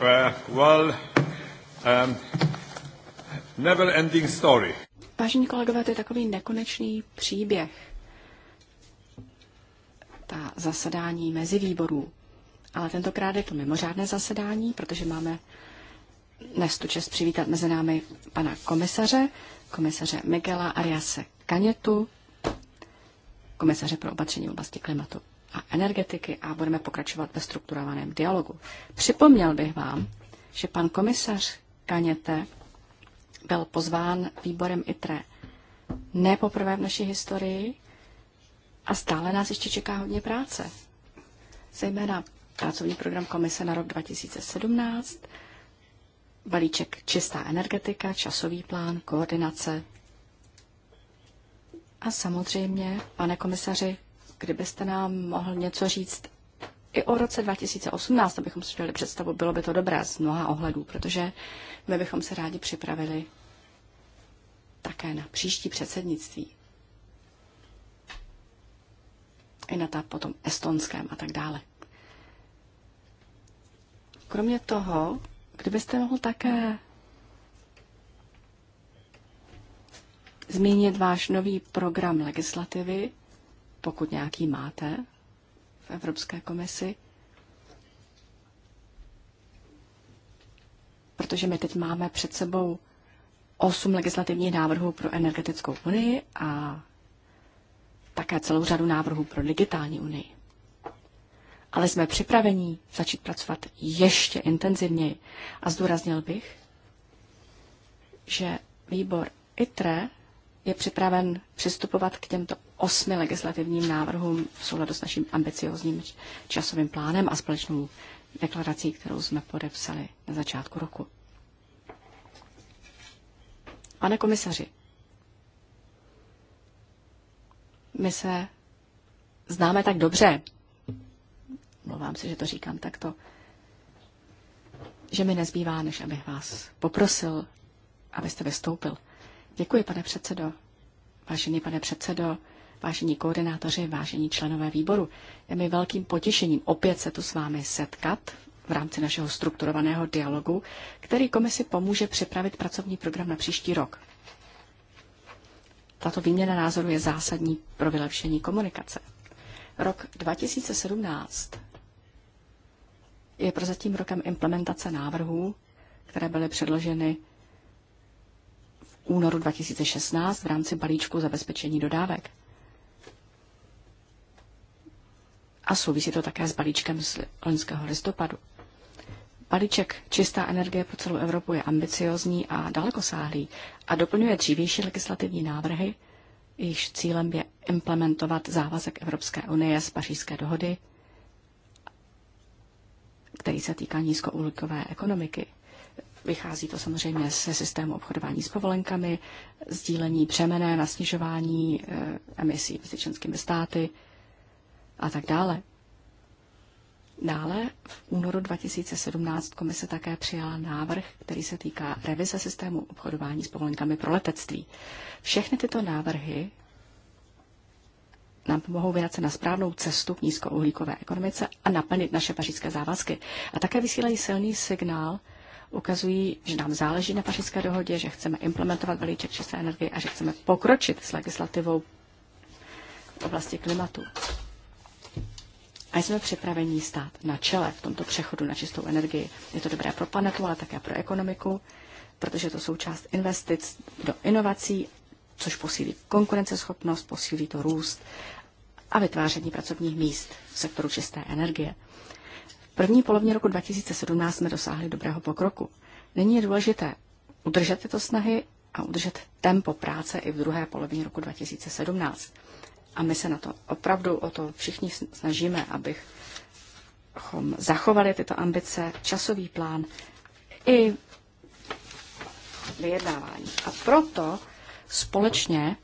Uh, well, um, never ending story. Vážení kolegové, to je takový nekonečný příběh. Ta zasedání mezi výborů. Ale tentokrát je to mimořádné zasedání, protože máme dnes tu čest přivítat mezi námi pana komisaře, komisaře Miguela Ariase Kanětu, komisaře pro opatření v oblasti klimatu a energetiky a budeme pokračovat ve strukturovaném dialogu. Připomněl bych vám, že pan komisař Kaněte byl pozván výborem ITRE ne poprvé v naší historii a stále nás ještě čeká hodně práce. Zejména pracovní program komise na rok 2017, balíček čistá energetika, časový plán, koordinace. A samozřejmě, pane komisaři, kdybyste nám mohl něco říct i o roce 2018, abychom si udělali představu, bylo by to dobré z mnoha ohledů, protože my bychom se rádi připravili také na příští předsednictví. I na ta potom estonském a tak dále. Kromě toho, kdybyste mohl také zmínit váš nový program legislativy pokud nějaký máte v Evropské komisi. Protože my teď máme před sebou osm legislativních návrhů pro energetickou unii a také celou řadu návrhů pro digitální unii. Ale jsme připraveni začít pracovat ještě intenzivněji. A zdůraznil bych, že výbor ITRE je připraven přistupovat k těmto osmi legislativním návrhům v souladu s naším ambiciozním časovým plánem a společnou deklarací, kterou jsme podepsali na začátku roku. Pane komisaři, my se známe tak dobře, mluvám si, že to říkám takto, že mi nezbývá, než abych vás poprosil, abyste vystoupil. Děkuji, pane předsedo. Vážený pane předsedo, vážení koordinátoři, vážení členové výboru, je mi velkým potěšením opět se tu s vámi setkat v rámci našeho strukturovaného dialogu, který komisi pomůže připravit pracovní program na příští rok. Tato výměna názoru je zásadní pro vylepšení komunikace. Rok 2017 je prozatím rokem implementace návrhů, které byly předloženy únoru 2016 v rámci balíčku zabezpečení dodávek. A souvisí to také s balíčkem z loňského listopadu. Balíček Čistá energie pro celou Evropu je ambiciozní a dalekosáhlý a doplňuje dřívější legislativní návrhy, jejichž cílem je implementovat závazek Evropské unie z pařížské dohody, který se týká nízkouhlíkové ekonomiky – Vychází to samozřejmě ze systému obchodování s povolenkami, sdílení břemene na snižování eh, emisí mezi členskými státy a tak dále. Dále v únoru 2017 komise také přijala návrh, který se týká revize systému obchodování s povolenkami pro letectví. Všechny tyto návrhy nám pomohou vydat se na správnou cestu k nízkouhlíkové ekonomice a naplnit naše pařížské závazky. A také vysílají silný signál ukazují, že nám záleží na pařížské dohodě, že chceme implementovat balíček čisté energie a že chceme pokročit s legislativou v oblasti klimatu. A jsme připraveni stát na čele v tomto přechodu na čistou energii. Je to dobré pro planetu, ale také pro ekonomiku, protože to součást investic do inovací, což posílí konkurenceschopnost, posílí to růst a vytváření pracovních míst v sektoru čisté energie první polovině roku 2017 jsme dosáhli dobrého pokroku. Nyní je důležité udržet tyto snahy a udržet tempo práce i v druhé polovině roku 2017. A my se na to opravdu o to všichni snažíme, abychom zachovali tyto ambice, časový plán i vyjednávání. A proto společně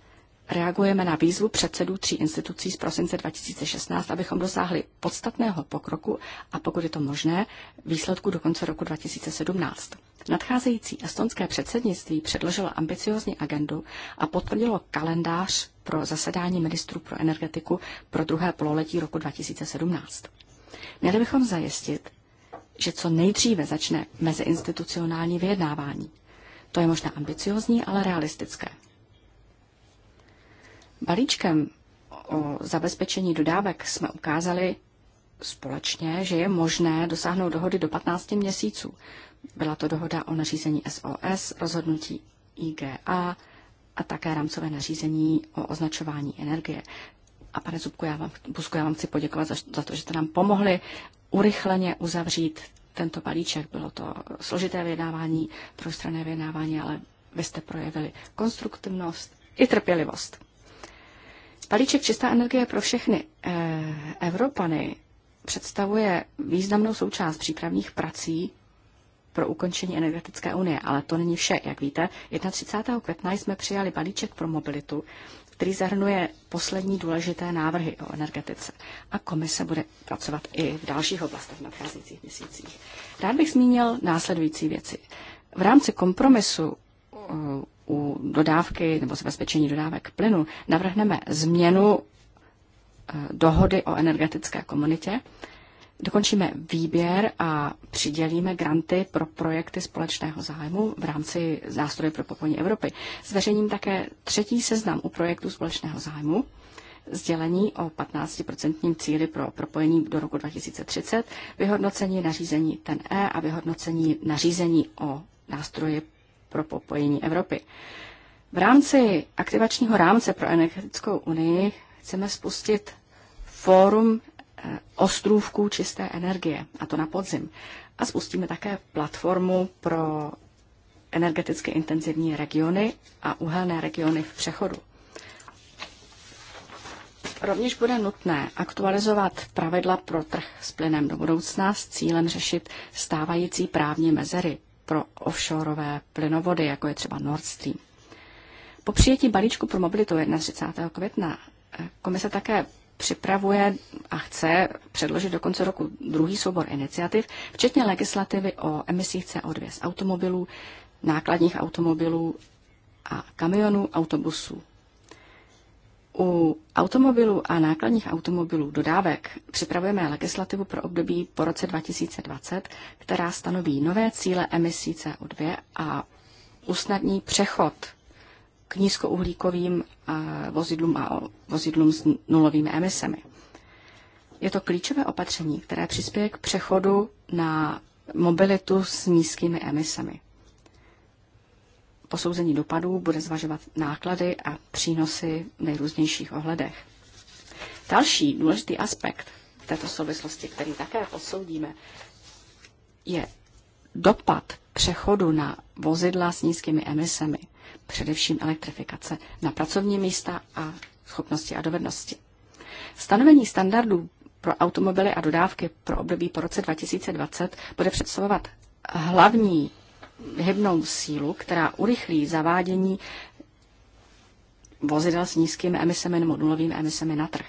reagujeme na výzvu předsedů tří institucí z prosince 2016, abychom dosáhli podstatného pokroku a pokud je to možné, výsledku do konce roku 2017. Nadcházející estonské předsednictví předložilo ambiciozní agendu a potvrdilo kalendář pro zasedání ministrů pro energetiku pro druhé pololetí roku 2017. Měli bychom zajistit, že co nejdříve začne meziinstitucionální vyjednávání. To je možná ambiciozní, ale realistické. Balíčkem o zabezpečení dodávek jsme ukázali společně, že je možné dosáhnout dohody do 15 měsíců. Byla to dohoda o nařízení SOS, rozhodnutí IGA a také rámcové nařízení o označování energie. A pane Zubku, já vám, Busku, já vám chci poděkovat za, za to, že jste nám pomohli urychleně uzavřít tento balíček. Bylo to složité vyjednávání, trojstranné vyjednávání, ale vy jste projevili konstruktivnost i trpělivost. Balíček čistá energie pro všechny eh, Evropany představuje významnou součást přípravných prací pro ukončení energetické unie, ale to není vše, jak víte. 31. května jsme přijali balíček pro mobilitu, který zahrnuje poslední důležité návrhy o energetice. A komise bude pracovat i v dalších oblastech v nadcházejících měsících. Rád bych zmínil následující věci. V rámci kompromisu eh, u dodávky nebo zabezpečení dodávek plynu navrhneme změnu eh, dohody o energetické komunitě, dokončíme výběr a přidělíme granty pro projekty společného zájmu v rámci nástroje pro propojení Evropy. Zveřejním také třetí seznam u projektů společného zájmu, sdělení o 15% cíli pro propojení do roku 2030, vyhodnocení nařízení TEN-E a vyhodnocení nařízení o nástroji pro popojení Evropy. V rámci aktivačního rámce pro energetickou unii chceme spustit fórum eh, ostrůvků čisté energie, a to na podzim. A spustíme také platformu pro energeticky intenzivní regiony a uhelné regiony v přechodu. Rovněž bude nutné aktualizovat pravidla pro trh s plynem do budoucna s cílem řešit stávající právní mezery pro offshoreové plynovody, jako je třeba Nord Stream. Po přijetí balíčku pro mobilitu 31. května eh, komise také připravuje a chce předložit do konce roku druhý soubor iniciativ, včetně legislativy o emisích CO2 z automobilů, nákladních automobilů a kamionů, autobusů u automobilů a nákladních automobilů dodávek připravujeme legislativu pro období po roce 2020, která stanoví nové cíle emisí CO2 a usnadní přechod k nízkouhlíkovým eh, vozidlům a vozidlům s nulovými emisemi. Je to klíčové opatření, které přispěje k přechodu na mobilitu s nízkými emisemi. Posouzení dopadů bude zvažovat náklady a přínosy v nejrůznějších ohledech. Další důležitý aspekt v této souvislosti, který také posoudíme, je dopad přechodu na vozidla s nízkými emisemi, především elektrifikace, na pracovní místa a schopnosti a dovednosti. Stanovení standardů pro automobily a dodávky pro období po roce 2020 bude představovat hlavní hybnou sílu, která urychlí zavádění vozidel s nízkými emisemi nebo nulovými emisemi na trh.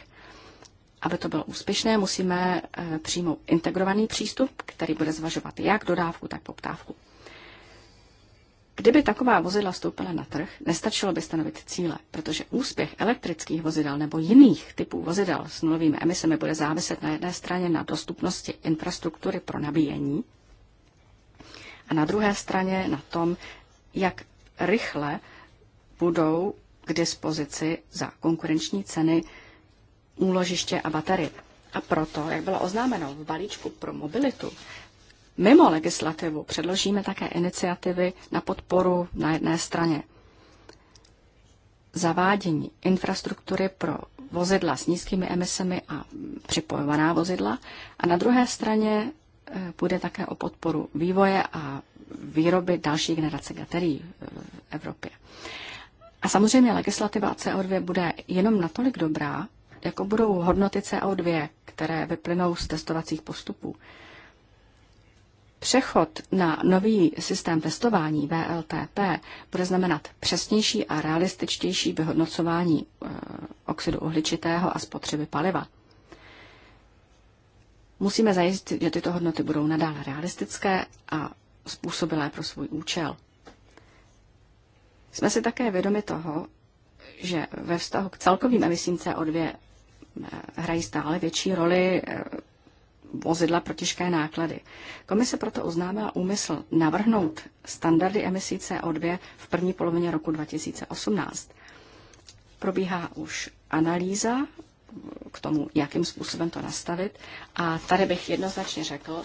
Aby to bylo úspěšné, musíme eh, přijmout integrovaný přístup, který bude zvažovat jak dodávku, tak poptávku. Kdyby taková vozidla vstoupila na trh, nestačilo by stanovit cíle, protože úspěch elektrických vozidel nebo jiných typů vozidel s nulovými emisemi bude záviset na jedné straně na dostupnosti infrastruktury pro nabíjení a na druhé straně na tom, jak rychle budou k dispozici za konkurenční ceny úložiště a baterie. A proto, jak bylo oznámeno v balíčku pro mobilitu, mimo legislativu předložíme také iniciativy na podporu na jedné straně zavádění infrastruktury pro vozidla s nízkými emisemi a připojovaná vozidla a na druhé straně půjde také o podporu vývoje a výroby další generace baterií v Evropě. A samozřejmě legislativa CO2 bude jenom natolik dobrá, jako budou hodnoty CO2, které vyplynou z testovacích postupů. Přechod na nový systém testování VLTP bude znamenat přesnější a realističtější vyhodnocování eh, oxidu uhličitého a spotřeby paliva. Musíme zajistit, že tyto hodnoty budou nadále realistické a způsobilé pro svůj účel. Jsme si také vědomi toho, že ve vztahu k celkovým emisím CO2 eh, hrají stále větší roli eh, vozidla pro těžké náklady. Komise proto oznámila úmysl navrhnout standardy emisí CO2 v první polovině roku 2018. Probíhá už analýza k tomu, jakým způsobem to nastavit. A tady bych jednoznačně řekl,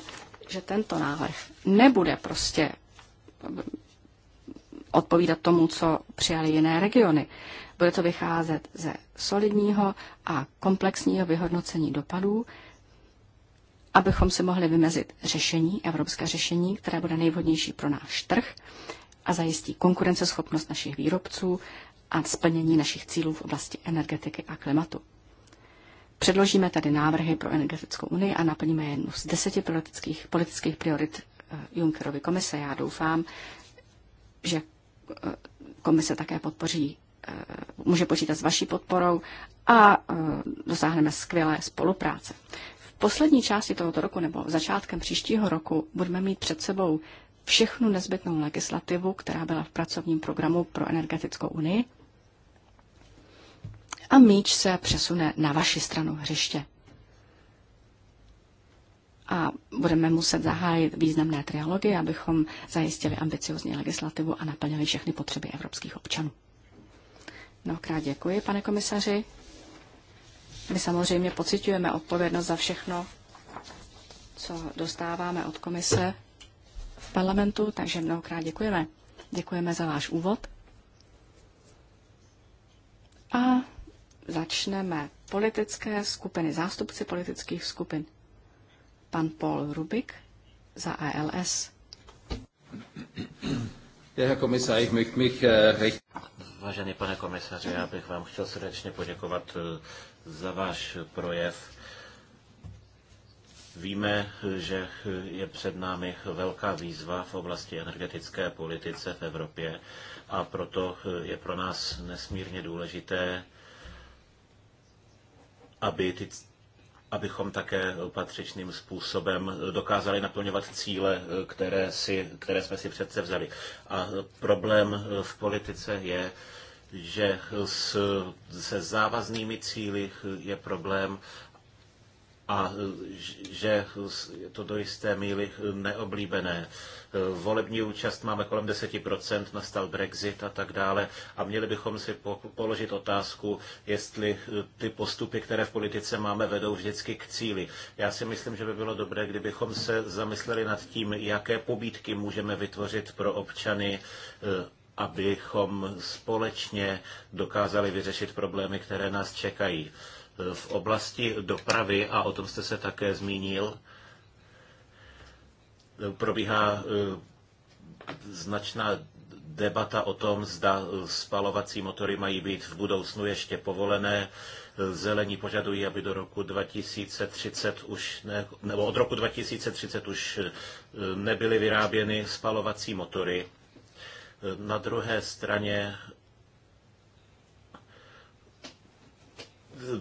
že tento návrh nebude prostě eh, odpovídat tomu, co přijali jiné regiony. Bude to vycházet ze solidního a komplexního vyhodnocení dopadů, abychom si mohli vymezit řešení, evropské řešení, které bude nejvhodnější pro náš trh a zajistí konkurenceschopnost našich výrobců a splnění našich cílů v oblasti energetiky a klimatu. Předložíme tady návrhy pro energetickou unii a naplníme jednu z deseti politických, politických priorit eh, Junckerovy komise. Já doufám, že eh, komise také podpoří, eh, může počítat s vaší podporou a dosáhneme skvělé spolupráce. V poslední části tohoto roku nebo začátkem příštího roku budeme mít před sebou všechnu nezbytnou legislativu, která byla v pracovním programu pro energetickou unii a míč se přesune na vaši stranu hřiště. A budeme muset zahájit významné trialogy, abychom zajistili ambiciozní legislativu a naplnili všechny potřeby evropských občanů. Mnohokrát děkuji, pane komisaři. My samozřejmě pocitujeme odpovědnost za všechno, co dostáváme od komise v parlamentu, takže mnohokrát děkujeme. Děkujeme za váš úvod. A Začneme politické skupiny, zástupci politických skupin. Pan Paul Rubik za ALS. Äh, Vážený pane komisaři, já bych vám chtěl srdečně poděkovat äh, za váš projev. Víme, že je před námi velká výzva v oblasti energetické politice v Evropě a proto äh, je pro nás nesmírně důležité aby ty, abychom také patřičným způsobem dokázali naplňovat cíle, eh, které, si, které jsme si přece vzali. A eh, problém eh, v politice je, že s, se závaznými cíly je problém a že je to do jisté míry neoblíbené. Volební účast máme kolem 10%, nastal Brexit a tak dále a měli bychom si položit otázku, jestli ty postupy, které v politice máme, vedou vždycky k cíli. Já si myslím, že by bylo dobré, kdybychom se zamysleli nad tím, jaké pobídky můžeme vytvořit pro občany, eh, abychom společně dokázali vyřešit problémy, které nás čekají v oblasti dopravy, a o tom jste se také zmínil, probíhá e, značná debata o tom, zda spalovací motory mají být v budoucnu ještě povolené. Zelení požadují, aby do roku 2030 už, ne, nebo od roku 2030 už e, nebyly vyráběny spalovací motory. E, na druhé straně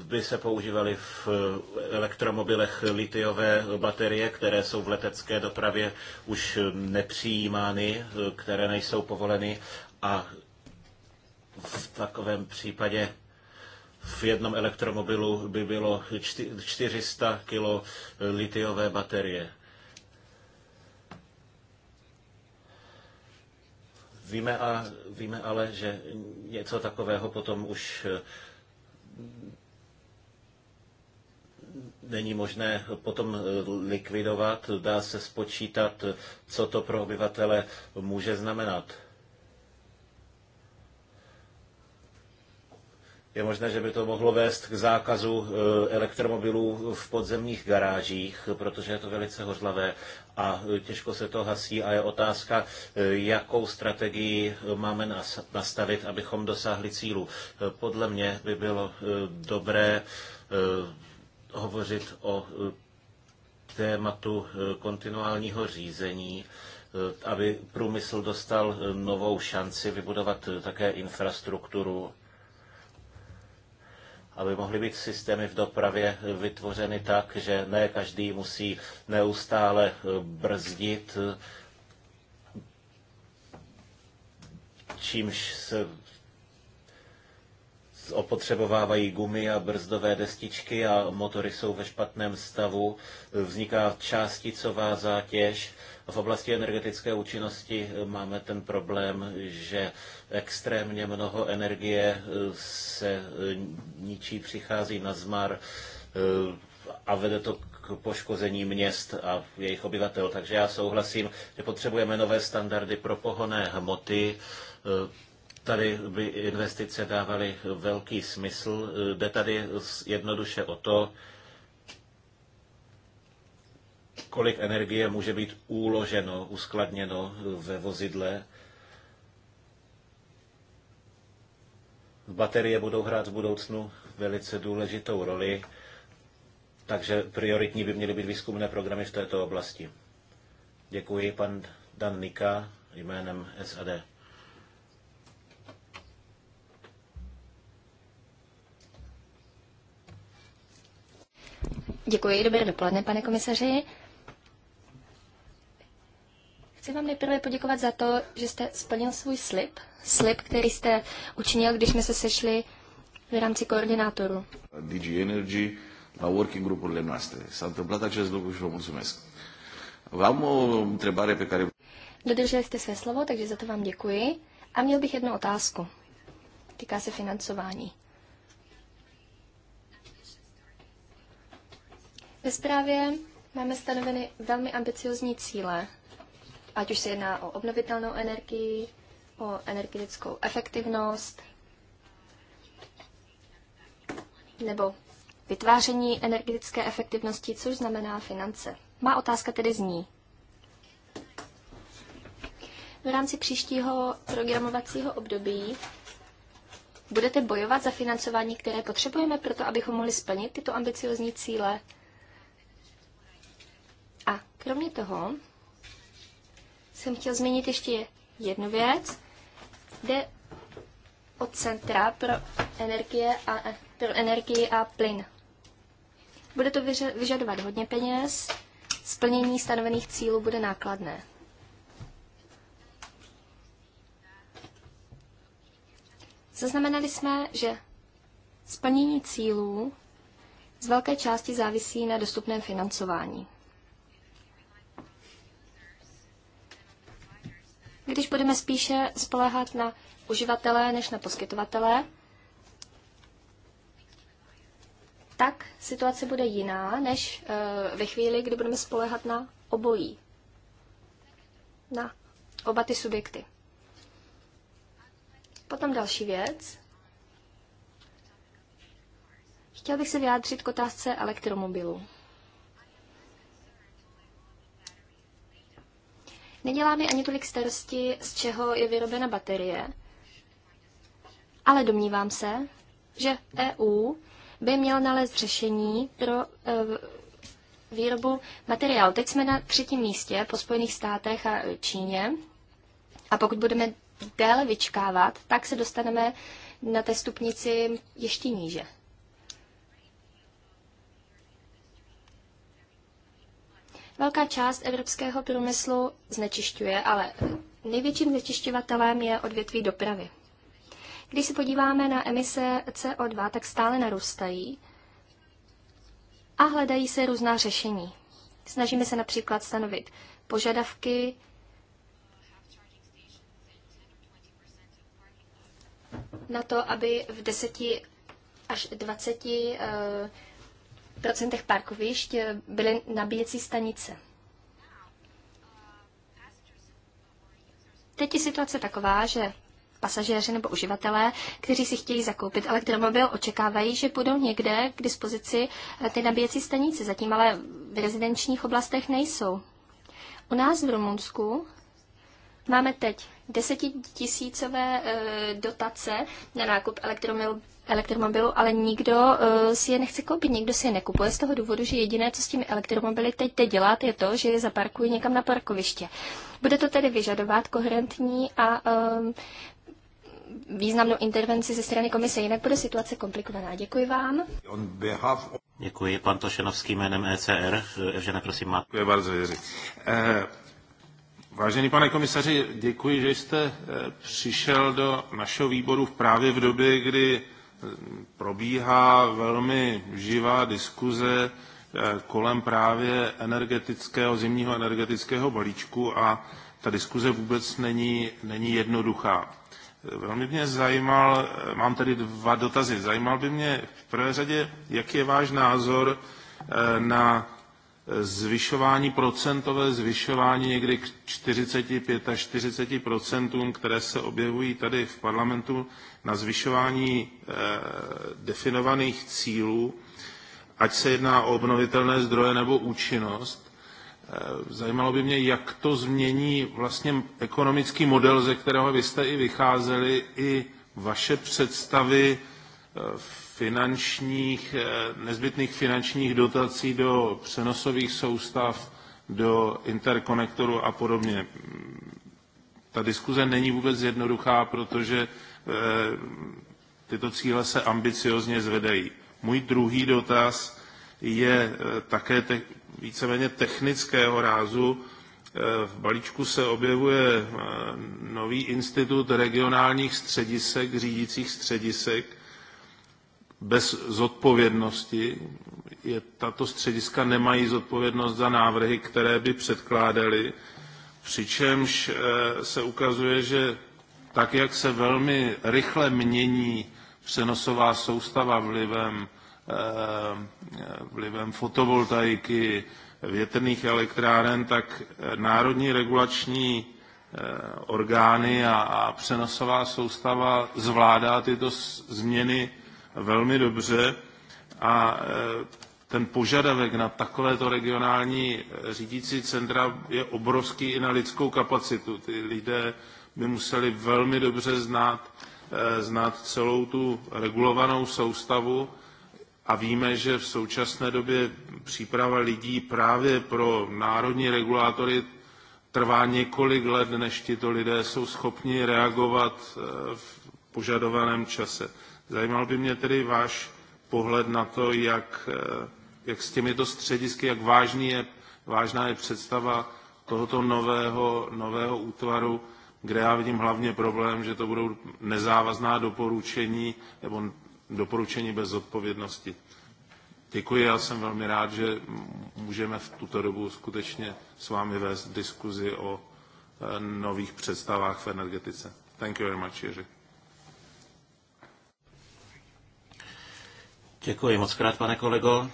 by se používaly v eh, elektromobilech litiové baterie, které jsou v letecké dopravě už eh, nepřijímány, eh, které nejsou povoleny a v takovém případě v jednom elektromobilu by bylo 400 kg litiové baterie. Víme, a, víme ale, že něco takového potom už není možné potom eh, likvidovat, dá se spočítat, co to pro obyvatele může znamenat. Je možné, že by to mohlo vést k zákazu eh, elektromobilů v podzemních garážích, protože je to velice hořlavé a eh, těžko se to hasí a je otázka, jakou strategii máme nastavit, abychom dosáhli cílu. Podle mě by bylo dobré hovořit o eh, tématu eh, kontinuálního řízení, eh, aby průmysl dostal novou šanci vybudovat také infrastrukturu, aby mohly být systémy v dopravě vytvořeny tak, že ne každý musí neustále brzdit, čímž se opotřebovávají gumy a brzdové destičky a motory jsou ve špatném stavu, vzniká částicová zátěž. V oblasti energetické účinnosti eh, máme ten problém, že extrémně mnoho energie eh, se eh, ničí, přichází na zmar a vede to k poškození měst a jejich obyvatel. Takže já souhlasím, že potřebujeme nové standardy pro pohonné hmoty, Tady by investice dávaly velký smysl. Jde tady jednoduše o to, kolik energie může být uloženo, uskladněno ve vozidle. Baterie budou hrát v budoucnu velice důležitou roli, takže prioritní by měly být výzkumné programy v této oblasti. Děkuji, pan Dan Nika, jménem SAD. Děkuji, dobré dopoledne, pane komisaři. Chci vám nejprve poděkovat za to, že jste splnil svůj slib, slib, který jste učinil, když jsme se sešli v rámci koordinátoru. DG Energy la working grupurile noastre. S-a întâmplat acest lucru și vă mulțumesc. Vám o întrebare pe care... Dodrželi jste své slovo, takže za to vám děkuji. A měl bych jednu otázku. Týká se financování. Ve zprávě máme stanoveny velmi ambiciozní cíle, ať už se jedná o obnovitelnou energii, o energetickou efektivnost nebo vytváření energetické efektivnosti, což znamená finance. Má otázka tedy zní. V rámci příštího programovacího období budete bojovat za financování, které potřebujeme proto, abychom mohli splnit tyto ambiciozní cíle? Kromě toho jsem chtěl zmínit ještě jednu věc. Jde o centra pro, energie a, pro energii a plyn. Bude to vyžadovat hodně peněz, splnění stanovených cílů bude nákladné. Zaznamenali jsme, že splnění cílů z velké části závisí na dostupném financování. když budeme spíše spolehat na uživatele než na poskytovatele, tak situace bude jiná, než eh, ve chvíli, kdy budeme spolehat na obojí. Na oba ty subjekty. Potom další věc. Chtěl bych se vyjádřit k otázce elektromobilu. Nedělá mi ani tolik starosti, z čeho je vyrobena baterie, ale domnívám se, že EU by měl nalézt řešení pro e, výrobu materiálu. Teď jsme na třetím místě po Spojených státech a Číně. A pokud budeme déle vyčkávat, tak se dostaneme na té stupnici ještě níže. Velká část evropského průmyslu znečišťuje, ale největším znečišťovatelem je odvětví dopravy. Když se podíváme na emise CO2, tak stále narůstají a hledají se různá řešení. Snažíme se například stanovit požadavky na to, aby v 10 až 20 procentech parkovišť byly nabíjecí stanice. Teď je situace taková, že pasažéři nebo uživatelé, kteří si chtějí zakoupit elektromobil, očekávají, že budou někde k dispozici eh, ty nabíjecí stanice. Zatím ale v rezidenčních oblastech nejsou. U nás v Rumunsku máme teď desetitisícové eh, dotace na nákup elektromobilů elektromobilů, ale nikdo uh, si je nechce koupit, nikdo si je nekupuje z toho důvodu, že jediné, co s těmi elektromobily teď, teď děláte, je to, že je zaparkují někam na parkoviště. Bude to tedy vyžadovat koherentní a um, významnou intervenci ze strany komise, jinak bude situace komplikovaná. Děkuji vám. Děkuji, pan Tošenovský jménem ECR. Evžene, prosím, má. Děkuji bardzo, Jiří. Eh, vážený pane komisaři, děkuji, že jste eh, přišel do našeho výboru právě v době, kdy probíhá velmi živá diskuze eh, kolem právě energetického, zimního energetického balíčku a ta diskuze vůbec není, není jednoduchá. Eh, velmi mě zajímal, eh, mám tady dva dotazy, zajímal by mě v prvé řadě, jaký je váš názor na zvyšování procentové zvyšování někdy k 45 až 40 procentům, které se objevují tady v parlamentu na zvyšování eh, definovaných cílů, ať se jedná o obnovitelné zdroje nebo účinnost. Eh, zajímalo by mě, jak to změní vlastně ekonomický model, ze kterého vy jste i vycházeli, i vaše představy eh, v finančních, eh, nezbytných finančních dotací do přenosových soustav, do interkonektoru a podobně. Ta diskuze není vůbec jednoduchá, protože eh, tyto cíle se ambiciozně zvedají. Můj druhý dotaz je eh, také te, víceméně technického rázu. V balíčku se objevuje nový institut regionálních středisek, řídících středisek, bez zodpovědnosti. Je, tato střediska nemají zodpovědnost za návrhy, které by předkládali, přičemž eh, se ukazuje, že tak, jak se velmi rychle mění přenosová soustava vlivem, eh, vlivem fotovoltaiky, větrných elektráren, tak národní regulační eh, orgány a, a přenosová soustava zvládá tyto změny velmi dobře a e, ten požadavek na takovéto regionální e, řídící centra je obrovský i na lidskou kapacitu. Ty lidé by museli velmi dobře znát, e, znát celou tu regulovanou soustavu a víme, že v současné době příprava lidí právě pro národní regulátory trvá několik let, než tito lidé jsou schopni reagovat v požadovaném čase. Zajímal by mě tedy váš pohled na to, jak, eh, jak s těmito středisky, jak vážný je, vážná je představa tohoto nového, nového útvaru, kde já vidím hlavně problém, že to budou nezávazná doporučení nebo doporučení bez odpovědnosti. Děkuji, já jsem velmi rád, že můžeme v tuto dobu skutečně s vámi vést diskuzi o eh, nových představách v energetice. Thank you very much, Jiří. Děkuji moc krát, pane kolego.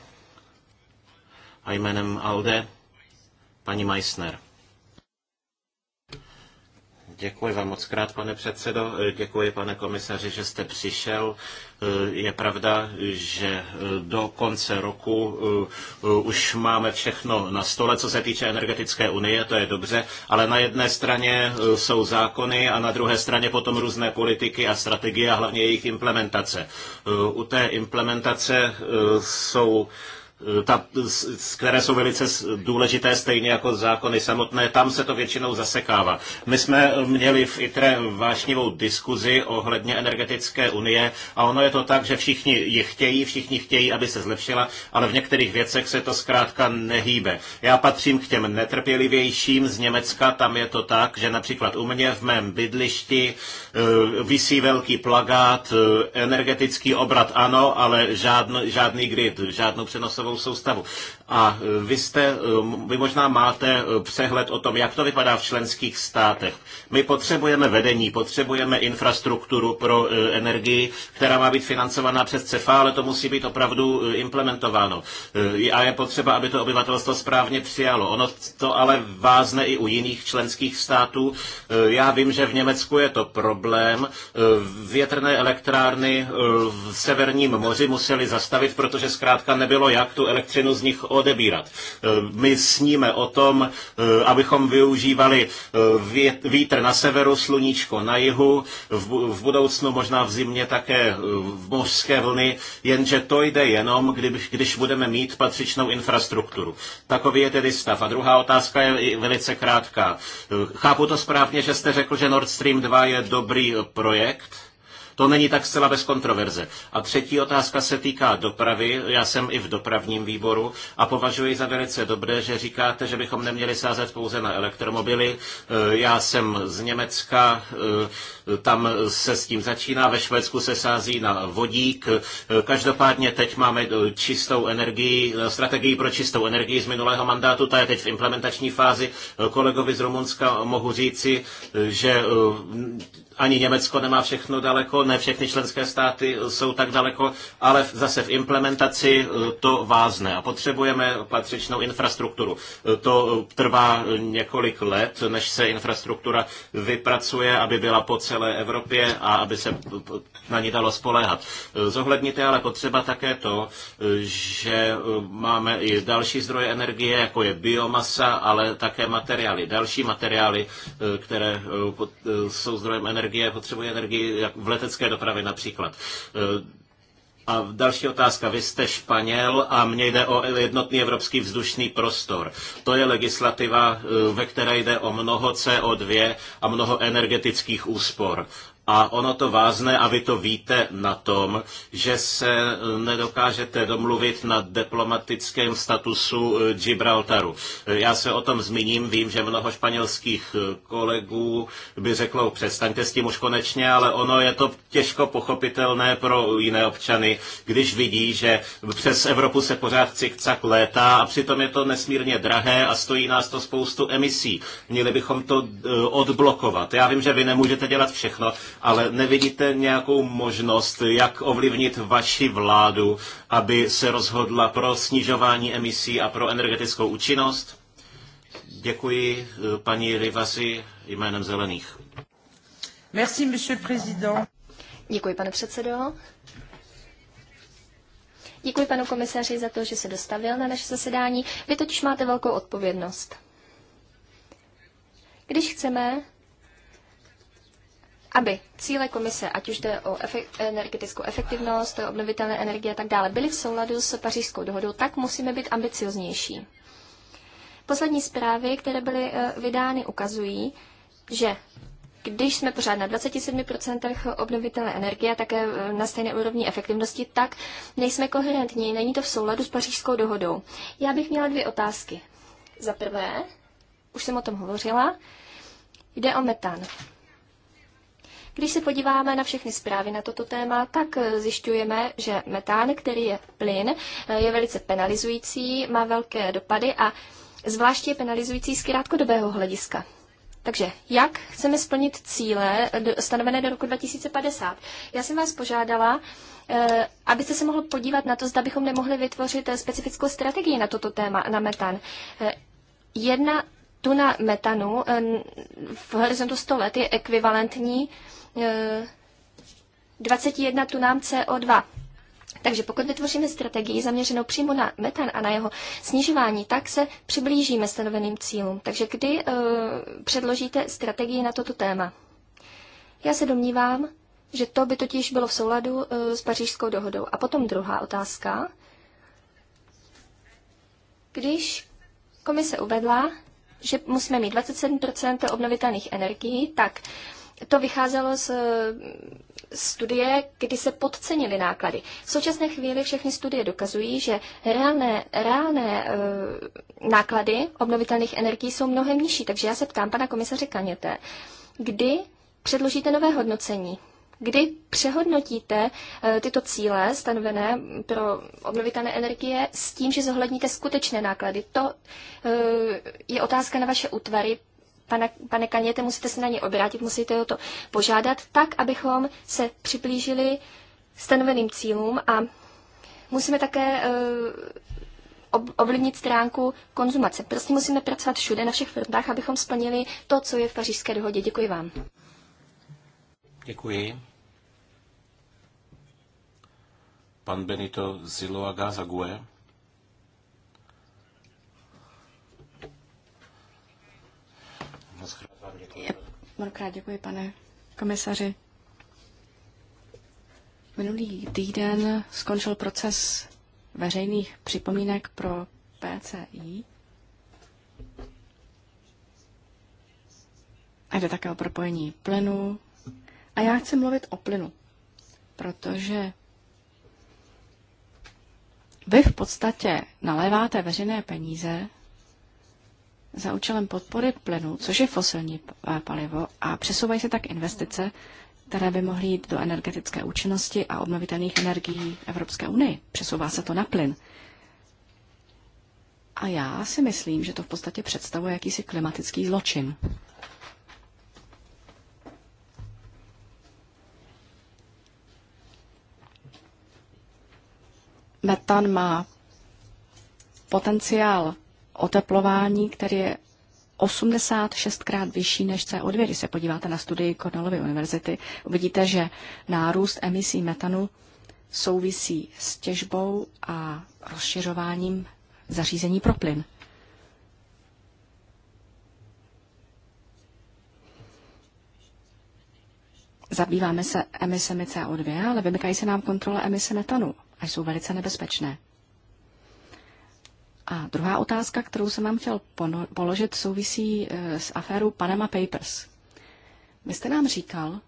A jménem Alde, paní Meissner. Děkuji vám moc krát, pane předsedo. Děkuji, pane komisaři, že jste přišel. Je pravda, že do konce roku eh, už máme všechno na stole, co se týče energetické unie, to je dobře, ale na jedné straně eh, jsou zákony a na druhé straně potom různé politiky a strategie a hlavně jejich implementace. Eh, u té implementace jsou Eh, ta, které jsou velice důležité, stejně jako zákony samotné, tam se to většinou zasekává. My jsme měli v ITRE vášnivou diskuzi ohledně energetické unie a ono je to tak, že všichni ji chtějí, všichni chtějí, aby se zlepšila, ale v některých věcech se to zkrátka nehýbe. Já patřím k těm netrpělivějším z Německa, tam je to tak, že například u mě v mém bydlišti eh, vysí velký plagát, eh, energetický obrat ano, ale žádný, žádný grid, žádnou přenosovou rozpočtovou soustavu. A e, vy, jste, e, vy možná máte e, přehled o tom, jak to vypadá v členských státech. My potřebujeme vedení, potřebujeme infrastrukturu pro energii, která má být financovaná přes CEFA, ale to musí být opravdu implementováno. A je potřeba, aby to obyvatelstvo správně přijalo. Ono to ale vázne i u jiných členských států. Já vím, že v Německu je to problém. Větrné elektrárny v Severním moři museli zastavit, protože zkrátka nebylo jak tu elektřinu z nich odebírat. Eh, my sníme o tom, eh, abychom využívali eh, vítr na severu, sluníčko na jihu, v budoucnu možná v zimě také v mořské vlny, jenže to jde jenom, když budeme mít patřičnou infrastrukturu. Takový je tedy stav. A druhá otázka je velice krátká. Chápu to správně, že jste řekl, že Nord Stream 2 je dobrý projekt? To není tak zcela bez kontroverze. A třetí otázka se týká dopravy. Já jsem i v dopravním výboru a považuji za velice dobré, že říkáte, že bychom neměli sázet pouze na elektromobily. Eh, já jsem z Německa, eh, tam se s tím začíná, ve Švédsku se sází na vodík. Eh, každopádně teď máme čistou energii, strategii pro čistou energii z minulého mandátu, ta je teď v implementační fázi. Kolegovi z Rumunska mohu říci, že ani Německo nemá všechno daleko, ne všechny členské státy jsou tak daleko, ale zase v implementaci eh, to vázne a potřebujeme patřičnou infrastrukturu. Eh, to eh, trvá několik let, než se infrastruktura vypracuje, aby byla po celé Evropě a aby se na ní dalo spoléhat. Zohledněte ale potřeba také to, že máme i další zdroje energie, jako je biomasa, ale také materiály, další materiály, které jsou zdrojem energie energie, potřebují energii v letecké dopravě například. E, a další otázka. Vy jste Španěl a mně jde o jednotný evropský vzdušný prostor. To je legislativa, e, ve které jde o mnoho CO2 a mnoho energetických úspor. A ono to vázne, a vy to víte na tom, že se eh, nedokážete domluvit na diplomatickém statusu eh, Gibraltaru. Eh, já se o tom zmíním, vím, že mnoho španělských kolegů by řeklo, přestaňte s tím už konečně, ale ono je to těžko pochopitelné pro jiné občany, když vidí, že přes Evropu se pořád cikcak létá a přitom je to nesmírně drahé a stojí nás to spoustu emisí. Měli bychom to odblokovat. Já vím, že vy nemůžete dělat všechno, ale nevidíte nějakou možnost, jak ovlivnit vaši vládu, aby se rozhodla pro snižování emisí a pro energetickou účinnost? Děkuji eh, paní Rivasi jménem Zelených. Merci, monsieur président. Děkuji, pane předsedo. Děkuji panu komisaři za to, že se dostavil na naše zasedání. Vy totiž máte velkou odpovědnost. Když chceme aby cíle komise, ať už jde o energetickou efektivnost, obnovitelné energie a tak dále, byly v souladu s pařížskou dohodou, tak musíme být ambicioznější. Poslední zprávy, které byly eh, vydány, ukazují, že když jsme pořád na 27% obnovitelné energie a také eh, na stejné úrovni efektivnosti, tak nejsme koherentní, není to v souladu s pařížskou dohodou. Já bych měla dvě otázky. Za prvé, už jsem o tom hovořila, jde o metan. Když se podíváme na všechny zprávy na toto téma, tak zjišťujeme, že metán, který je plyn, je velice penalizující, má velké dopady a zvláště je penalizující z krátkodobého hlediska. Takže jak chceme splnit cíle stanovené do roku 2050? Já jsem vás požádala, eh, abyste se mohl podívat na to, zda bychom nemohli vytvořit specifickou strategii na toto téma, na metan. Eh, jedna tuna metanu v horizontu 100 let je ekvivalentní 21 eh, tunám CO2. Takže pokud vytvoříme strategii zaměřenou přímo na metan a na jeho snižování, tak se přiblížíme stanoveným cílům. Takže kdy uh, předložíte strategii na toto téma? Já se domnívám, že to by totiž bylo v souladu uh, s pařížskou dohodou. A potom druhá otázka. Když komise uvedla, že musíme mít 27% obnovitelných energií, tak to vycházelo z eh, studie, kdy se podcenily náklady. V současné chvíli všechny studie dokazují, že reálné, reálné e, náklady obnovitelných energií jsou mnohem nižší. Takže já se ptám pana komisaře Kaněte, kdy předložíte nové hodnocení Kdy přehodnotíte eh, tyto cíle stanovené pro obnovitelné energie s tím, že zohledníte skutečné náklady? To eh, je otázka na vaše útvary. Pane, pane Kaněte, musíte se na ně obrátit, musíte o to požádat, tak, abychom se přiblížili stanoveným cílům a musíme také eh, ovlivnit stránku konzumace. Prostě musíme pracovat všude, na všech frontách, abychom splnili to, co je v pařížské dohodě. Děkuji vám. Děkuji. Pan Benito Ziloaga Zague. Mnohokrát děkuji, pane komisaři. Minulý týden skončil proces veřejných připomínek pro PCI. A jde také o propojení plynu, a já chci mluvit o plynu, protože vy v podstatě naléváte veřejné peníze za účelem podpory plynu, což je fosilní eh, palivo, a přesouvají se tak investice, které by mohly jít do energetické účinnosti a obnovitelných energií Evropské unii. Přesouvá se to na plyn. A já si myslím, že to v podstatě představuje jakýsi klimatický zločin. metan má potenciál oteplování, který je 86 krát vyšší než CO2. Když se podíváte na studii Cornellovy univerzity, uvidíte, že nárůst emisí metanu souvisí s těžbou a rozšiřováním zařízení pro plyn. Zabýváme se emisemi CO2, ale vymykají se nám kontrole emise metanu a jsou velice nebezpečné. A druhá otázka, kterou jsem vám chtěl položit, souvisí e, s aférou Panama Papers. Vy jste nám říkal,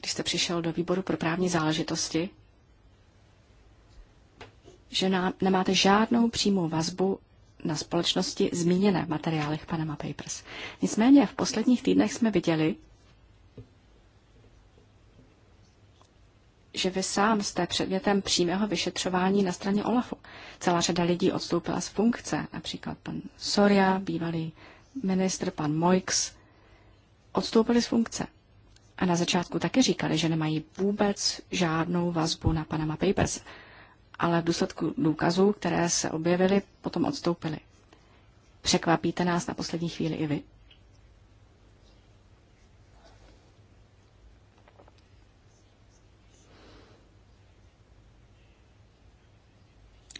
když jste přišel do výboru pro právní záležitosti, že nám, nemáte žádnou přímou vazbu na společnosti zmíněné v materiálech Panama Papers. Nicméně v posledních týdnech jsme viděli, že vy sám jste předmětem přímého vyšetřování na straně OLAFu. Celá řada lidí odstoupila z funkce, například pan Soria, bývalý ministr, pan Moix, odstoupili z funkce. A na začátku také říkali, že nemají vůbec žádnou vazbu na Panama Papers, ale v důsledku důkazů, které se objevily, potom odstoupili. Překvapíte nás na poslední chvíli i vy?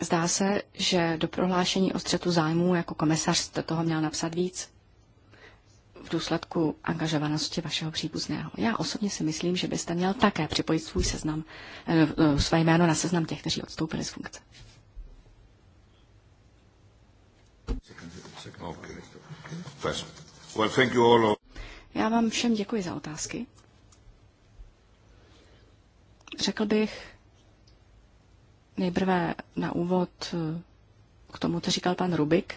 Zdá se, že do prohlášení o střetu zájmů jako komisař jste toho měl napsat víc v důsledku angažovanosti vašeho příbuzného. Já osobně si myslím, že byste měl také připojit svůj seznam, eh, eh, své jméno na seznam těch, kteří odstoupili z funkce. Já vám všem děkuji za otázky. Řekl bych, Nejprve na úvod eh, k tomu, co říkal pan Rubik.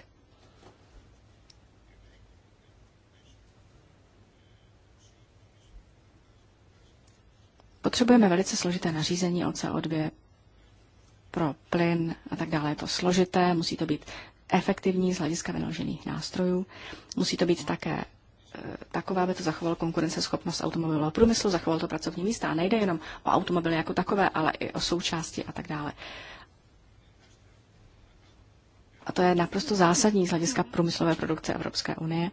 Potřebujeme velice složité nařízení o CO2 pro plyn a tak dále. Je to složité, musí to být efektivní z hlediska vynaložených nástrojů. Musí to být také taková, aby to zachovalo konkurenceschopnost automobilového průmyslu, zachovalo to pracovní místa. A nejde jenom o automobily jako takové, ale i o součásti a tak dále. A to je naprosto zásadní z hlediska průmyslové produkce Evropské unie.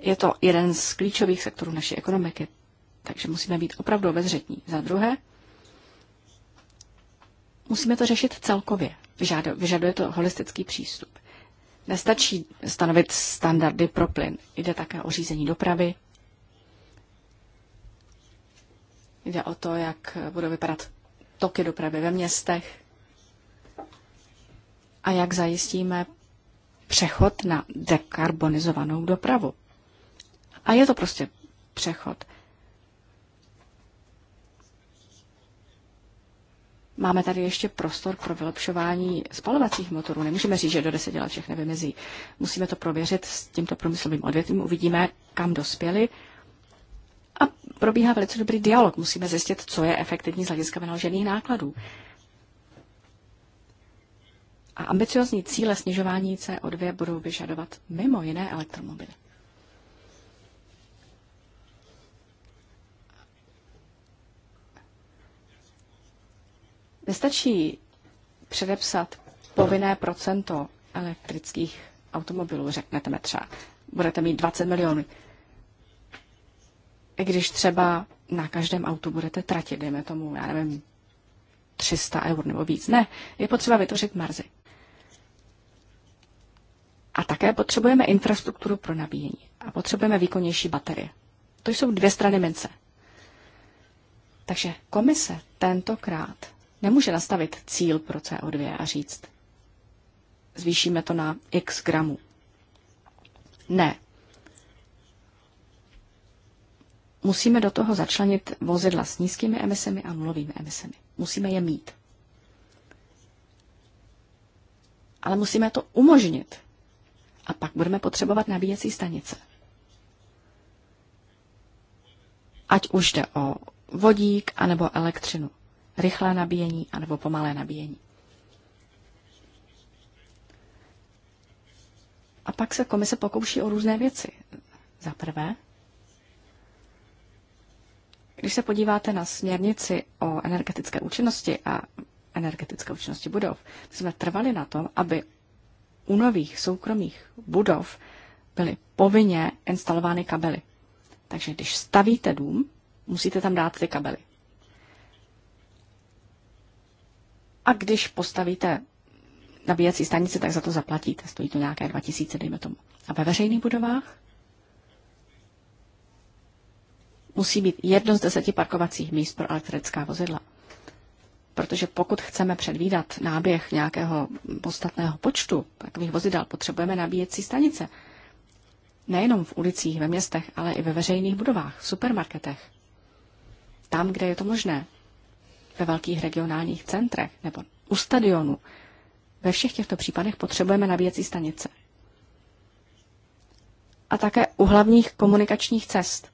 Je to jeden z klíčových sektorů naší ekonomiky, takže musíme být opravdu obezřetní. Za druhé, musíme to řešit celkově. Vyžaduje to holistický přístup. Nestačí stanovit standardy pro plyn. Jde také o řízení dopravy. Jde o to, jak budou vypadat toky dopravy ve městech a jak zajistíme přechod na dekarbonizovanou dopravu. A je to prostě přechod. máme tady ještě prostor pro vylepšování spalovacích motorů. Nemůžeme říct, že do deseti let všechny vymizí. Musíme to prověřit s tímto průmyslovým odvětvím, uvidíme, kam dospěli. A probíhá velice dobrý dialog. Musíme zjistit, co je efektivní z hlediska vynaložených nákladů. A ambiciozní cíle snižování CO2 budou vyžadovat mimo jiné elektromobily. Nestačí předepsat povinné procento elektrických automobilů, řeknete třeba. Budete mít 20 milionů. I když třeba na každém autu budete tratit, dejme tomu, já nevím, 300 eur nebo víc. Ne, je potřeba vytvořit marzi. A také potřebujeme infrastrukturu pro nabíjení a potřebujeme výkonnější baterie. To jsou dvě strany mince. Takže komise tentokrát nemůže nastavit cíl pro CO2 a říct, zvýšíme to na x gramů. Ne. Musíme do toho začlenit vozidla s nízkými emisemi a nulovými emisemi. Musíme je mít. Ale musíme to umožnit. A pak budeme potřebovat nabíjecí stanice. Ať už jde o vodík anebo elektřinu rychlé nabíjení anebo pomalé nabíjení. A pak se komise pokouší o různé věci. Za prvé, když se podíváte na směrnici o energetické účinnosti a energetické účinnosti budov, jsme trvali na tom, aby u nových soukromých budov byly povinně instalovány kabely. Takže když stavíte dům, musíte tam dát ty kabely. A když postavíte nabíjecí stanici, tak za to zaplatíte. Stojí to nějaké 2000, dejme tomu. A ve veřejných budovách musí být jedno z deseti parkovacích míst pro elektrická vozidla. Protože pokud chceme předvídat náběh nějakého podstatného počtu takových vozidel, potřebujeme nabíjecí stanice. Nejenom v ulicích, ve městech, ale i ve veřejných budovách, v supermarketech. Tam, kde je to možné ve velkých regionálních centrech nebo u stadionu. Ve všech těchto případech potřebujeme nabíjecí stanice. A také u hlavních komunikačních cest.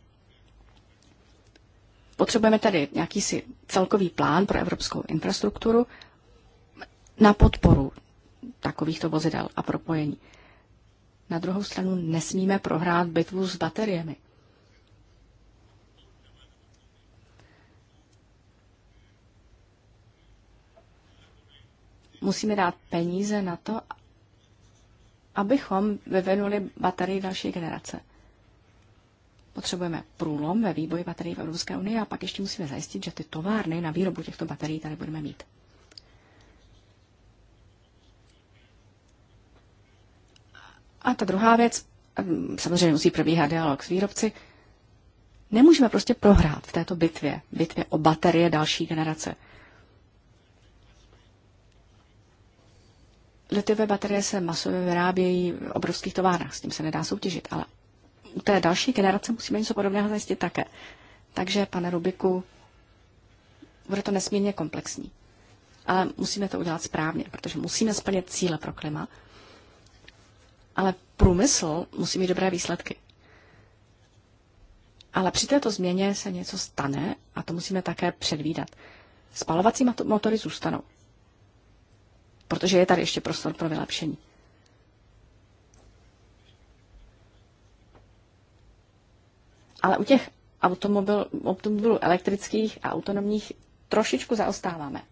Potřebujeme tedy nějaký si celkový plán pro evropskou infrastrukturu na podporu takovýchto vozidel a propojení. Na druhou stranu nesmíme prohrát bitvu s bateriemi. musíme dát peníze na to, abychom vyvinuli baterii další generace. Potřebujeme průlom ve vývoji baterií v Evropské unii a pak ještě musíme zajistit, že ty továrny na výrobu těchto baterií tady budeme mít. A ta druhá věc, ehm, samozřejmě musí probíhat dialog s výrobci, nemůžeme prostě prohrát v této bitvě, bitvě o baterie další generace – Litiové baterie se masově vyrábějí v obrovských továrnách, s tím se nedá soutěžit, ale u té další generace musíme něco podobného zajistit také. Takže, pane Rubiku, bude to nesmírně komplexní. Ale musíme to udělat správně, protože musíme splnit cíle pro klima, ale průmysl musí mít dobré výsledky. Ale při této změně se něco stane a to musíme také předvídat. Spalovací motory zůstanou protože je tady ještě prostor pro vylepšení. Ale u těch automobil, automobilů elektrických a autonomních trošičku zaostáváme.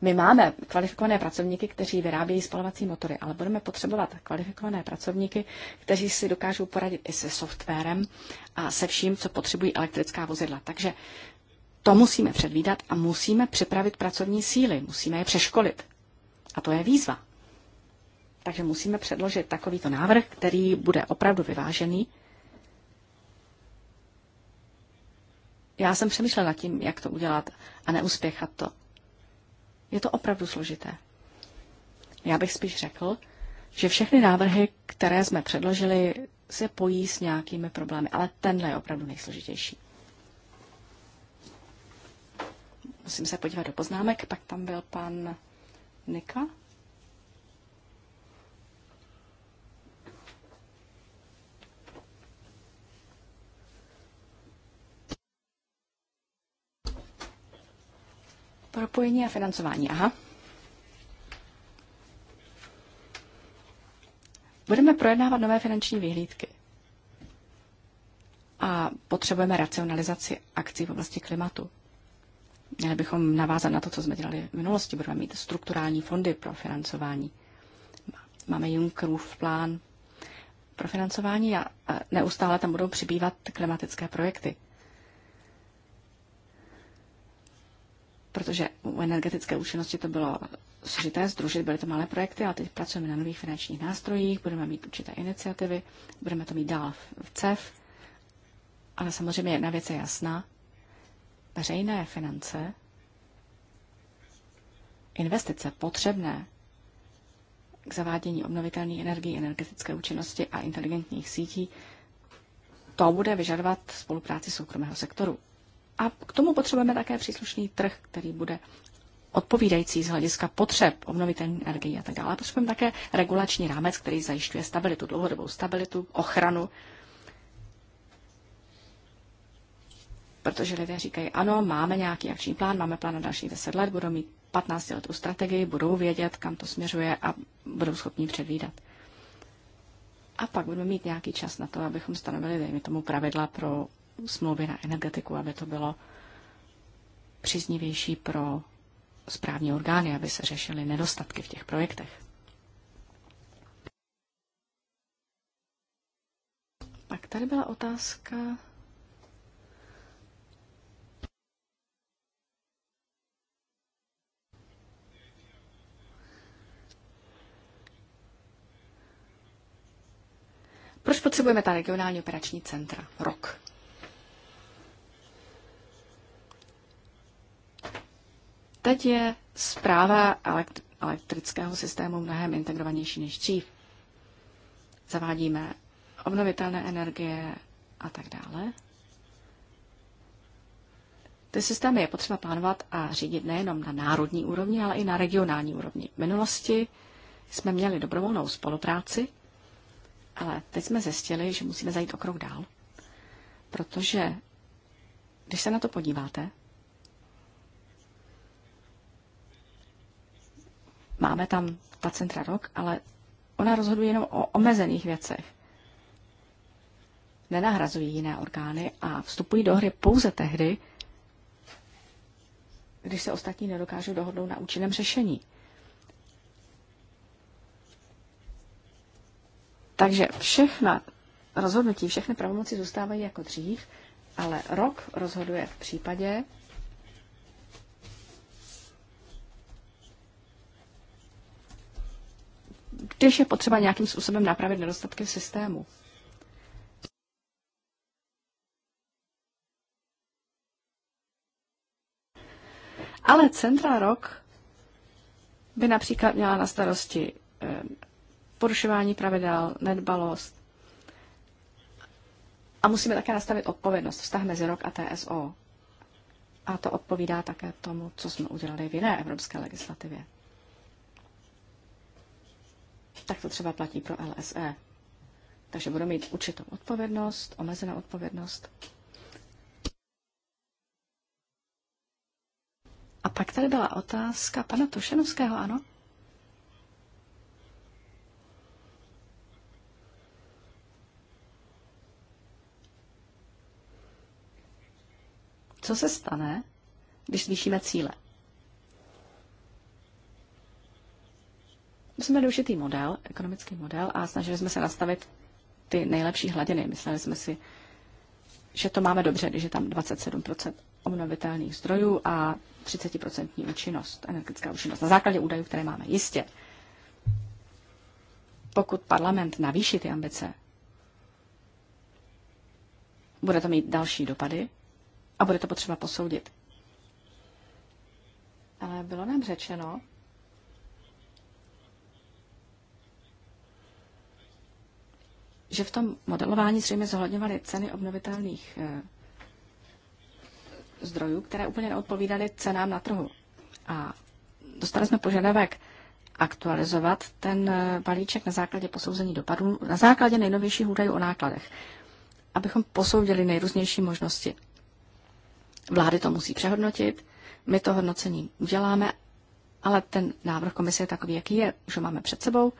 My máme kvalifikované pracovníky, kteří vyrábějí spalovací motory, ale budeme potřebovat kvalifikované pracovníky, kteří si dokážou poradit i se softwarem a se vším, co potřebují elektrická vozidla. Takže to musíme předvídat a musíme připravit pracovní síly, musíme je přeškolit. A to je výzva. Takže musíme předložit takovýto návrh, který bude opravdu vyvážený. Já jsem přemýšlela nad tím, jak to udělat a neuspěchat to. Je to opravdu složité. Já bych spíš řekl, že všechny návrhy, které jsme předložili, se pojí s nějakými problémy, ale tenhle je opravdu nejsložitější. Musím se podívat do poznámek. Pak tam byl pan Nika. Propojení a financování, aha. Budeme projednávat nové finanční vyhlídky a potřebujeme racionalizaci akcí v oblasti klimatu. Měli bychom navázat na to, co jsme dělali v minulosti. Budeme mít strukturální fondy pro financování. Máme Junckerův plán pro financování a neustále tam budou přibývat klimatické projekty. Protože u energetické účinnosti to bylo složité združit, byly to malé projekty, ale teď pracujeme na nových finančních nástrojích, budeme mít určité iniciativy, budeme to mít dál v CEF, ale samozřejmě jedna věc je jasná, veřejné finance, investice potřebné k zavádění obnovitelných energií, energetické účinnosti a inteligentních sítí, to bude vyžadovat spolupráci soukromého sektoru. A k tomu potřebujeme také příslušný trh, který bude odpovídající z hlediska potřeb obnovitelné energie a tak dále. Potřebujeme také regulační rámec, který zajišťuje stabilitu, dlouhodobou stabilitu, ochranu Protože lidé říkají, ano, máme nějaký akční plán, máme plán na další 10 let, budou mít 15 letou strategii, budou vědět, kam to směřuje a budou schopni předvídat. A pak budeme mít nějaký čas na to, abychom stanovili, dejme tomu, pravidla pro smlouvy na energetiku, aby to bylo příznivější pro správní orgány, aby se řešily nedostatky v těch projektech. Pak tady byla otázka Proč potřebujeme ta regionální operační centra? Rok. Teď je zpráva elektrického systému mnohem integrovanější než dřív. Zavádíme obnovitelné energie a tak dále. Ty systémy je potřeba plánovat a řídit nejenom na národní úrovni, ale i na regionální úrovni. V minulosti jsme měli dobrovolnou spolupráci ale teď jsme zjistili, že musíme zajít o krok dál, protože když se na to podíváte, máme tam ta centra rok, ale ona rozhoduje jenom o omezených věcech. Nenahrazují jiné orgány a vstupují do hry pouze tehdy, když se ostatní nedokážou dohodnout na účinném řešení. Takže všechna rozhodnutí, všechny pravomoci zůstávají jako dřív, ale rok rozhoduje v případě, když je potřeba nějakým způsobem napravit nedostatky v systému. Ale Centra rok by například měla na starosti eh, porušování pravidel, nedbalost. A musíme také nastavit odpovědnost, vztah mezi rok a TSO. A to odpovídá také tomu, co jsme udělali v jiné evropské legislativě. Tak to třeba platí pro LSE. Takže budou mít určitou odpovědnost, omezenou odpovědnost. A pak tady byla otázka pana Tušenovského, ano? Co se stane, když zvýšíme cíle? My jsme určitý model, ekonomický model a snažili jsme se nastavit ty nejlepší hladiny. Mysleli jsme si, že to máme dobře, když je tam 27% obnovitelných zdrojů a 30% účinnost, energetická účinnost. Na základě údajů, které máme, jistě. Pokud parlament navýší ty ambice, bude to mít další dopady, a bude to potřeba posoudit. Ale bylo nám řečeno, že v tom modelování zřejmě zohledňovaly ceny obnovitelných eh, zdrojů, které úplně neodpovídaly cenám na trhu. A dostali jsme požadavek aktualizovat ten eh, balíček na základě posouzení dopadů, na základě nejnovějších údajů o nákladech, abychom posoudili nejrůznější možnosti. Vlády to musí přehodnotit, my to hodnocení uděláme, ale ten návrh komise je takový, jaký je, už ho máme před sebou.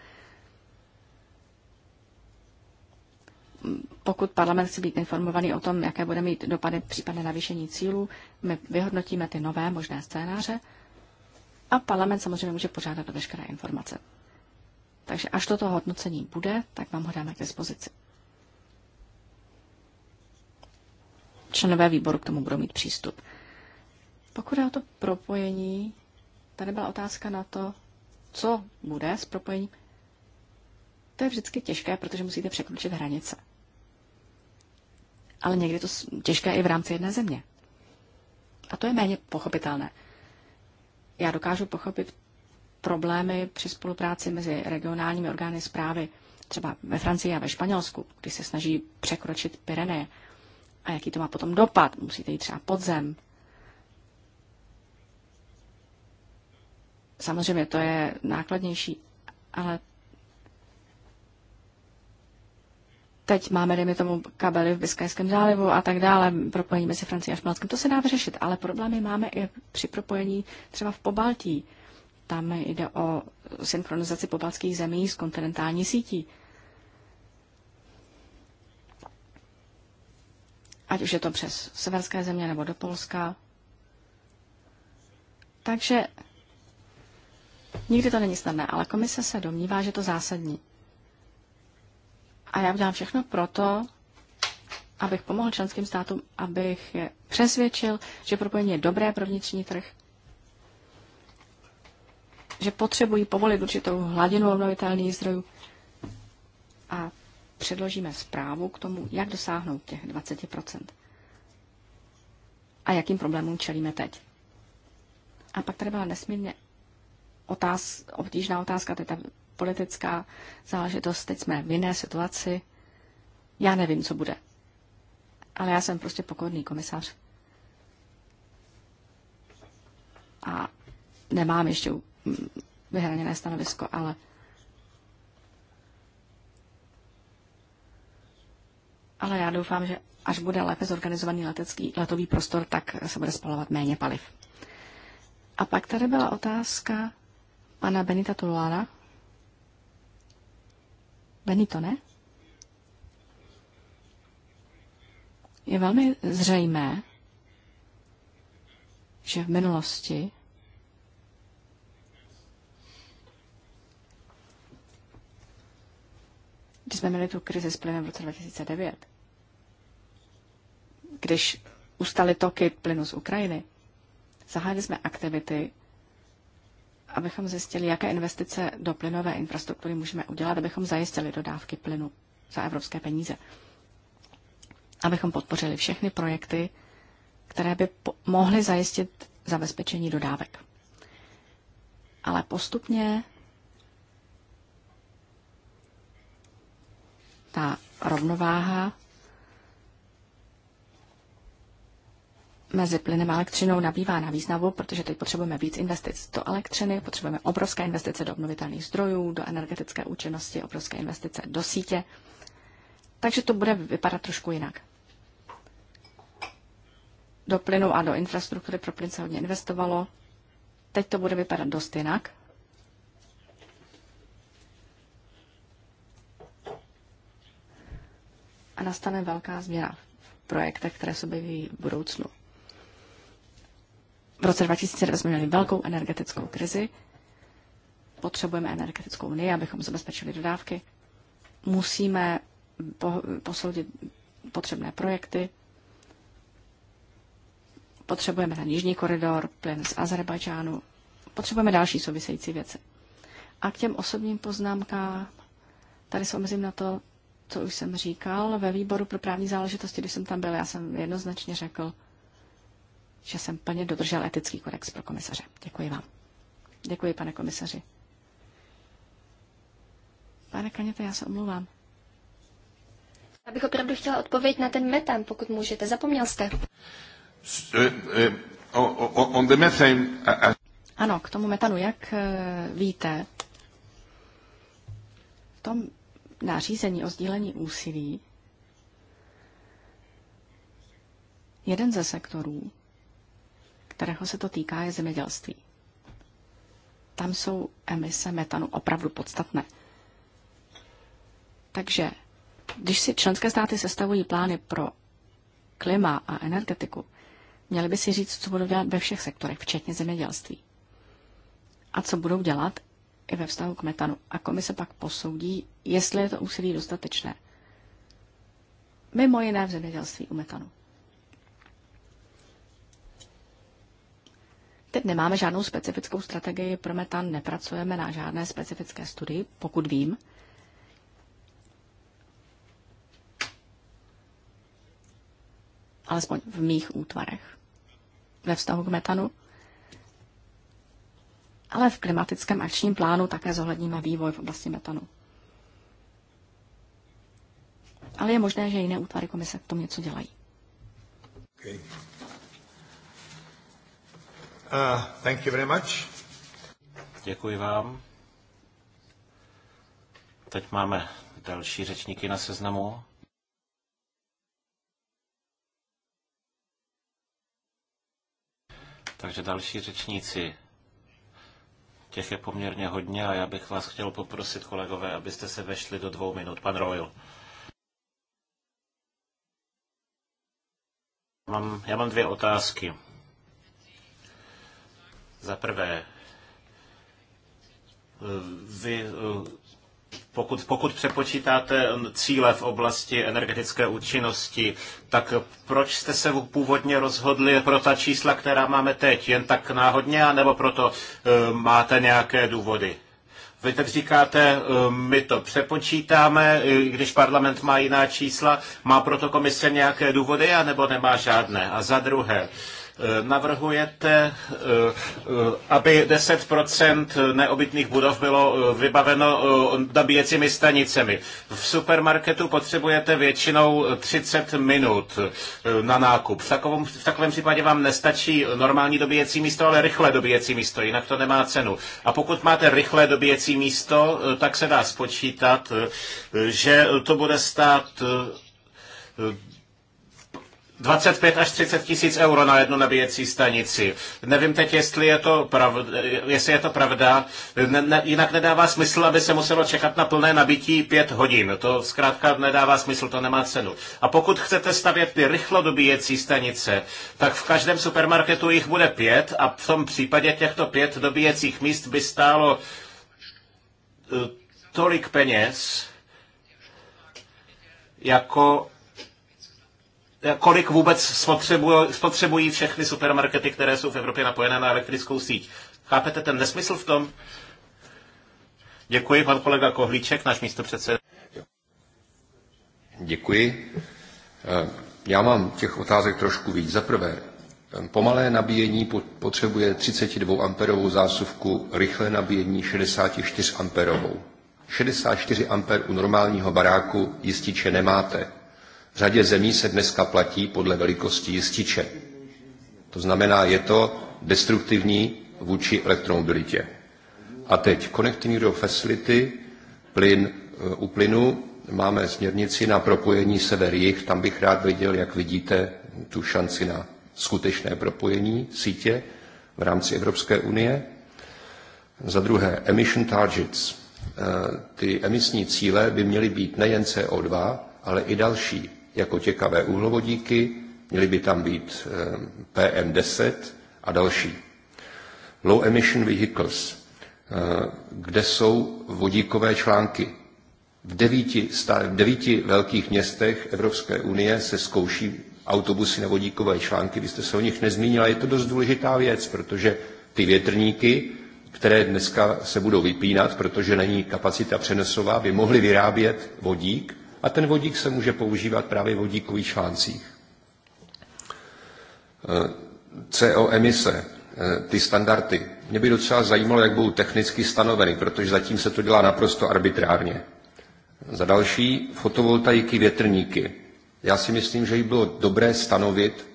Pokud parlament chce být informovaný o tom, jaké bude mít dopady případné navýšení cílů, my vyhodnotíme ty nové možné scénáře a parlament samozřejmě může požádat o veškeré informace. Takže až toto hodnocení bude, tak vám ho dáme k dispozici. členové výboru k tomu budou mít přístup. Pokud je o to propojení, tady byla otázka na to, co bude s propojením. To je vždycky těžké, protože musíte překročit hranice. Ale někdy to těžké i v rámci jedné země. A to je méně pochopitelné. Já dokážu pochopit problémy při spolupráci mezi regionálními orgány zprávy, třeba ve Francii a ve Španělsku, kdy se snaží překročit Pyreneje a jaký to má potom dopad. Musíte jít třeba podzem. Samozřejmě to je nákladnější, ale teď máme, dejme tomu, kabely v Biskajském zálivu a tak dále, propojení mezi Francií a Španělskem, to se dá vyřešit, ale problémy máme i při propojení třeba v Pobaltí. Tam jde o synchronizaci pobaltských zemí s kontinentální sítí. ať už je to přes severské země nebo do Polska. Takže nikdy to není snadné, ale komise se domnívá, že je to zásadní. A já udělám všechno proto, abych pomohl členským státům, abych je přesvědčil, že propojení je dobré pro vnitřní trh, že potřebují povolit určitou hladinu obnovitelných zdrojů a předložíme zprávu k tomu, jak dosáhnout těch 20 a jakým problémům čelíme teď. A pak tady byla nesmírně otáz, obtížná otázka, je ta politická záležitost, teď jsme v jiné situaci, já nevím, co bude. Ale já jsem prostě pokorný komisař. A nemám ještě vyhraněné stanovisko, ale ale já doufám, že až bude lépe zorganizovaný letecký letový prostor, tak se bude spalovat méně paliv. A pak tady byla otázka pana Benita Tulára, Benito, ne? Je velmi zřejmé, že v minulosti Když jsme měli tu krizi s plynem v roce 2009, když ustaly toky plynu z Ukrajiny, zahájili jsme aktivity, abychom zjistili, jaké investice do plynové infrastruktury můžeme udělat, abychom zajistili dodávky plynu za evropské peníze. Abychom podpořili všechny projekty, které by mohly zajistit zabezpečení dodávek. Ale postupně ta rovnováha mezi plynem a elektřinou nabývá na významu, protože teď potřebujeme víc investic do elektřiny, potřebujeme obrovské investice do obnovitelných zdrojů, do energetické účinnosti, obrovské investice do sítě. Takže to bude vypadat trošku jinak. Do plynu a do infrastruktury pro plyn se hodně investovalo. Teď to bude vypadat dost jinak, a nastane velká změna v projektech, které se objeví v budoucnu. V roce 2009 jsme měli velkou energetickou krizi. Potřebujeme energetickou unii, abychom zabezpečili dodávky. Musíme po, posoudit potřebné projekty. Potřebujeme ten jižní koridor, plyn z Azerbajdžánu. Potřebujeme další související věci. A k těm osobním poznámkám, tady se omezím na to, co už jsem říkal, ve výboru pro právní záležitosti, když jsem tam byl, já jsem jednoznačně řekl, že jsem plně dodržel etický kodex pro komisaře. Děkuji vám. Děkuji, pane komisaři. Pane Kaněte, já se omlouvám. Já bych opravdu chtěla odpověď na ten metan, pokud můžete. Zapomněl jste. Eh, eh, on the methane, Ano, k tomu metanu, jak eh, víte, v tom nařízení o sdílení úsilí jeden ze sektorů, kterého se to týká, je zemědělství. Tam jsou emise metanu opravdu podstatné. Takže když si členské státy sestavují plány pro klima a energetiku, měli by si říct, co budou dělat ve všech sektorech, včetně zemědělství. A co budou dělat, i ve vztahu k metanu. A komise pak posoudí, jestli je to úsilí dostatečné. Mimo jiné v zemědělství u metanu. Teď nemáme žádnou specifickou strategii pro metan, nepracujeme na žádné specifické studii, pokud vím. Alespoň v mých útvarech. Ve vztahu k metanu ale v klimatickém akčním plánu také zohledníme vývoj v oblasti metanu. Ale je možné, že jiné útvary komise k tomu něco dělají. Okay. Uh, thank you very much. Děkuji vám. Teď máme další řečníky na seznamu. Takže další řečníci Těch je poměrně hodně a já bych vás chtěl poprosit, kolegové, abyste se vešli do dvou minut. Pan Royal. Mám, já mám dvě otázky. Za prvé, eh, vy eh, pokud, pokud přepočítáte um, cíle v oblasti energetické účinnosti, tak proč jste se původně rozhodli pro ta čísla, která máme teď? Jen tak náhodně, anebo proto uh, máte nějaké důvody? Vy tak říkáte, um, my to přepočítáme, když parlament má jiná čísla, má proto komise nějaké důvody, anebo nemá žádné? A za druhé, Eh, navrhujete, eh, aby 10% neobytných budov bylo eh, vybaveno nabíjecími stanicemi. V supermarketu potřebujete většinou 30 minut na nákup. V takovém, v takovém případě vám nestačí normální dobíjecí místo, ale rychlé dobíjecí místo, jinak to nemá cenu. A pokud máte rychlé dobíjecí místo, tak se dá spočítat, že to bude stát 25 až 30 tisíc euro na jednu nabíjecí stanici. Nevím teď, jestli je to pravda, jestli je to pravda. Ne, ne, jinak nedává smysl, aby se muselo čekat na plné nabití 5 hodin. To zkrátka nedává smysl, to nemá cenu. A pokud chcete stavět ty rychlo dobíjecí stanice, tak v každém supermarketu jich bude pět a v tom případě těchto pět dobíjecích míst by stálo eh, tolik peněz, jako kolik vůbec spotřebují, spotřebují všechny supermarkety, které jsou v Evropě napojené na elektrickou síť. Chápete ten nesmysl v tom? Děkuji, pan kolega Kohlíček, náš předseda. Děkuji. Eh, já mám těch otázek trošku víc. Za prvé, pomalé nabíjení potřebuje 32 amperovou zásuvku, rychlé nabíjení 64 amperovou. 64 amper u normálního baráku jističe nemáte. V řadě zemí se dneska platí podle velikosti jističe. To znamená, je to destruktivní vůči elektromobilitě. A teď Connecting Europe Facility, plyn eh, u plynu, máme směrnici na propojení sever-jih, tam bych rád viděl, jak vidíte tu šanci na skutečné propojení sítě v rámci Evropské unie. Za druhé, emission targets. Eh, ty emisní cíle by měly být nejen CO2, ale i další jako těkavé uhlovodíky, měly by tam být eh, PM10 a další. Low emission vehicles, eh, kde jsou vodíkové články. V devíti, v devíti velkých městech Evropské unie se zkouší autobusy na vodíkové články. Vy jste se o nich nezmínila, je to dost důležitá věc, protože ty větrníky, které dneska se budou vypínat, protože není kapacita přenosová, by mohly vyrábět vodík, a ten vodík se může používat právě v vodíkových článcích. Eh, CO emise, eh, ty standardy. Mě by docela zajímalo, jak budou technicky stanoveny, protože zatím se to dělá naprosto arbitrárně. Za další, fotovoltaiky, větrníky. Já si myslím, že by bylo dobré stanovit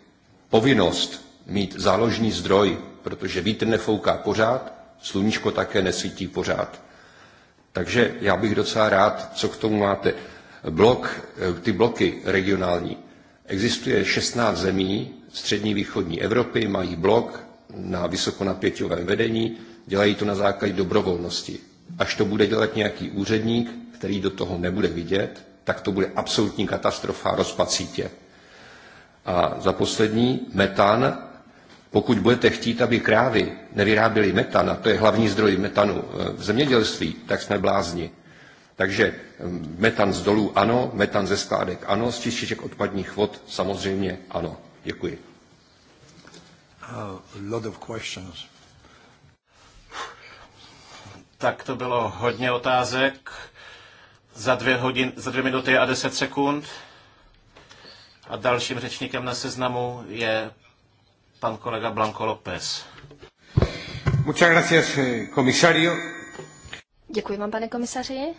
povinnost mít záložní zdroj, protože vítr nefouká pořád, sluníčko také nesvítí pořád. Takže já bych docela rád, co k tomu máte blok, eh, ty bloky regionální. Existuje 16 zemí střední východní Evropy, mají blok na vysokonapěťovém vedení, dělají to na základě dobrovolnosti. Až to bude dělat nějaký úředník, který do toho nebude vidět, tak to bude absolutní katastrofa a A za poslední, metan. Pokud budete chtít, aby krávy nevyráběly metan, a to je hlavní zdroj metanu eh, v zemědělství, tak jsme blázni. Takže hm, metan z dolů ano, metan ze skládek ano, z čističek odpadních vod samozřejmě ano. Děkuji. A lot of questions. Tak to bylo hodně otázek za dvě, hodin, za dvě minuty a deset sekund. A dalším řečníkem na seznamu je pan kolega Blanco López. Muchas gracias, komisario. Eh, Děkuji vám, pane komisaři.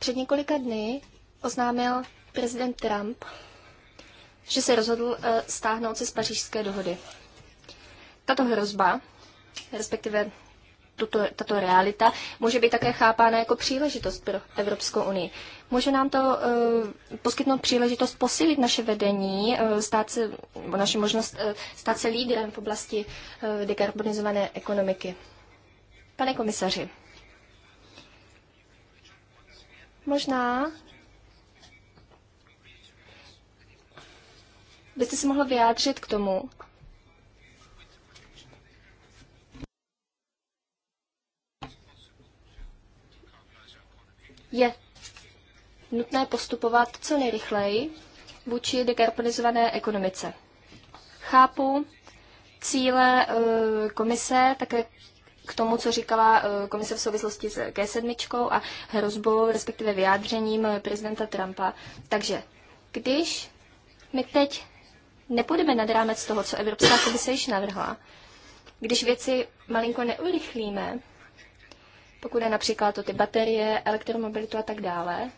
Před několika dny oznámil prezident Trump, že se rozhodl eh, stáhnout se z pařížské dohody. Tato hrozba, respektive tuto, tato realita, může být také chápána jako příležitost pro Evropskou unii. Může nám to uh, poskytnout příležitost posílit naše vedení, uh, stát se, naše možnost uh, stát se lídrem v oblasti uh, dekarbonizované ekonomiky. Pane komisaři, Možná byste se mohl vyjádřit k tomu, je nutné postupovat co nejrychleji vůči dekarbonizované ekonomice. Chápu cíle eh, komise, také k tomu, co říkala eh, komise v souvislosti s G7 a hrozbou, respektive vyjádřením eh, prezidenta Trumpa. Takže když my teď nepůjdeme nad rámec toho, co Evropská komise již navrhla, když věci malinko neurychlíme, pokud je například o ty baterie, elektromobilitu a tak dále,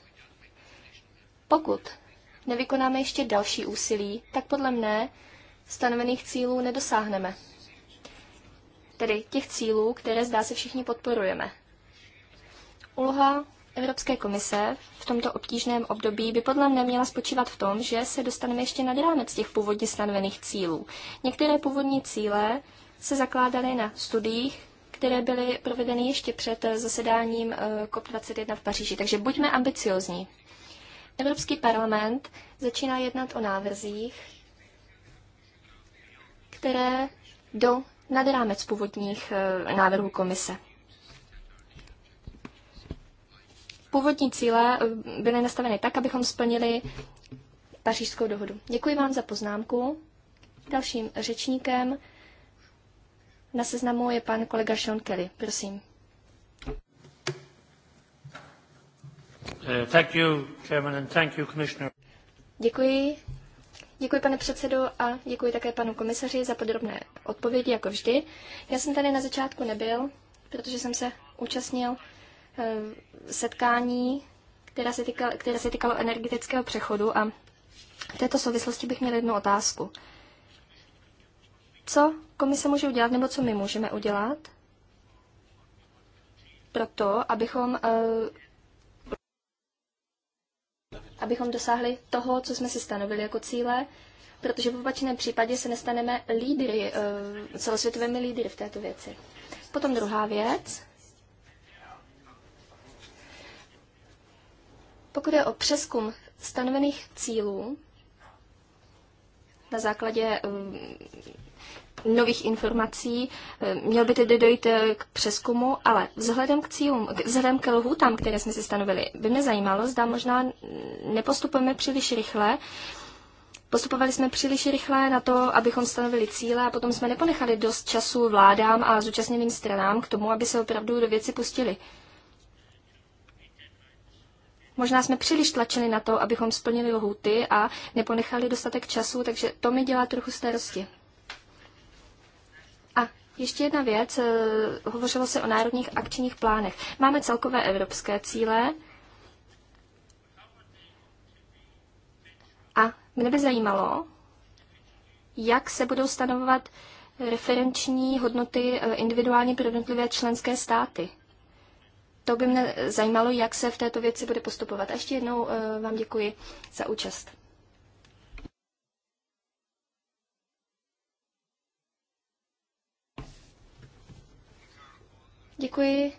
pokud nevykonáme ještě další úsilí, tak podle mne stanovených cílů nedosáhneme tedy těch cílů, které zdá se všichni podporujeme. Úloha Evropské komise v tomto obtížném období by podle mě měla spočívat v tom, že se dostaneme ještě nad rámec těch původně stanovených cílů. Některé původní cíle se zakládaly na studiích, které byly provedeny ještě před zasedáním eh, COP21 v Paříži. Takže buďme ambiciozní. Evropský parlament začíná jednat o návrzích, které do nad rámec původních eh, návrhů komise. Původní cíle eh, byly nastaveny tak, abychom splnili pařížskou dohodu. Děkuji vám za poznámku. Dalším řečníkem na seznamu je pan kolega Sean Kelly. Prosím. Eh, thank you, Chairman, and thank you, Commissioner. Děkuji, Děkuji, pane předsedo, a děkuji také panu komisaři za podrobné odpovědi, jako vždy. Já jsem tady na začátku nebyl, protože jsem se účastnil eh, setkání, která se, týkalo, které se týkalo energetického přechodu a v této souvislosti bych měl jednu otázku. Co komise může udělat, nebo co my můžeme udělat, proto, abychom eh, abychom dosáhli toho, co jsme si stanovili jako cíle, protože v opačném případě se nestaneme lídry, eh, celosvětovými lídry v této věci. Potom druhá věc. Pokud je o přeskum stanovených cílů na základě eh, nových informací. Eh, měl by tedy dojít eh, k přeskumu, ale vzhledem k cílům, vzhledem ke lhůtám, které jsme si stanovili, by mě zajímalo, zda možná nepostupujeme příliš rychle. Postupovali jsme příliš rychle na to, abychom stanovili cíle a potom jsme neponechali dost času vládám a zúčastněným stranám k tomu, aby se opravdu do věci pustili. Možná jsme příliš tlačili na to, abychom splnili lhuty a neponechali dostatek času, takže to mi dělá trochu starosti. Ještě jedna věc, eh, hovořilo se o národních akčních plánech. Máme celkové evropské cíle a mne by zajímalo, jak se budou stanovovat referenční hodnoty eh, individuálně pro jednotlivé členské státy. To by mě zajímalo, jak se v této věci bude postupovat. A ještě jednou eh, vám děkuji za účast. Děkuji.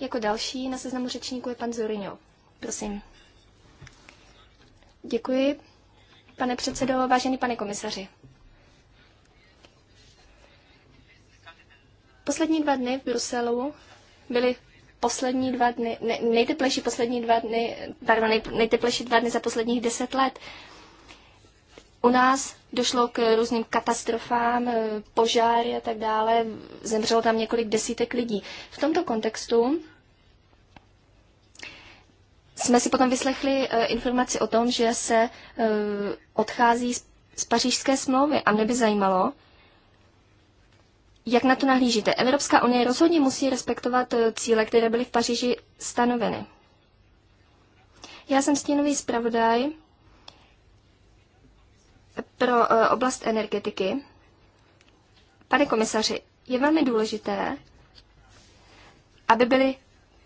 Jako další na seznamu řečníků je pan Zorino. Prosím. Děkuji, pane předsedo, vážený pane komisaři. Poslední dva dny v Bruselu byly poslední dva dny, nejteplejší poslední dva dny, pardon, nejteplejší dva dny za posledních deset let. U nás došlo k různým katastrofám, e, požáry a tak dále. Zemřelo tam několik desítek lidí. V tomto kontextu jsme si potom vyslechli e, informaci o tom, že se e, odchází z pařížské smlouvy a mě by zajímalo, jak na to nahlížíte? Evropská unie rozhodně musí respektovat cíle, které byly v Paříži stanoveny. Já jsem stínový zpravodaj pro eh, oblast energetiky. Pane komisaři, je velmi důležité, aby byly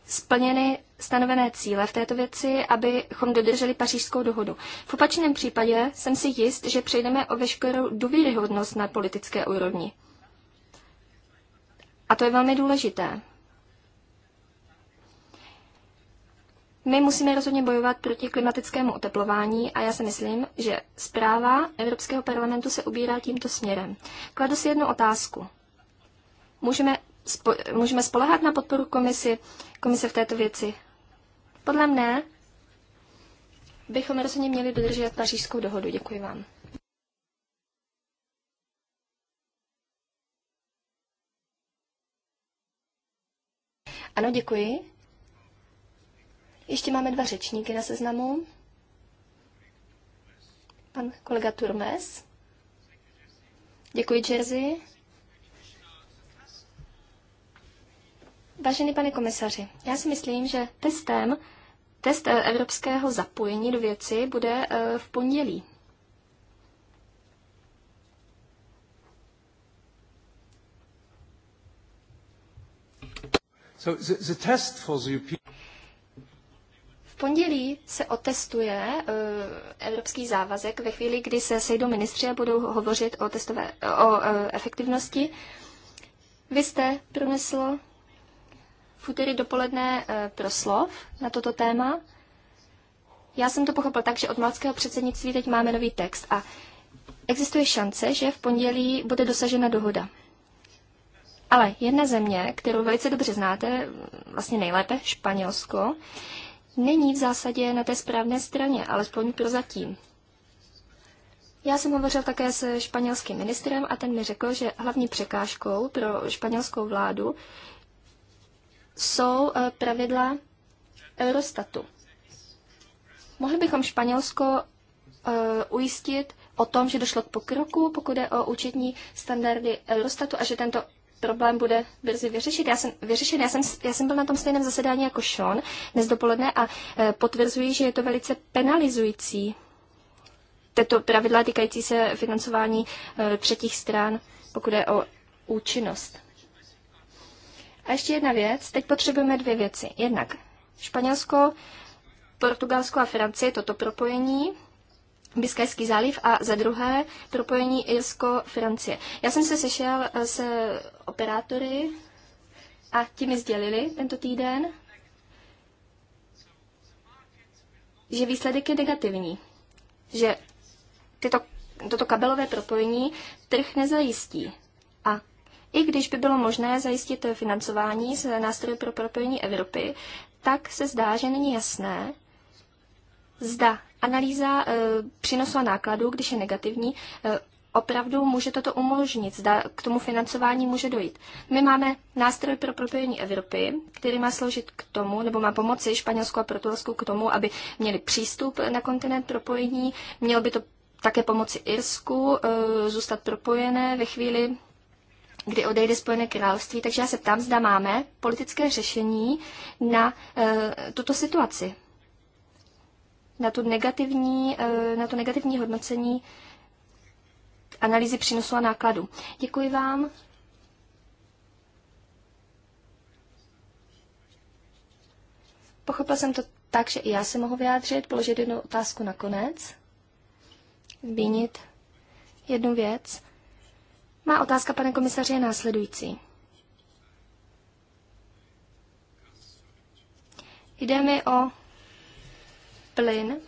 splněny stanovené cíle v této věci, abychom dodrželi pařížskou dohodu. V opačném případě jsem si jist, že přejdeme o veškerou důvěryhodnost na politické úrovni. A to je velmi důležité. My musíme rozhodně bojovat proti klimatickému oteplování a já si myslím, že zpráva Evropského parlamentu se ubírá tímto směrem. Kladu si jednu otázku. Můžeme, spo, můžeme spolehat na podporu komisi, komise v této věci? Podle mne bychom rozhodně měli dodržet pařížskou dohodu. Děkuji vám. Ano, děkuji. Ještě máme dva řečníky na seznamu. Pan kolega Turmes. Děkuji, Jerzy. Vážený pane komisaři, já si myslím, že testem, test eh, evropského zapojení do věci bude eh, v pondělí. So the, the test for the pondělí se otestuje eh, evropský závazek ve chvíli, kdy se sejdou ministři a budou hovořit o, testové, o eh, efektivnosti. Vy jste pronesl v úterý dopoledne eh, proslov na toto téma. Já jsem to pochopil tak, že od malckého předsednictví teď máme nový text a existuje šance, že v pondělí bude dosažena dohoda. Ale jedna země, kterou velice dobře znáte, vlastně nejlépe, Španělsko, není v zásadě na té správné straně, alespoň prozatím. Já jsem hovořil také s španělským ministrem a ten mi řekl, že hlavní překážkou pro španělskou vládu jsou eh, pravidla Eurostatu. Mohli bychom Španělsko eh, ujistit o tom, že došlo k pokroku, pokud je o účetní standardy Eurostatu a že tento problém bude brzy vyřešit. Já jsem, vyřešen, já jsem, já jsem byl na tom stejném zasedání jako Sean dnes dopoledne a e, potvrzuji, že je to velice penalizující tato pravidla týkající se financování e, třetích stran, pokud je o účinnost. A ještě jedna věc. Teď potřebujeme dvě věci. Jednak Španělsko, Portugalsko a Francie, toto propojení Biskajský záliv a za druhé propojení Irsko-Francie. Já jsem se sešel eh, s operátory a ti mi sdělili tento týden, že výsledek je negativní, že tyto, toto kabelové propojení trh nezajistí. A i když by bylo možné zajistit financování z nástroje pro propojení Evropy, tak se zdá, že není jasné, zda analýza eh, přínosu a nákladů, když je negativní, eh, opravdu může toto umožnit, zda k tomu financování může dojít. My máme nástroj pro propojení Evropy, který má sloužit k tomu, nebo má pomoci Španělsku a Portugalsku k tomu, aby měli přístup na kontinent propojení, mělo by to také pomoci Irsku eh, zůstat propojené ve chvíli, kdy odejde Spojené království. Takže já se ptám, zda máme politické řešení na tuto situaci na, tu negativní, eh, na to negativní hodnocení analýzy přínosu a nákladu. Děkuji vám. Pochopila jsem to tak, že i já se mohu vyjádřit, položit jednu otázku na konec, zmínit jednu věc. Má otázka, pane komisaři, je následující. Jde mi o plyn,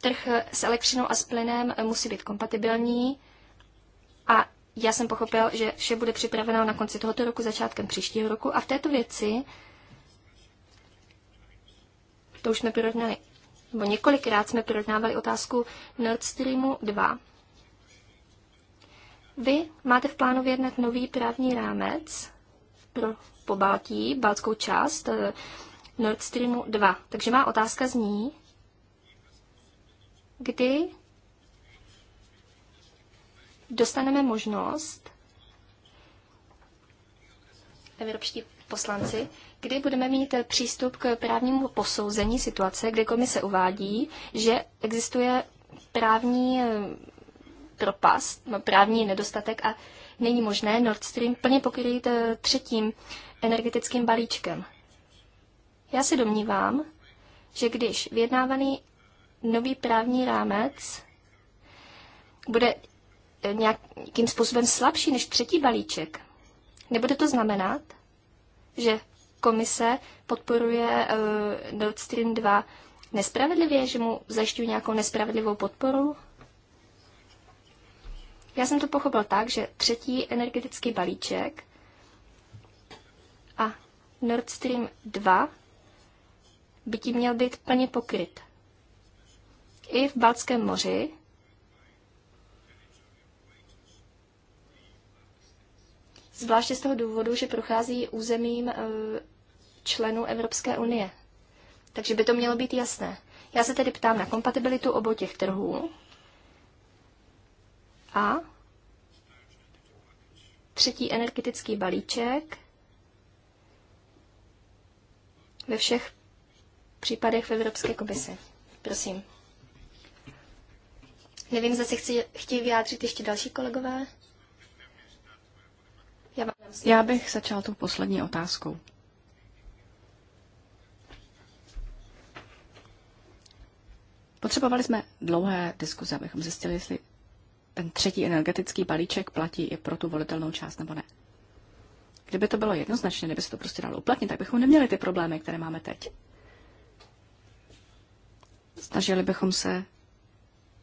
trh s elektřinou a s plynem musí být kompatibilní a já jsem pochopil, že vše bude připraveno na konci tohoto roku, začátkem příštího roku a v této věci to už jsme projednali, nebo několikrát jsme projednávali otázku Nord Streamu 2. Vy máte v plánu vyjednat nový právní rámec pro Pobaltí, baltskou část Nord Streamu 2. Takže má otázka zní, kdy dostaneme možnost, evropští poslanci, kdy budeme mít přístup k právnímu posouzení situace, kde komise uvádí, že existuje právní eh, propast, no, právní nedostatek a není možné Nord Stream plně pokrýt eh, třetím energetickým balíčkem. Já se domnívám, že když vyjednávaný nový právní rámec bude eh, nějakým způsobem slabší než třetí balíček, nebude to znamenat, že komise podporuje uh, Nord Stream 2 nespravedlivě, že mu zajišťují nějakou nespravedlivou podporu? Já jsem to pochopil tak, že třetí energetický balíček a Nord Stream 2 by tím měl být plně pokryt. I v Balckém moři zvláště z toho důvodu, že prochází územím eh, členů Evropské unie. Takže by to mělo být jasné. Já se tedy ptám na kompatibilitu obou těch trhů. A třetí energetický balíček ve všech případech v Evropské komisi. Prosím. Nevím, zase chci, chtějí vyjádřit ještě další kolegové. Já, vám Já bych začal tou poslední otázkou. Potřebovali jsme dlouhé diskuze, abychom zjistili, jestli ten třetí energetický balíček platí i pro tu volitelnou část nebo ne. Kdyby to bylo jednoznačně, kdyby se to prostě dalo uplatnit, tak bychom neměli ty problémy, které máme teď. Snažili bychom se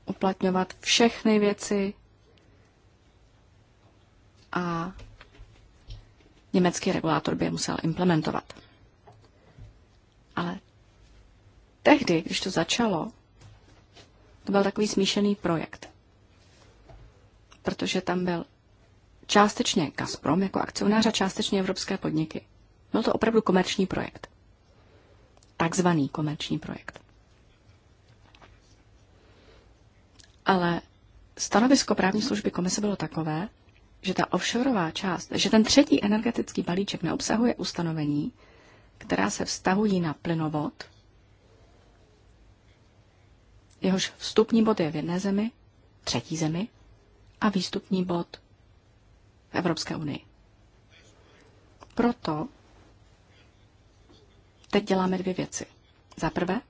uplatňovat všechny věci a německý regulátor by je musel implementovat. Ale tehdy, když to začalo, to byl takový smíšený projekt, protože tam byl částečně Gazprom jako akcionář a částečně evropské podniky. Byl to opravdu komerční projekt. Takzvaný komerční projekt. Ale stanovisko právní služby komise bylo takové, že ta offshoreová část, že ten třetí energetický balíček neobsahuje ustanovení, která se vztahují na plynovod, jehož vstupní bod je v jedné zemi, třetí zemi a výstupní bod v Evropské unii. Proto teď děláme dvě věci. Za prvé,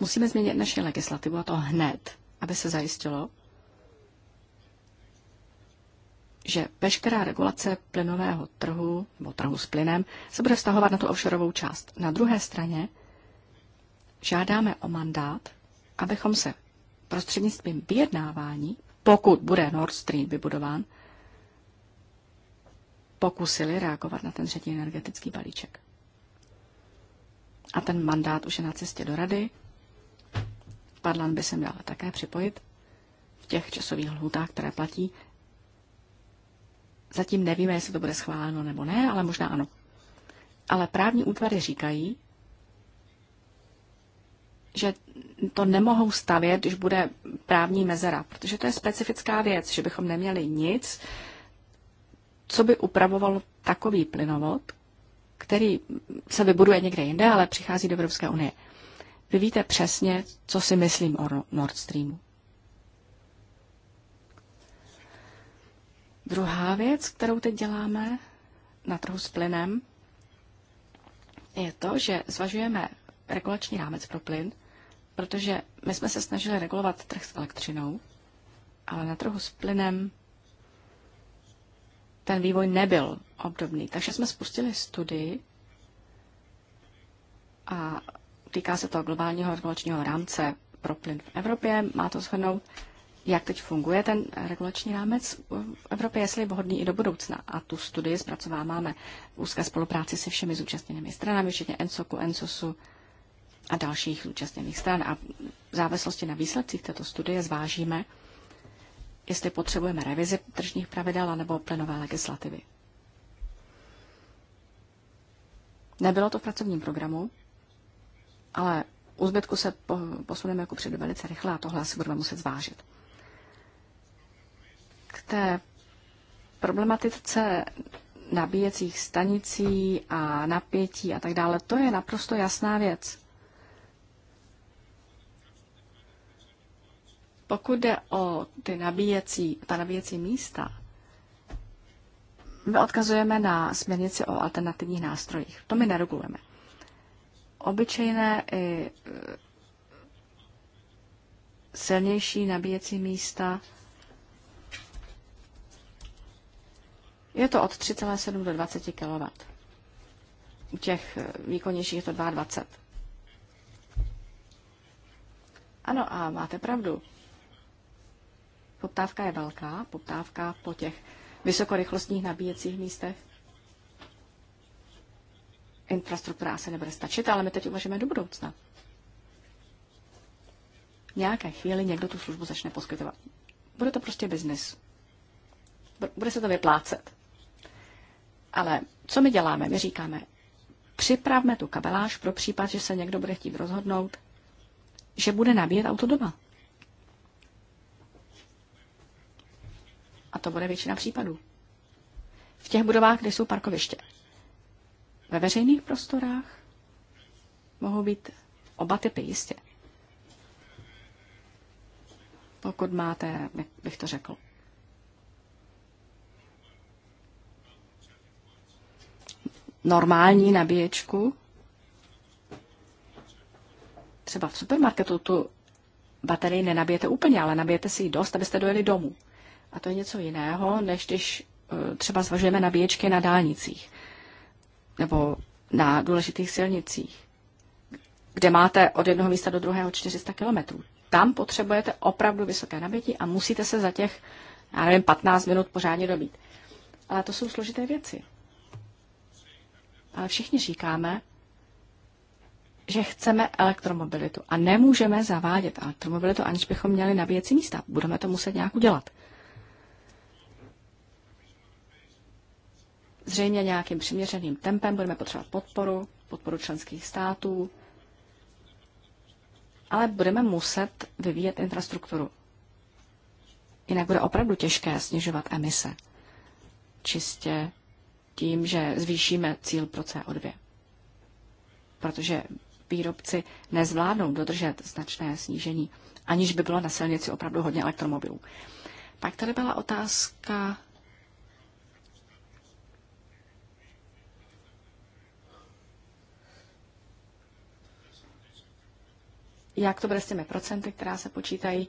Musíme změnit naši legislativu a to hned, aby se zajistilo, že veškerá regulace plynového trhu nebo trhu s plynem se bude vztahovat na tu offshoreovou část. Na druhé straně žádáme o mandát, abychom se prostřednictvím vyjednávání, pokud bude Nord Stream vybudován, pokusili reagovat na ten třetí energetický balíček. A ten mandát už je na cestě do rady Parlament by se měl také připojit v těch časových lhůtách, které platí. Zatím nevíme, jestli to bude schváleno nebo ne, ale možná ano. Ale právní útvary říkají, že to nemohou stavět, když bude právní mezera, protože to je specifická věc, že bychom neměli nic, co by upravovalo takový plynovod, který se vybuduje někde jinde, ale přichází do Evropské unie. Vy víte přesně, co si myslím o Nord Streamu. Druhá věc, kterou teď děláme na trhu s plynem, je to, že zvažujeme regulační rámec pro plyn, protože my jsme se snažili regulovat trh s elektřinou, ale na trhu s plynem ten vývoj nebyl obdobný. Takže jsme spustili studii a Týká se to globálního regulačního rámce pro plyn v Evropě. Má to shrnout, jak teď funguje ten regulační rámec v Evropě, jestli je vhodný i do budoucna. A tu studii zpracováváme v úzké spolupráci se všemi zúčastněnými stranami, včetně ENSOKu, ENSOSu a dalších zúčastněných stran. A v závislosti na výsledcích této studie zvážíme, jestli potřebujeme revizi tržních pravidel nebo plynové legislativy. Nebylo to v pracovním programu, ale u zbytku se posuneme jako před velice rychle a tohle si budeme muset zvážit. K té problematice nabíjecích stanicí a napětí a tak dále, to je naprosto jasná věc. Pokud jde o ty nabíjecí, ta nabíjecí místa, my odkazujeme na směrnici o alternativních nástrojích. To my neregulujeme obyčejné i e, silnější nabíjecí místa. Je to od 3,7 do 20 kW. U těch e, výkonnějších je to 22. Ano, a máte pravdu. Poptávka je velká, poptávka po těch vysokorychlostních nabíjecích místech infrastruktura asi nebude stačit, ale my teď uvažujeme do budoucna. V nějaké chvíli někdo tu službu začne poskytovat. Bude to prostě biznis. Bude se to vyplácet. Ale co my děláme? My říkáme, připravme tu kabeláž pro případ, že se někdo bude chtít rozhodnout, že bude nabíjet auto doma. A to bude většina případů. V těch budovách, kde jsou parkoviště. Ve veřejných prostorách mohou být oba typy jistě. Pokud máte, jak bych to řekl, normální nabíječku, třeba v supermarketu tu baterii nenabijete úplně, ale nabijete si ji dost, abyste dojeli domů. A to je něco jiného, než když eh, třeba zvažujeme nabíječky na dálnicích nebo na důležitých silnicích, kde máte od jednoho místa do druhého 400 kilometrů. Tam potřebujete opravdu vysoké nabití a musíte se za těch, já nevím, 15 minut pořádně dobít. Ale to jsou složité věci. Ale všichni říkáme, že chceme elektromobilitu a nemůžeme zavádět elektromobilitu, aniž bychom měli nabíjecí místa. Budeme to muset nějak udělat. Zřejmě nějakým přiměřeným tempem budeme potřebovat podporu, podporu členských států, ale budeme muset vyvíjet infrastrukturu. Jinak bude opravdu těžké snižovat emise. Čistě tím, že zvýšíme cíl pro CO2. Protože výrobci nezvládnou dodržet značné snížení, aniž by bylo na silnici opravdu hodně elektromobilů. Pak tady byla otázka jak to bude s těmi procenty, která se počítají.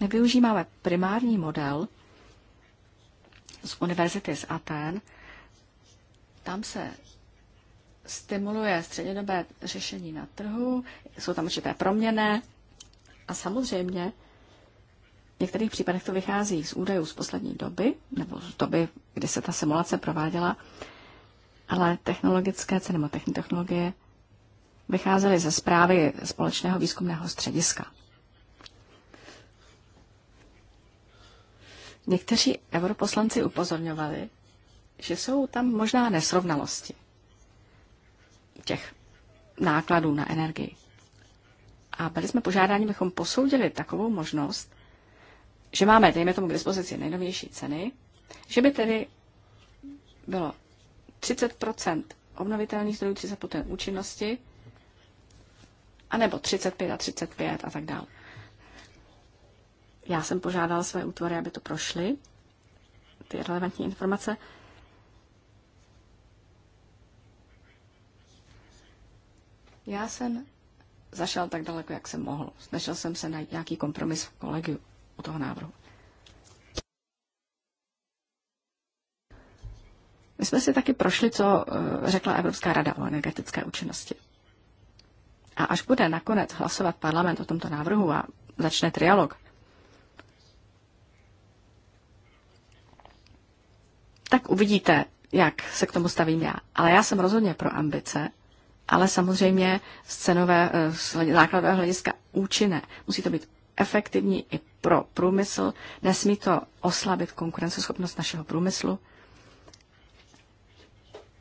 My využíváme primární model z univerzity z Aten. Tam se stimuluje střednědobé řešení na trhu, jsou tam určité proměny a samozřejmě v některých případech to vychází z údajů z poslední doby, nebo z doby, kdy se ta simulace prováděla, ale technologické ceny nebo technologie vycházely ze zprávy Společného výzkumného střediska. Někteří europoslanci upozorňovali, že jsou tam možná nesrovnalosti těch nákladů na energii. A byli jsme požádáni, bychom posoudili takovou možnost, že máme, dejme tomu, k dispozici nejnovější ceny, že by tedy bylo 30 obnovitelných zdrojů, 30 účinnosti anebo 35 a 35 a tak dále. Já jsem požádala své útvory, aby to prošly, ty relevantní informace. Já jsem zašel tak daleko, jak jsem mohl. Snažil jsem se najít nějaký kompromis v kolegiu u toho návrhu. My jsme si taky prošli, co eh, řekla Evropská rada o energetické účinnosti. A až bude nakonec hlasovat parlament o tomto návrhu a začne trialog, tak uvidíte, jak se k tomu stavím já. Ale já jsem rozhodně pro ambice, ale samozřejmě z cenové, eh, z hlediska účinné. Musí to být efektivní i pro průmysl, nesmí to oslabit konkurenceschopnost našeho průmyslu.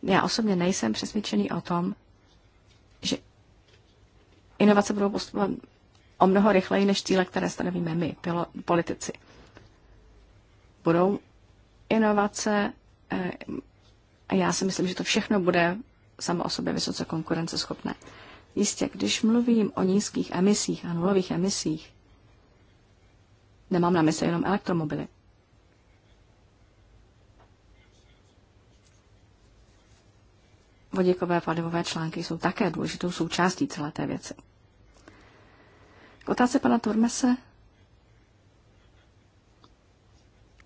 Já osobně nejsem přesvědčený o tom, že Inovace budou postupovat o mnoho rychleji než cíle, které stanovíme my, pilo, politici. Budou inovace eh, a já si myslím, že to všechno bude samo o sobě vysoce konkurenceschopné. Jistě, když mluvím o nízkých emisích a nulových emisích, nemám na mysli jenom elektromobily. vodíkové palivové články jsou také důležitou součástí celé té věci. K otázce pana Turmese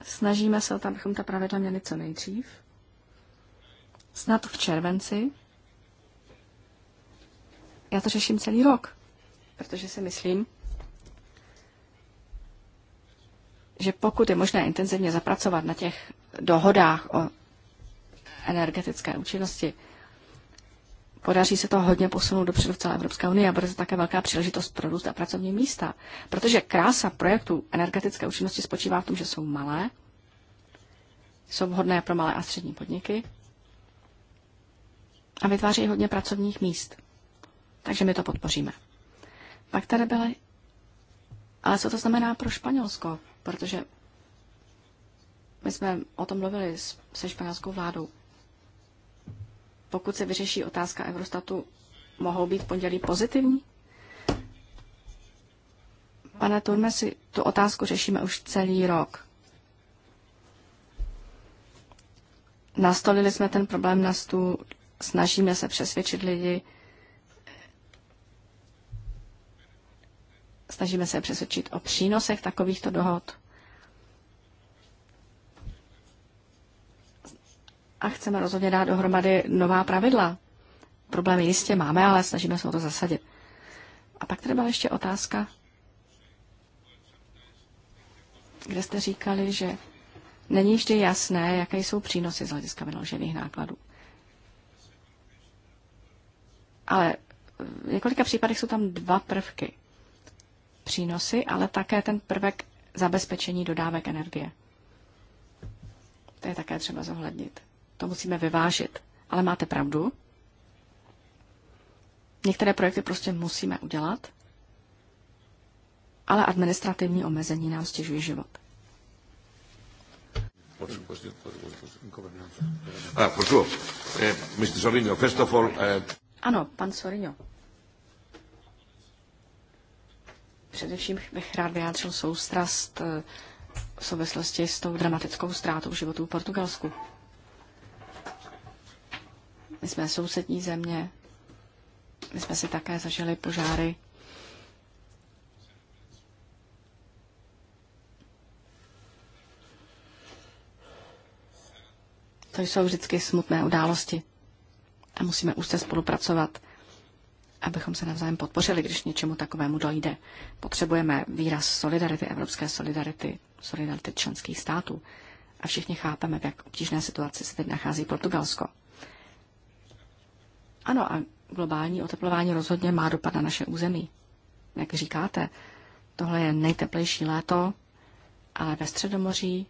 snažíme se abychom ta pravidla měli co nejdřív. Snad v červenci. Já to řeším celý rok, protože si myslím, že pokud je možné intenzivně zapracovat na těch dohodách o energetické účinnosti, podaří se to hodně posunout dopředu v celé Evropské unii a bude to také velká příležitost pro růst a pracovní místa. Protože krása projektů energetické účinnosti spočívá v tom, že jsou malé, jsou vhodné pro malé a střední podniky a vytváří hodně pracovních míst. Takže my to podpoříme. Pak tady byly. Ale co to znamená pro Španělsko? Protože my jsme o tom mluvili se španělskou vládou pokud se vyřeší otázka Eurostatu, mohou být pondělí pozitivní? Pane Turme, si tu otázku řešíme už celý rok. Nastolili jsme ten problém na stůl, snažíme se přesvědčit lidi, snažíme se přesvědčit o přínosech takovýchto dohod. a chceme rozhodně dát dohromady nová pravidla. Problémy jistě máme, ale snažíme se o to zasadit. A pak tady byla ještě otázka, kde jste říkali, že není vždy jasné, jaké jsou přínosy z hlediska vynaložených nákladů. Ale v několika případech jsou tam dva prvky. Přínosy, ale také ten prvek zabezpečení dodávek energie. To je také třeba zohlednit. To musíme vyvážit. Ale máte pravdu. Některé projekty prostě musíme udělat, ale administrativní omezení nám stěžují život. Ah, eh, eh, ano, pan Sorino. Především bych rád vyjádřil soustrast eh, v souvislosti s tou dramatickou ztrátou životů v Portugalsku. My jsme sousední země, my jsme si také zažili požáry. To jsou vždycky smutné události. A musíme úzce spolupracovat, abychom se navzájem podpořili, když něčemu takovému dojde. Potřebujeme výraz solidarity, evropské solidarity, solidarity členských států. A všichni chápeme, v jak obtížné situaci se teď nachází Portugalsko. Ano, a globální oteplování rozhodně má dopad na naše území. Jak říkáte, tohle je nejteplejší léto, ale ve Středomoří,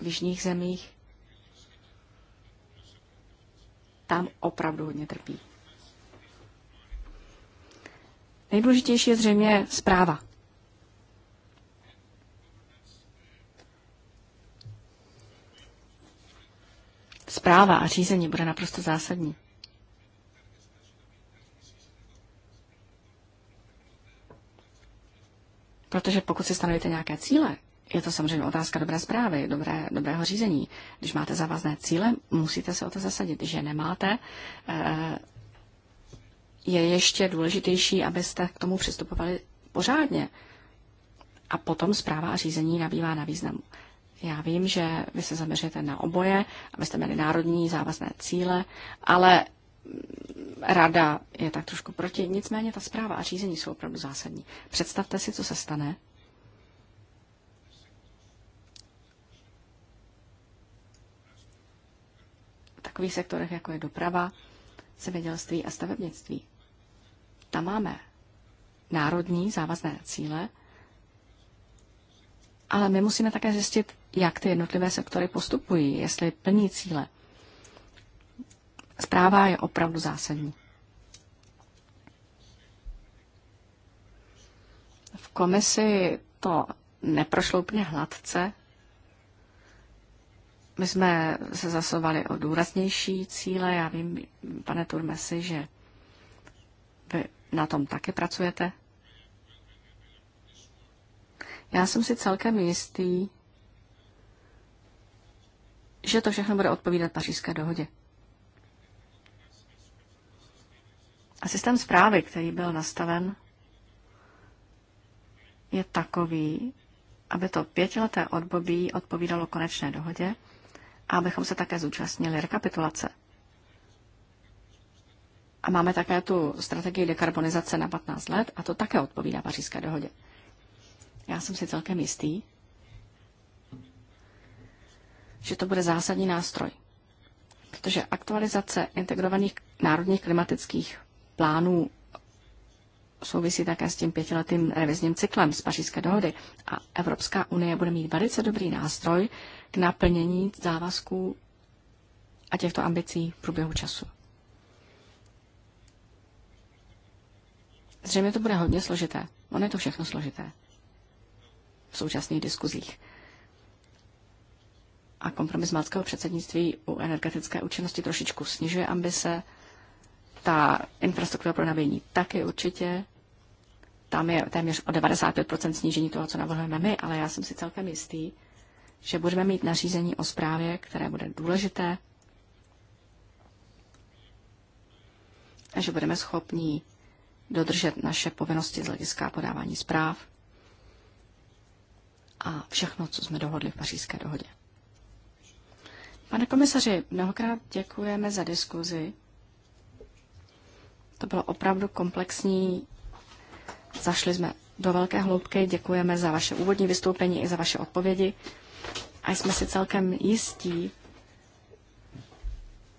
v jižních zemích, tam opravdu hodně trpí. Nejdůležitější je zřejmě zpráva. zpráva a řízení bude naprosto zásadní. Protože pokud si stanovíte nějaké cíle, je to samozřejmě otázka dobré zprávy, dobré, dobrého řízení. Když máte závazné cíle, musíte se o to zasadit. Když je nemáte, eh, je ještě důležitější, abyste k tomu přistupovali pořádně. A potom zpráva a řízení nabývá na významu. Já vím, že vy se zaměříte na oboje, abyste měli národní závazné cíle, ale rada je tak trošku proti. Nicméně ta zpráva a řízení jsou opravdu zásadní. Představte si, co se stane, takových sektorech, jako je doprava, zemědělství a stavebnictví. Tam máme národní závazné cíle, ale my musíme také zjistit, jak ty jednotlivé sektory postupují, jestli plní cíle. Zpráva je opravdu zásadní. V komisi to neprošlo úplně hladce. My jsme se zasovali o důraznější cíle. Já vím, pane Turmesi, že vy na tom taky pracujete. Já jsem si celkem jistý, že to všechno bude odpovídat pařížské dohodě. A systém zprávy, který byl nastaven, je takový, aby to pětileté období odpovídalo konečné dohodě a abychom se také zúčastnili rekapitulace. A máme také tu strategii dekarbonizace na 15 let a to také odpovídá pařížské dohodě. Já jsem si celkem jistý, že to bude zásadní nástroj. Protože aktualizace integrovaných národních klimatických plánů souvisí také s tím pětiletým revizním cyklem z pařížské dohody a Evropská unie bude mít velice dobrý nástroj k naplnění závazků a těchto ambicí v průběhu času. Zřejmě to bude hodně složité. Ono je to všechno složité v současných diskuzích a kompromis malckého předsednictví u energetické účinnosti trošičku snižuje ambice. Ta infrastruktura pro nabíjení taky určitě. Tam je téměř o 95% snížení toho, co navrhujeme my, ale já jsem si celkem jistý, že budeme mít nařízení o zprávě, které bude důležité a že budeme schopni dodržet naše povinnosti z hlediska podávání zpráv a všechno, co jsme dohodli v pařížské dohodě. Pane komisaři, mnohokrát děkujeme za diskuzi. To bylo opravdu komplexní. Zašli jsme do velké hloubky. Děkujeme za vaše úvodní vystoupení i za vaše odpovědi. A jsme si celkem jistí,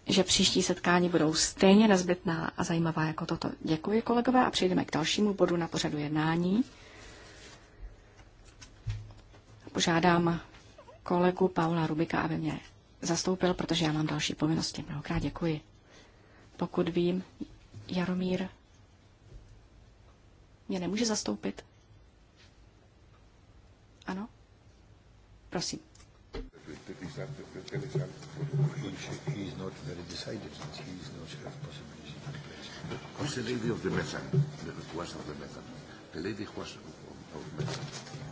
že příští setkání budou stejně nezbytná a zajímavá jako toto. Děkuji, kolegové, a přejdeme k dalšímu bodu na pořadu jednání. Požádám kolegu Paula Rubika, aby mě zastoupil, protože já mám další povinnosti. Mnohokrát děkuji. Pokud vím, Jaromír mě nemůže zastoupit. Ano? Prosím. Who's the lady of the method? The, request of the, method, the lady who was of, of method.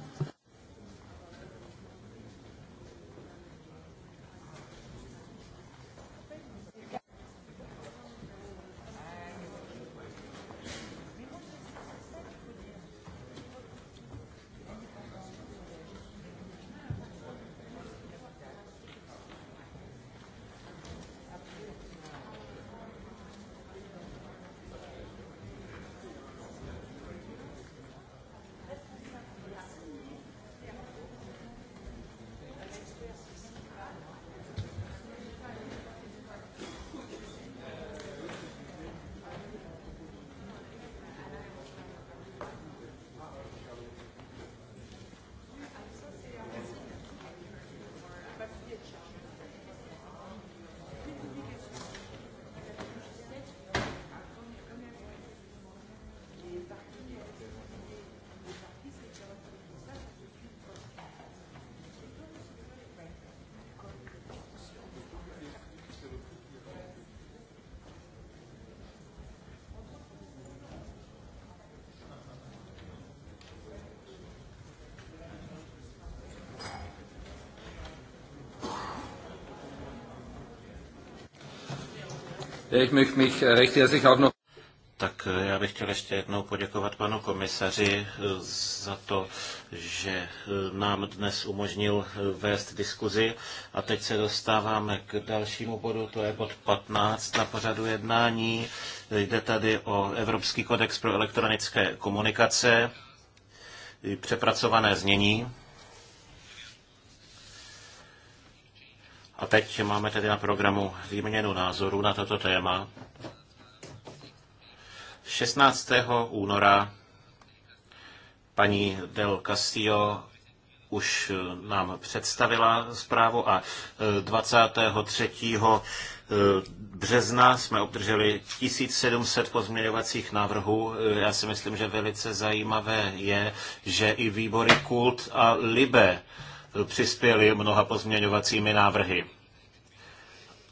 Ich möchte mich recht herzlich auch noch tak já bych chtěl ještě jednou poděkovat panu komisaři eh, za to, že eh, nám dnes umožnil eh, vést diskuzi. A teď se dostáváme k dalšímu bodu, to je bod 15 na pořadu jednání. Jde tady o Evropský kodex pro elektronické komunikace, přepracované znění. teď máme tedy na programu výměnu názorů na toto téma. 16. února paní Del Castillo už nám představila zprávu a 23. E, e, března jsme obdrželi 1700 pozměňovacích návrhů. E, já si myslím, že velice zajímavé je, že i výbory Kult a Libe přispěli mnoha pozměňovacími návrhy.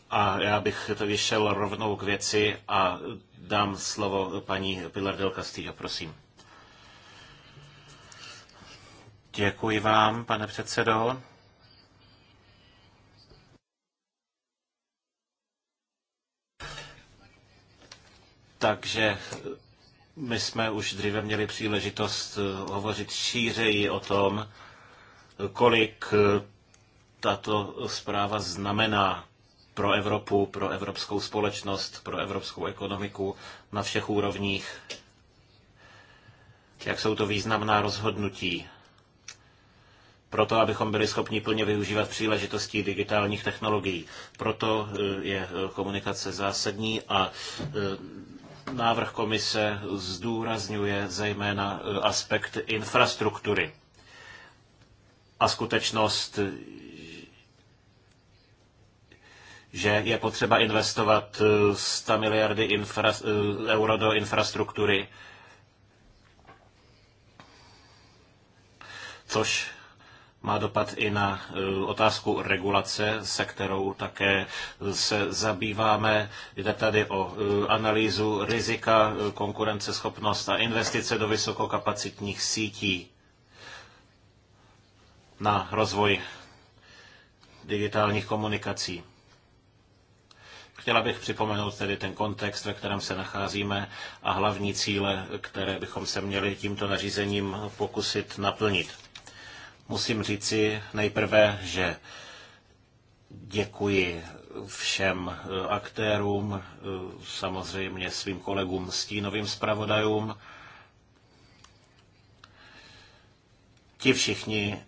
A já bych tedy šel rovnou k věci a dám slovo paní Pilar del Castillo, prosím. Děkuji vám, pane předsedo. Takže my jsme už dříve měli příležitost eh, hovořit šířeji o tom, kolik eh, tato zpráva znamená pro Evropu, pro evropskou společnost, pro evropskou ekonomiku na všech úrovních. Jak jsou to významná rozhodnutí Pro to, abychom byli schopni plně využívat příležitostí digitálních technologií. Proto eh, je eh, komunikace zásadní a eh, návrh komise zdůrazňuje zejména aspekt infrastruktury a skutečnost, že je potřeba investovat 100 eh, miliardy infra, eh, euro do infrastruktury, což má dopad i na eh, otázku regulace, se kterou také se zabýváme. Jde tady o analýzu rizika, konkurenceschopnost a investice do vysokokapacitních sítí na rozvoj digitálních komunikací. Chtěla bych připomenout tedy ten kontext, ve kterém se nacházíme a hlavní cíle, které bychom se měli tímto nařízením pokusit naplnit. Musím říci nejprve, že děkuji všem eh, aktérům, eh, samozřejmě svým kolegům stínovým zpravodajům. Ti všichni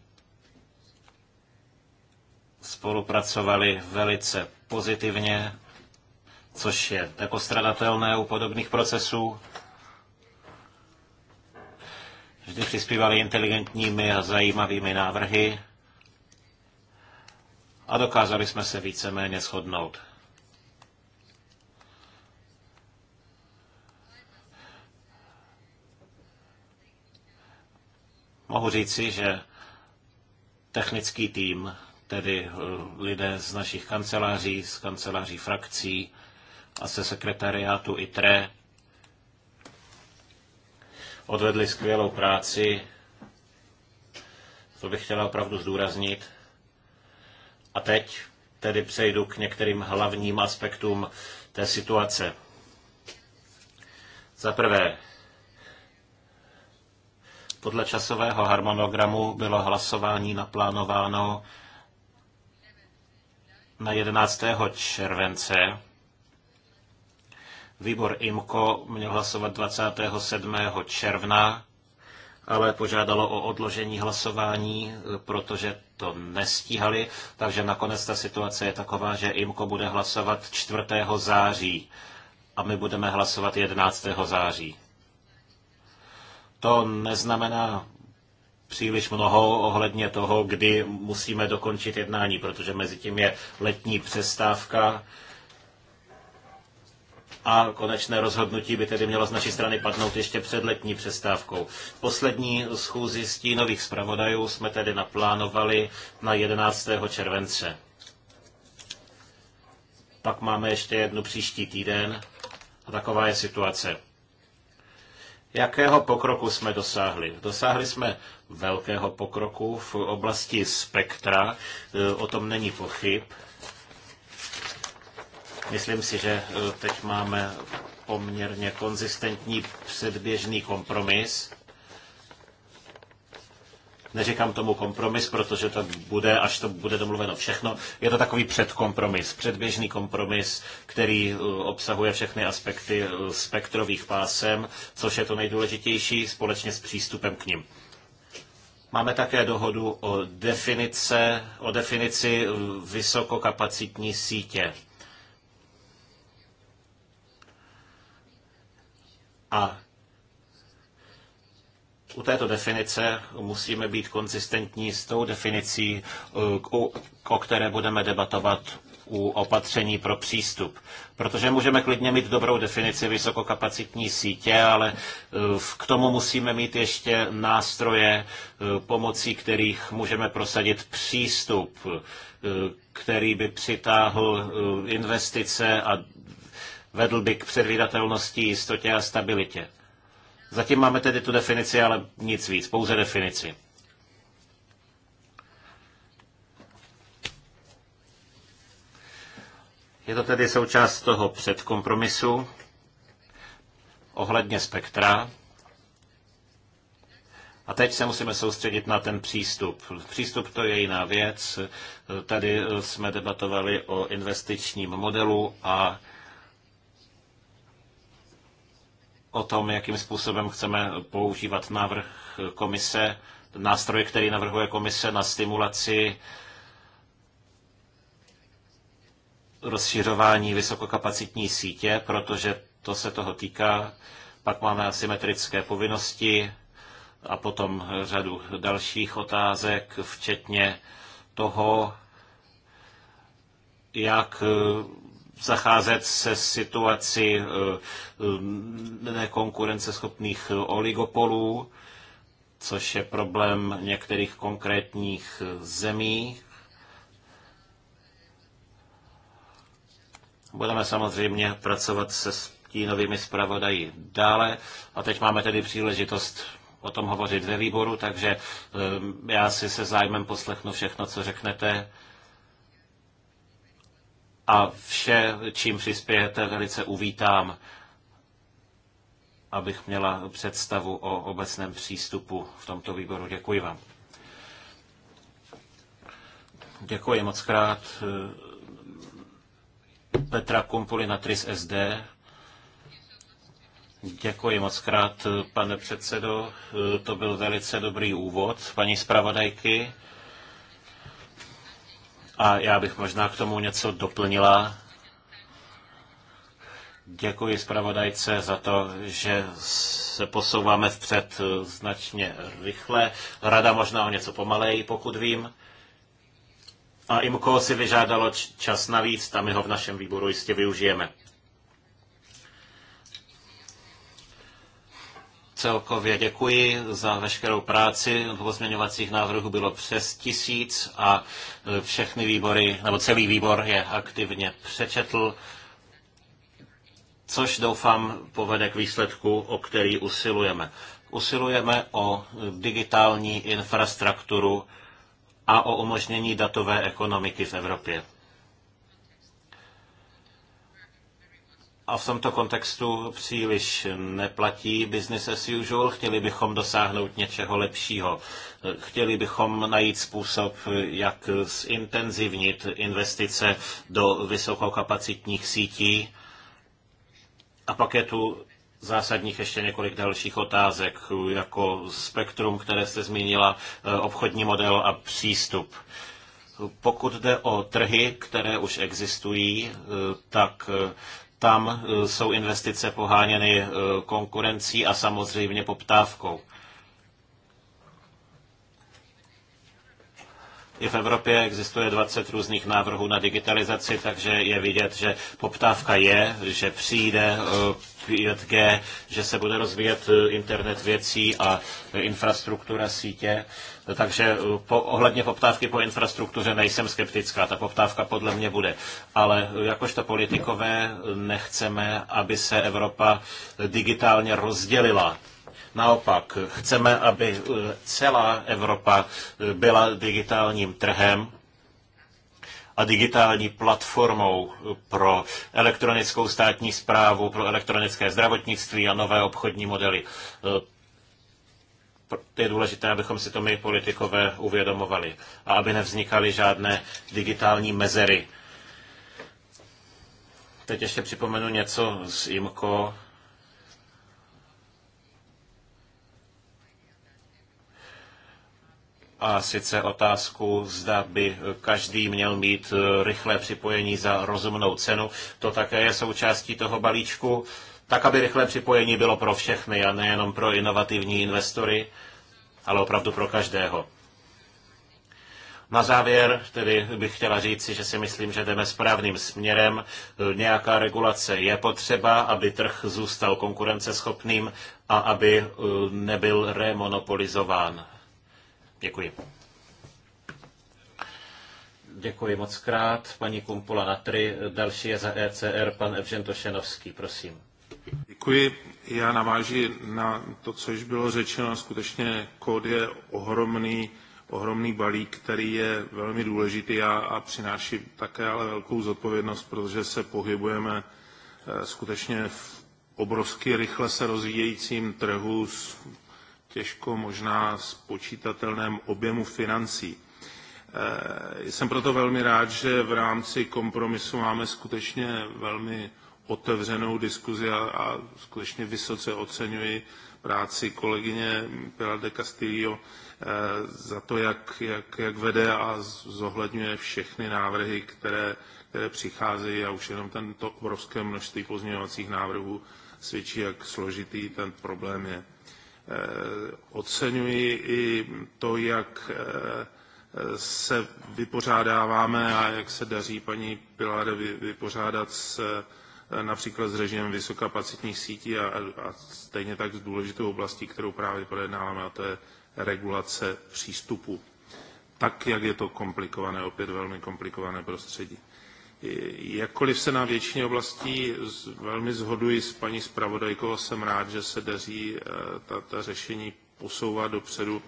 spolupracovali velice pozitivně což je nepostradatelné u podobných procesů. Vždy přispívali inteligentními a zajímavými návrhy a dokázali jsme se víceméně shodnout. Mohu říci, že technický tým, tedy eh, lidé z našich kanceláří, z kanceláří frakcí, a se sekretariátu ITRE odvedli skvělou práci. To bych chtěla opravdu zdůraznit. A teď tedy přejdu k některým hlavním aspektům té situace. Za prvé, podle časového harmonogramu bylo hlasování naplánováno na 11. července Výbor IMCO měl hlasovat 27. června, ale požádalo o odložení hlasování, protože to nestíhali, takže nakonec ta situace je taková, že IMCO bude hlasovat 4. září a my budeme hlasovat 11. září. To neznamená příliš mnoho ohledně toho, kdy musíme dokončit jednání, protože mezi tím je letní přestávka a konečné rozhodnutí by tedy mělo z naší strany padnout ještě před letní přestávkou. Poslední schůzi stínových zpravodajů jsme tedy naplánovali na 11. července. Pak máme ještě jednu příští týden a taková je situace. Jakého pokroku jsme dosáhli? Dosáhli jsme velkého pokroku v oblasti spektra, e, o tom není pochyb. Myslím si, že e, teď máme poměrně konzistentní předběžný kompromis. Neříkám tomu kompromis, protože to bude, až to bude domluveno všechno. Je to takový předkompromis, předběžný kompromis, který e, obsahuje všechny aspekty e, spektrových pásem, což je to nejdůležitější, společně s přístupem k ním. Máme také dohodu o, definice, o definici vysokokapacitní sítě A u této definice musíme být konzistentní s tou definicí, eh, o které budeme debatovat u opatření pro přístup. Protože můžeme klidně mít dobrou definici vysokokapacitní sítě, ale eh, k tomu musíme mít ještě nástroje, eh, pomocí kterých můžeme prosadit přístup, který by přitáhl investice a vedl by k předvídatelnosti, jistotě a stabilitě. Zatím máme tedy tu definici, ale nic víc, pouze definici. Je to tedy součást toho předkompromisu ohledně spektra. A teď se musíme soustředit na ten přístup. Přístup to je jiná věc. Tady jsme debatovali o investičním modelu a o tom, jakým způsobem chceme používat návrh komise, nástroj, který navrhuje komise na stimulaci rozšiřování vysokokapacitní sítě, protože to se toho týká. Pak máme asymetrické povinnosti a potom řadu dalších otázek, včetně toho, jak zacházet se situaci eh, eh, nekonkurenceschopných eh, oligopolů, což je problém některých konkrétních zemí. Budeme samozřejmě pracovat se stínovými zpravodají dále. A teď máme tedy příležitost o tom hovořit ve výboru, takže já si se zájmem poslechnu všechno, co řeknete a vše, čím přispějete, velice uvítám, abych měla představu o obecném přístupu v tomto výboru. Děkuji vám. Děkuji moc krát. Eh, Petra na Tris SD. Děkuji moc krát, eh, pane předsedo. Eh, to byl velice dobrý úvod paní zpravodajky. A já bych možná k tomu něco doplnila. Děkuji zpravodajce za to, že se posouváme vpřed eh, značně rychle. Rada možná o něco pomaleji, pokud vím. A IMCO si vyžádalo čas navíc, tam my ho v našem výboru jistě využijeme. Celkově děkuji za veškerou práci. Pozměňovacích návrhů bylo přes tisíc a e, všechny výbory, nebo celý výbor je aktivně přečetl, což doufám povede k výsledku, o který usilujeme. Usilujeme o digitální infrastrukturu a o umožnění datové ekonomiky v Evropě. a v tomto kontextu příliš neplatí business as usual. Chtěli bychom dosáhnout něčeho lepšího. Chtěli bychom najít způsob, jak zintenzivnit investice do vysokokapacitních sítí. A pak je tu zásadních ještě několik dalších otázek, jako spektrum, které jste zmínila, obchodní model a přístup. Pokud jde o trhy, které už existují, tak tam eh, jsou investice poháněny eh, konkurencí a samozřejmě poptávkou. I v Evropě existuje 20 různých návrhů na digitalizaci, takže je vidět, že poptávka je, že přijde 5G, eh, že se bude rozvíjet internet věcí a infrastruktura sítě. Takže eh, po, ohledně poptávky po infrastruktuře nejsem skeptická, ta poptávka podle mě bude. Ale eh, jakožto politikové eh, nechceme, aby se Evropa digitálně rozdělila. Naopak, chceme, aby celá Evropa byla digitálním trhem, a digitální platformou pro elektronickou státní zprávu, pro elektronické zdravotnictví a nové obchodní modely je důležité, abychom si to my politikové uvědomovali a aby nevznikaly žádné digitální mezery. Teď ještě připomenu něco z IMCO. A sice otázku, zda by každý měl mít eh, rychlé připojení za rozumnou cenu. To také je součástí toho balíčku tak aby rychlé připojení bylo pro všechny a nejenom pro inovativní investory, ale opravdu pro každého. Na závěr tedy bych chtěla říci, že si myslím, že jdeme správným směrem. Nějaká regulace je potřeba, aby trh zůstal konkurenceschopným a aby eh, nebyl remonopolizován. Děkuji. Děkuji moc krát. Paní Kumpula Natry, další je za ECR, pan Evžen Tošenovský, prosím. Děkuji. Já naváží na to, co již bylo řečeno. Skutečně kód je ohromný, ohromný balík, který je velmi důležitý a, a přináší také ale velkou zodpovědnost, protože se pohybujeme eh, skutečně v obrovsky rychle se rozvíjejícím trhu s těžko možná s počítatelném objemu financí. Eh, jsem proto velmi rád, že v rámci kompromisu máme skutečně velmi otevřenou diskuzi a, a skutečně vysoce oceňuji práci kolegyně Pilar de Castillo eh, za to, jak, jak, jak vede a zohledňuje všechny návrhy, které, které přicházejí a už jenom tento obrovské množství pozměňovacích návrhů svědčí, jak složitý ten problém je. Eh, oceňuji i to, jak eh, se vypořádáváme a jak se daří paní Pilare vypořádat s například s režimem vysokapacitních sítí a, a stejně tak s důležitou oblastí, kterou právě projednáváme, a to je regulace přístupu. Tak, jak je to komplikované, opět velmi komplikované prostředí. Jakkoliv se na většině oblastí velmi zhoduji s paní zpravodajkou jsem rád, že se daří eh, ta, ta řešení posouvat dopředu,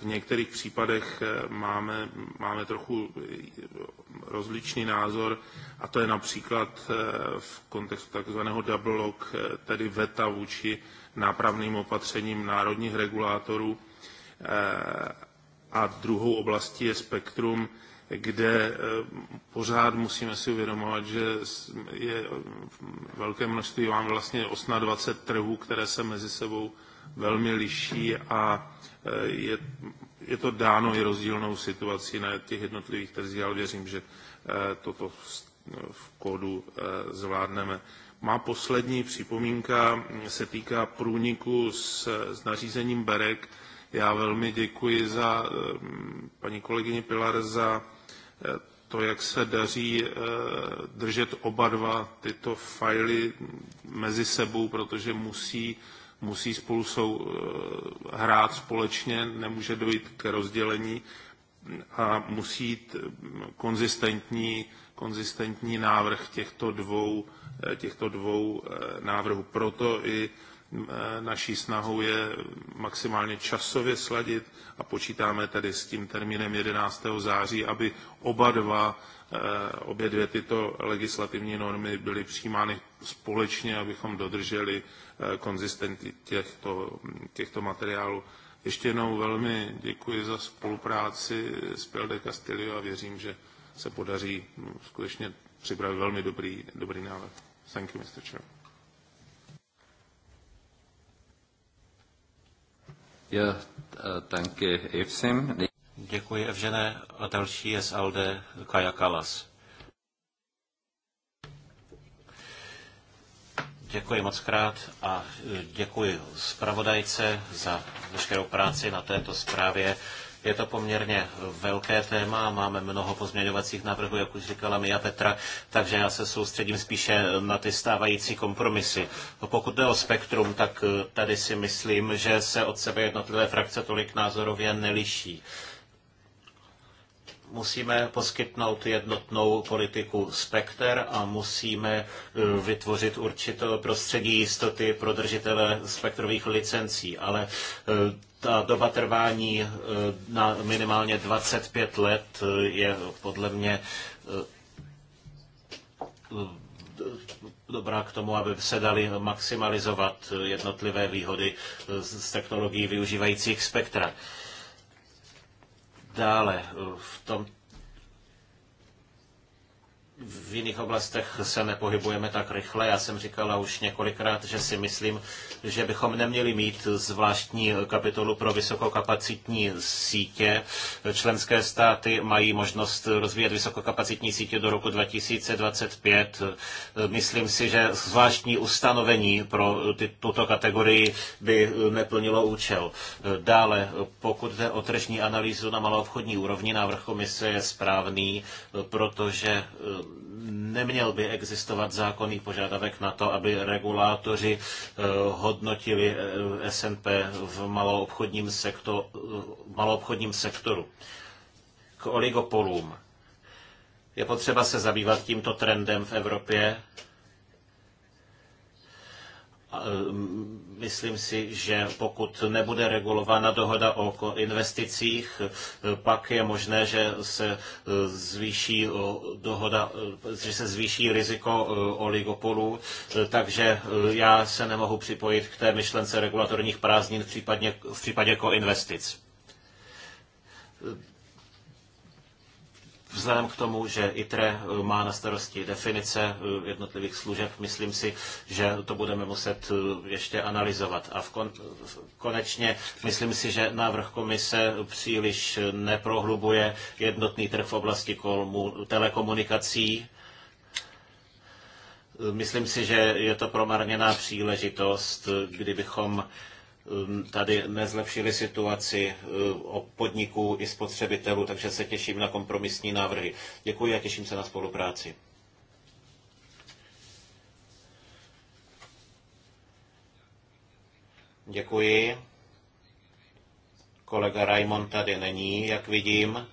v některých případech eh, máme, máme trochu eh, rozličný názor a to je například eh, v kontextu takzvaného double lock, tedy veta vůči nápravným opatřením národních regulátorů. A druhou oblastí je spektrum, kde pořád musíme si uvědomovat, že je velké množství, mám vlastně 28 trhů, které se mezi sebou velmi liší a Eh, je, je to dáno i rozdílnou situací na těch jednotlivých trzích, ale věřím, že eh, toto v kódu eh, zvládneme. Má poslední připomínka mm, se týká průniku s, s nařízením BEREK. Já velmi děkuji za mm, paní kolegyni Pilar za to, jak se daří držet oba dva tyto fajly mm, mezi sebou, protože musí musí spolu sou, eh, hrát společně, nemůže dojít k rozdělení a musí jít eh, konzistentní, konzistentní návrh těchto dvou, eh, těchto dvou návrhů. Proto i naší snahou je maximálně časově sladit a počítáme tedy s tím termínem 11. září, aby oba dva, obě dvě tyto legislativní normy byly přijímány společně, abychom dodrželi konzistentní těchto, těchto materiálů. Ještě jednou velmi děkuji za spolupráci s PLD Castillo a věřím, že se podaří no, skutečně připravit velmi dobrý, dobrý návrh. Thank you, Mr. Chair. Ja, eh, danke, Evsim. Děkuji, Evžene. A další je z Alde Kaja Kalas. Děkuji moc krát a e, děkuji zpravodajce za veškerou práci na této zprávě. Je to poměrně velké téma, máme mnoho pozměňovacích návrhů, jak už říkala Mia Petra, takže já se soustředím spíše na ty stávající kompromisy. No, pokud jde o spektrum, tak e, tady si myslím, že se od sebe jednotlivé frakce tolik názorově neliší musíme poskytnout jednotnou politiku spekter a musíme eh, vytvořit určité prostředí jistoty pro držitele spektrových licencí, ale eh, ta doba trvání eh, na minimálně 25 let je podle mě dobrá k tomu, aby se dali maximalizovat jednotlivé výhody z technologií využívajících spektra. Dále eh, v tom v jiných oblastech se nepohybujeme tak rychle. Já jsem říkala už několikrát, že si myslím, že bychom neměli mít zvláštní kapitolu pro vysokokapacitní sítě. Členské státy mají možnost rozvíjet vysokokapacitní sítě do roku 2025. Myslím si, že zvláštní ustanovení pro ty, tuto kategorii by neplnilo účel. Dále, pokud jde o tržní analýzu na maloobchodní úrovni, návrh komise je správný, protože neměl by existovat zákonný požadavek na to, aby regulátoři eh, hodnotili eh, SNP v maloobchodním, sektor, eh, maloobchodním sektoru. K oligopolům. Je potřeba se zabývat tímto trendem v Evropě E, myslím si, že pokud nebude regulována dohoda o investicích, e, pak je možné, že se e, zvýší dohoda, že se zvýší riziko oligopolů, takže já se nemohu připojit k té myšlence regulatorních prázdnin v případě, v případě koinvestic. Vzhledem k tomu, že ITRE eh, má na starosti definice eh, jednotlivých služeb, myslím si, že to budeme muset eh, ještě analyzovat. A v kon, konečně myslím si, že návrh komise příliš neprohlubuje jednotný trh v oblasti kolmu, telekomunikací. Myslím si, že je to promarněná příležitost, kdybychom Um, tady nezlepšili situaci uh, podniků i spotřebitelů, takže se těším na kompromisní návrhy. Děkuji a těším se na spolupráci. Děkuji. Kolega Raimond tady není, jak vidím,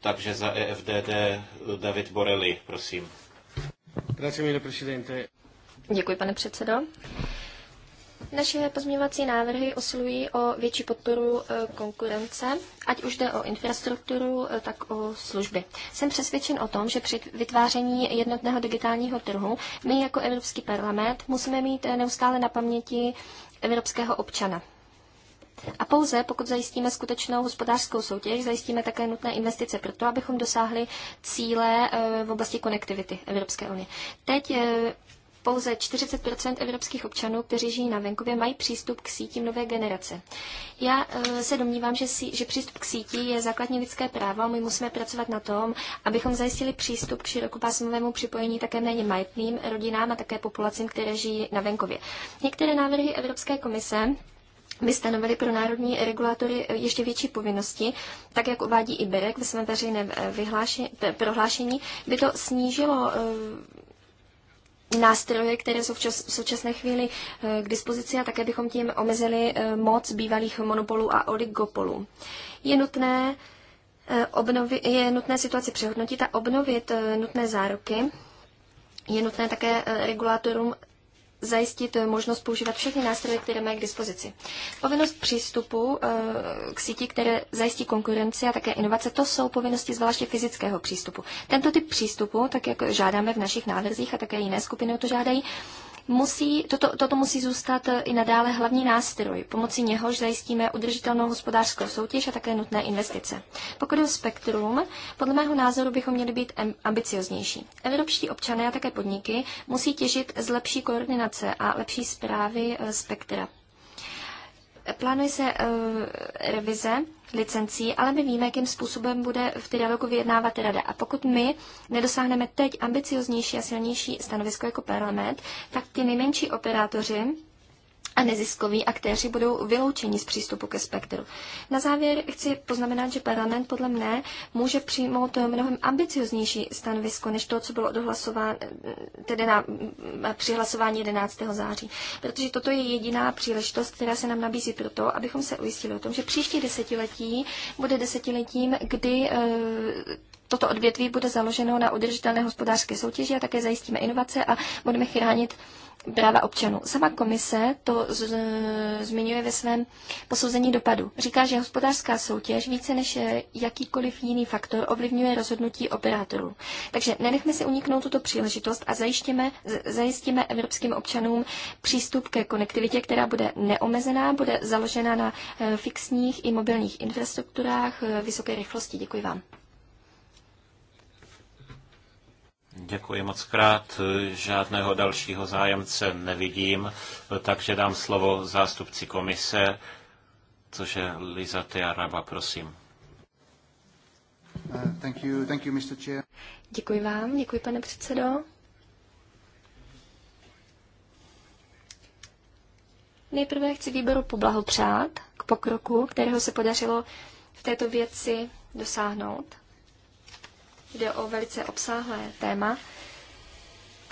takže za EFDD uh, David Borelli, prosím. Děkuji, pane předsedo. Naše pozměňovací návrhy osilují o větší podporu e, konkurence, ať už jde o infrastrukturu, e, tak o služby. Jsem přesvědčen o tom, že při vytváření jednotného digitálního trhu my jako Evropský parlament musíme mít e, neustále na paměti evropského občana. A pouze pokud zajistíme skutečnou hospodářskou soutěž, zajistíme také nutné investice pro to, abychom dosáhli cíle v oblasti konektivity Evropské unie. Teď pouze 40 evropských občanů, kteří žijí na venkově, mají přístup k sítím nové generace. Já eh, se domnívám, že, si, že přístup k síti je základní lidské právo a my musíme pracovat na tom, abychom zajistili přístup k širokopásmovému připojení také méně majetným rodinám a také populacím, které žijí na venkově. Některé návrhy Evropské komise by stanovili pro národní regulátory eh, ještě větší povinnosti, tak jak uvádí i Berek ve svém veřejném eh, vyhlášení, prohlášení, by to snížilo nástroje, které jsou v, čas, v současné chvíli eh, k dispozici a také bychom tím omezili eh, moc bývalých monopolů a oligopolů. Je nutné, eh, obnovi, je nutné situaci přehodnotit a obnovit nutné záruky. Je nutné také regulátorům zajistit možnost používat všechny nástroje, které mají k dispozici. Povinnost přístupu eh, k síti, které zajistí konkurenci a také inovace, to jsou povinnosti zvláště fyzického přístupu. Tento typ přístupu, tak jak žádáme v našich návrzích a také jiné skupiny o to žádají, musí, toto, toto musí zůstat eh, i nadále hlavní nástroj, pomocí něhož zajistíme udržitelnou hospodářskou soutěž a také nutné investice. Pokud je o spektrum, podle mého názoru bychom měli být ambicioznější. Evropští občané a také podniky musí těžit z lepší koordinace a lepší zprávy eh, spektra. Plánuje se eh, revize licencí, ale my víme, jakým způsobem bude v dialogu vyjednávat rada. A pokud my nedosáhneme teď ambicioznější a silnější stanovisko jako parlament, tak ti nejmenší operátoři a neziskoví aktéři budou vyloučeni z přístupu ke spektru. Na závěr chci poznamenat, že parlament podle mne může přijmout mnohem ambicioznější stanovisko, než to, co bylo odhlasováno, tedy na přihlasování 11. září. Protože toto je jediná příležitost, která se nám nabízí pro to, abychom se ujistili o tom, že příští desetiletí bude desetiletím, kdy eh, toto odvětví bude založeno na udržitelné hospodářské soutěži a také zajistíme inovace a budeme chránit práva občanů. Sama komise to z, z, zmiňuje ve svém posouzení dopadu. Říká, že hospodářská soutěž více než eh, jakýkoliv jiný faktor ovlivňuje rozhodnutí operátorů. Takže nenechme si uniknout tuto příležitost a zajištěme, z, zajistíme evropským občanům přístup ke konektivitě, která bude neomezená, bude založena na eh, fixních i mobilních infrastrukturách eh, vysoké rychlosti. Děkuji vám. Děkuji moc krát. Žádného dalšího zájemce nevidím, takže dám slovo zástupci komise, což je Liza Tiaraba, prosím. Uh, thank you, thank you, Mr. Chair. Děkuji vám, děkuji pane předsedo. Nejprve chci výboru poblahopřát k pokroku, kterého se podařilo v této věci dosáhnout. Jde o velice obsáhlé téma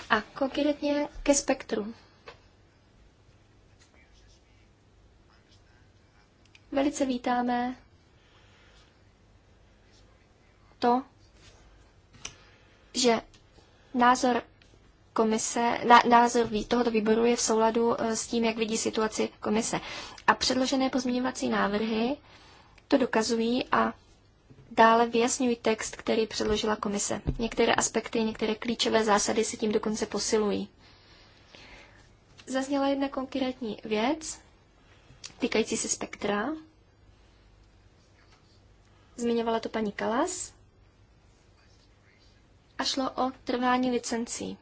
a konkrétně ke spektru. Velice vítáme to, že názor komise, názor tohoto výboru je v souladu eh, s tím, jak vidí situaci komise. A předložené pozměňovací návrhy to dokazují a dále vyjasňují text, který předložila komise. Některé aspekty, některé klíčové zásady se tím dokonce posilují. Zazněla jedna konkrétní věc, týkající se spektra. Zmiňovala to paní Kalas. A šlo o trvání licencí.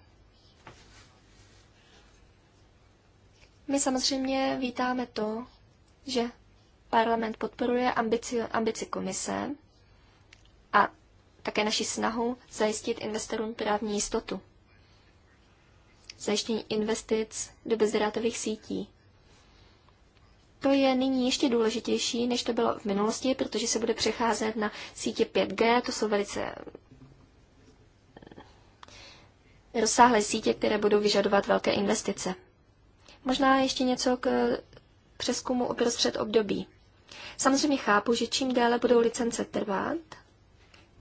My samozřejmě vítáme to, že parlament podporuje ambici, ambici komise také naši snahu zajistit investorům právní jistotu. Zajištění investic do bezdrátových sítí. To je nyní ještě důležitější, než to bylo v minulosti, protože se bude přecházet na sítě 5G, to jsou velice rozsáhlé sítě, které budou vyžadovat velké investice. Možná ještě něco k přeskumu uprostřed období. Samozřejmě chápu, že čím déle budou licence trvat,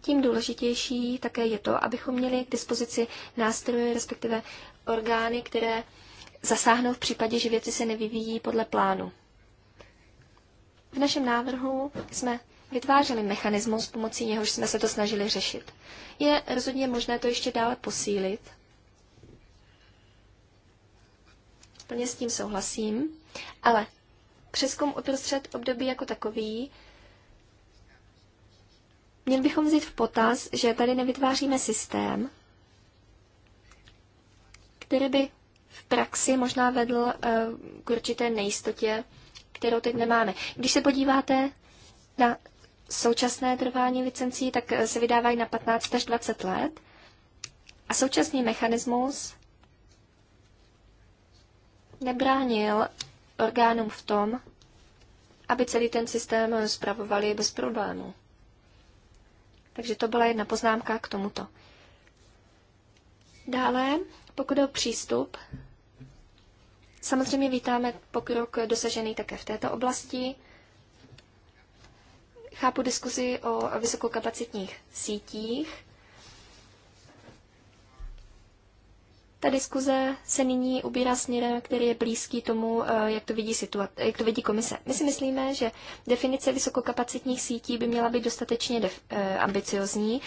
tím důležitější také je to, abychom měli k dispozici nástroje, respektive orgány, které zasáhnou v případě, že věci se nevyvíjí podle plánu. V našem návrhu jsme vytvářeli mechanismus, pomocí něhož jsme se to snažili řešit. Je rozhodně možné to ještě dále posílit. Plně s tím souhlasím, ale přeskum uprostřed období jako takový Měli bychom vzít v potaz, že tady nevytváříme systém, který by v praxi možná vedl eh, k určité nejistotě, kterou teď nemáme. Když se podíváte na současné trvání licencí, tak eh, se vydávají na 15 až 20 let. A současný mechanismus nebránil orgánům v tom, aby celý ten systém zpravovali bez problémů. Takže to byla jedna poznámka k tomuto. Dále, pokud o přístup, samozřejmě vítáme pokrok dosažený také v této oblasti. Chápu diskuzi o vysokokapacitních sítích. Ta diskuze se nyní ubírá směrem, který je blízký tomu, eh, jak to vidí, situace, jak to vidí komise. My si myslíme, že definice vysokokapacitních sítí by měla být dostatečně def, eh, ambiciozní.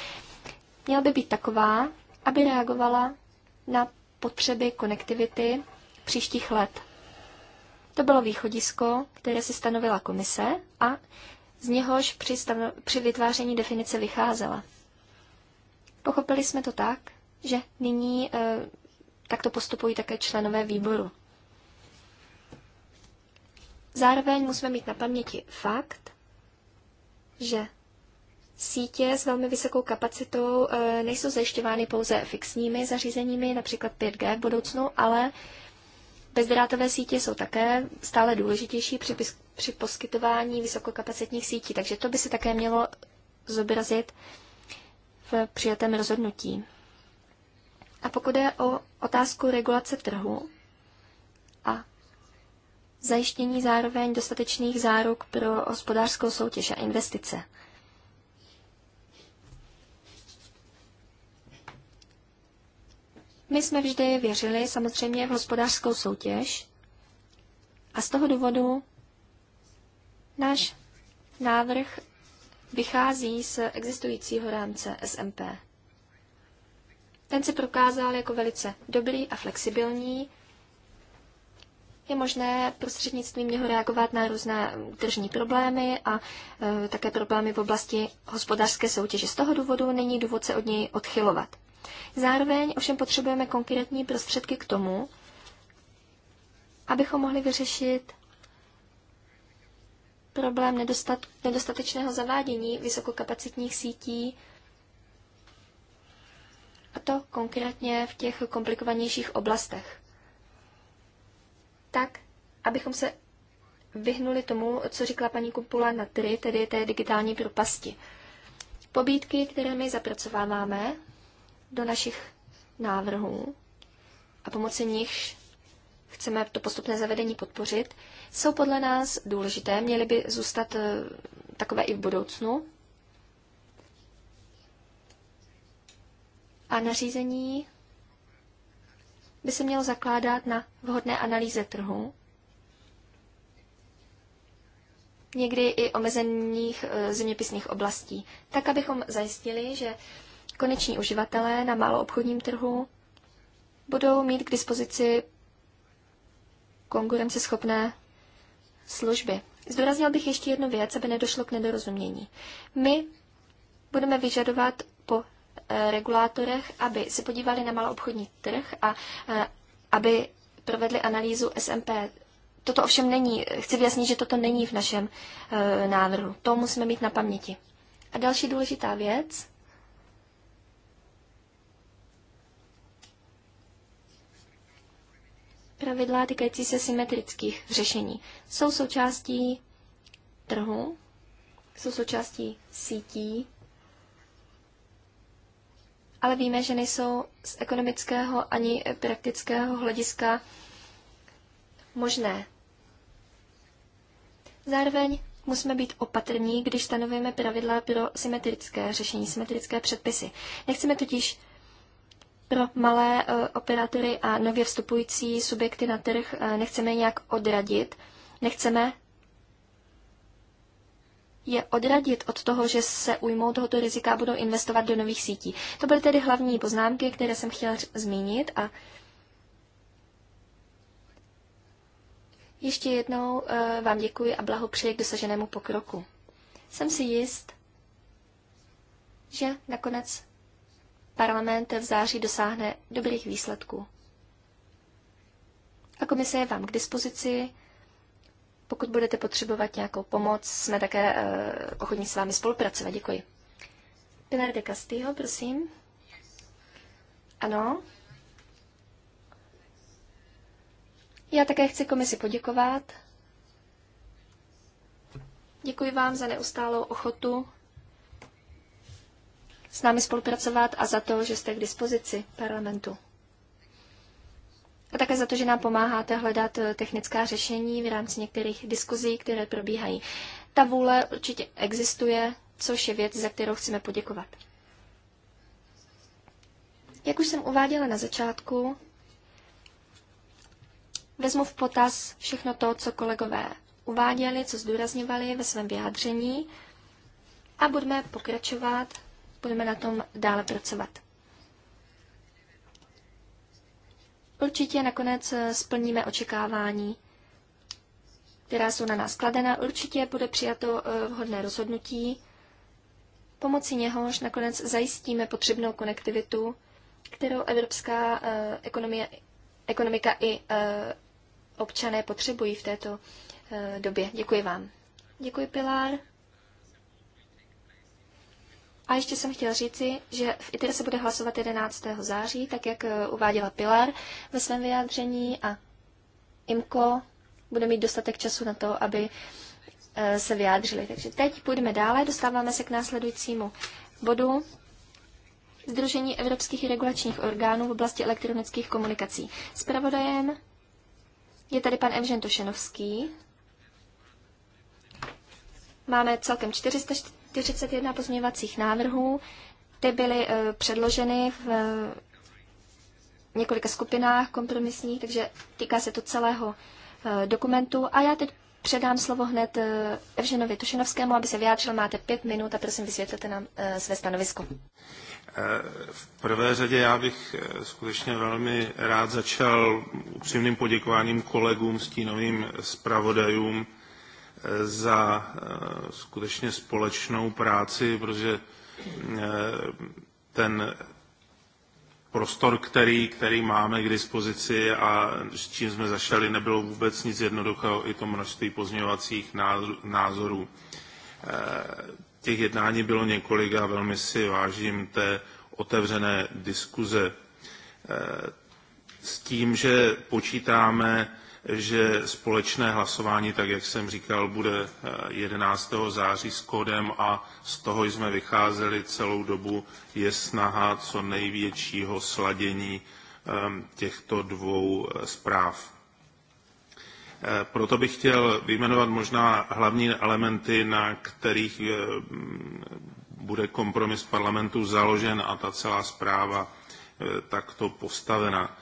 Měla by být taková, aby reagovala na potřeby konektivity příštích let. To bylo východisko, které si stanovila komise a z něhož při, stano- při vytváření definice vycházela. Pochopili jsme to tak, že nyní eh, Takto postupují také členové výboru. Zároveň musíme mít na paměti fakt, že sítě s velmi vysokou kapacitou eh, nejsou zajišťovány pouze fixními zařízeními, například 5G v budoucnu, ale bezdrátové sítě jsou také stále důležitější při, při poskytování vysokokapacitních sítí, takže to by se také mělo zobrazit v přijatém rozhodnutí. A pokud je o otázku regulace trhu a zajištění zároveň dostatečných záruk pro hospodářskou soutěž a investice. My jsme vždy věřili samozřejmě v hospodářskou soutěž a z toho důvodu náš návrh vychází z existujícího rámce SMP. Ten se prokázal jako velice dobrý a flexibilní. Je možné prostřednictvím něho reagovat na různé mm, tržní problémy a e, také problémy v oblasti hospodářské soutěže. Z toho důvodu není důvod se od něj odchylovat. Zároveň ovšem potřebujeme konkrétní prostředky k tomu, abychom mohli vyřešit problém nedostatečného zavádění vysokokapacitních sítí a to konkrétně v těch komplikovanějších oblastech. Tak, abychom se vyhnuli tomu, co říkala paní Kupula na tri, tedy té digitální propasti. Pobídky, které my zapracováváme do našich návrhů a pomocí nich chceme to postupné zavedení podpořit, jsou podle nás důležité, měly by zůstat eh, takové i v budoucnu. A nařízení by se mělo zakládat na vhodné analýze trhu, někdy i omezených e, zeměpisných oblastí, tak abychom zajistili, že koneční uživatelé na maloobchodním trhu budou mít k dispozici konkurenceschopné služby. Zdůraznil bych ještě jednu věc, aby nedošlo k nedorozumění. My budeme vyžadovat po Eh, regulátorech, aby se podívali na maloobchodní trh a eh, aby provedli analýzu SMP. Toto ovšem není, chci vyjasnit, že toto není v našem eh, návrhu. To musíme mít na paměti. A další důležitá věc, pravidla týkající se symetrických řešení. Jsou součástí trhu, jsou součástí sítí ale víme, že nejsou z ekonomického ani praktického hlediska možné. Zároveň musíme být opatrní, když stanovujeme pravidla pro symetrické řešení, symetrické předpisy. Nechceme totiž pro malé eh, operátory a nově vstupující subjekty na trh eh, nechceme nějak odradit, nechceme je odradit od toho, že se ujmou tohoto rizika a budou investovat do nových sítí. To byly tedy hlavní poznámky, které jsem chtěla zmínit a ještě jednou eh, vám děkuji a blahopřeji k dosaženému pokroku. Jsem si jist, že nakonec parlament v září dosáhne dobrých výsledků. A komise je vám k dispozici pokud budete potřebovat nějakou pomoc, jsme také eh, ochotní s vámi spolupracovat. Děkuji. Pilar de Castillo, prosím. Ano. Já také chci komisi poděkovat. Děkuji vám za neustálou ochotu s námi spolupracovat a za to, že jste k dispozici parlamentu a také za to, že nám pomáháte hledat eh, technická řešení v rámci některých diskuzí, které probíhají. Ta vůle určitě existuje, což je věc, za kterou chceme poděkovat. Jak už jsem uváděla na začátku, vezmu v potaz všechno to, co kolegové uváděli, co zdůrazňovali ve svém vyjádření a budeme pokračovat, budeme na tom dále pracovat. Určitě nakonec eh, splníme očekávání, která jsou na nás kladena. Určitě bude přijato eh, vhodné rozhodnutí. Pomocí něhož nakonec zajistíme potřebnou konektivitu, kterou evropská eh, ekonomie, ekonomika i občané potřebují v této době. Děkuji vám. Děkuji, Pilar. A ještě jsem chtěl říci, že v ITER se bude hlasovat 11. září, tak jak eh, uváděla Pilar ve svém vyjádření a IMKO bude mít dostatek času na to, aby eh, se vyjádřili. Takže teď půjdeme dále, dostáváme se k následujícímu bodu. Združení evropských regulačních orgánů v oblasti elektronických komunikací. Spravodajem je tady pan Evžen Tošenovský. Máme celkem 400 41 pozměňovacích návrhů. Ty byly eh, předloženy v eh, několika skupinách kompromisních, takže týká se to celého eh, dokumentu. A já teď předám slovo hned Evženovi Tušinovskému, aby se vyjádřil. Máte pět minut a prosím vysvětlete nám své stanovisko. V prvé řadě já bych skutečně velmi rád začal upřímným poděkováním kolegům, stínovým zpravodajům, za eh, skutečně společnou práci, protože eh, ten prostor, který, který máme k dispozici a s čím jsme zašeli, nebylo vůbec nic jednoduchého, i to množství pozměňovacích názorů. Eh, těch jednání bylo několik a velmi si vážím té otevřené diskuze s tím, že počítáme že společné hlasování, tak jak jsem říkal, bude 11. Eh, září s kódem a z toho jsme vycházeli celou dobu, je snaha co největšího sladění ehm, těchto dvou eh, zpráv. Eh, proto bych chtěl vyjmenovat možná hlavní elementy, na kterých bude kompromis parlamentu založen a ta celá zpráva takto postavena.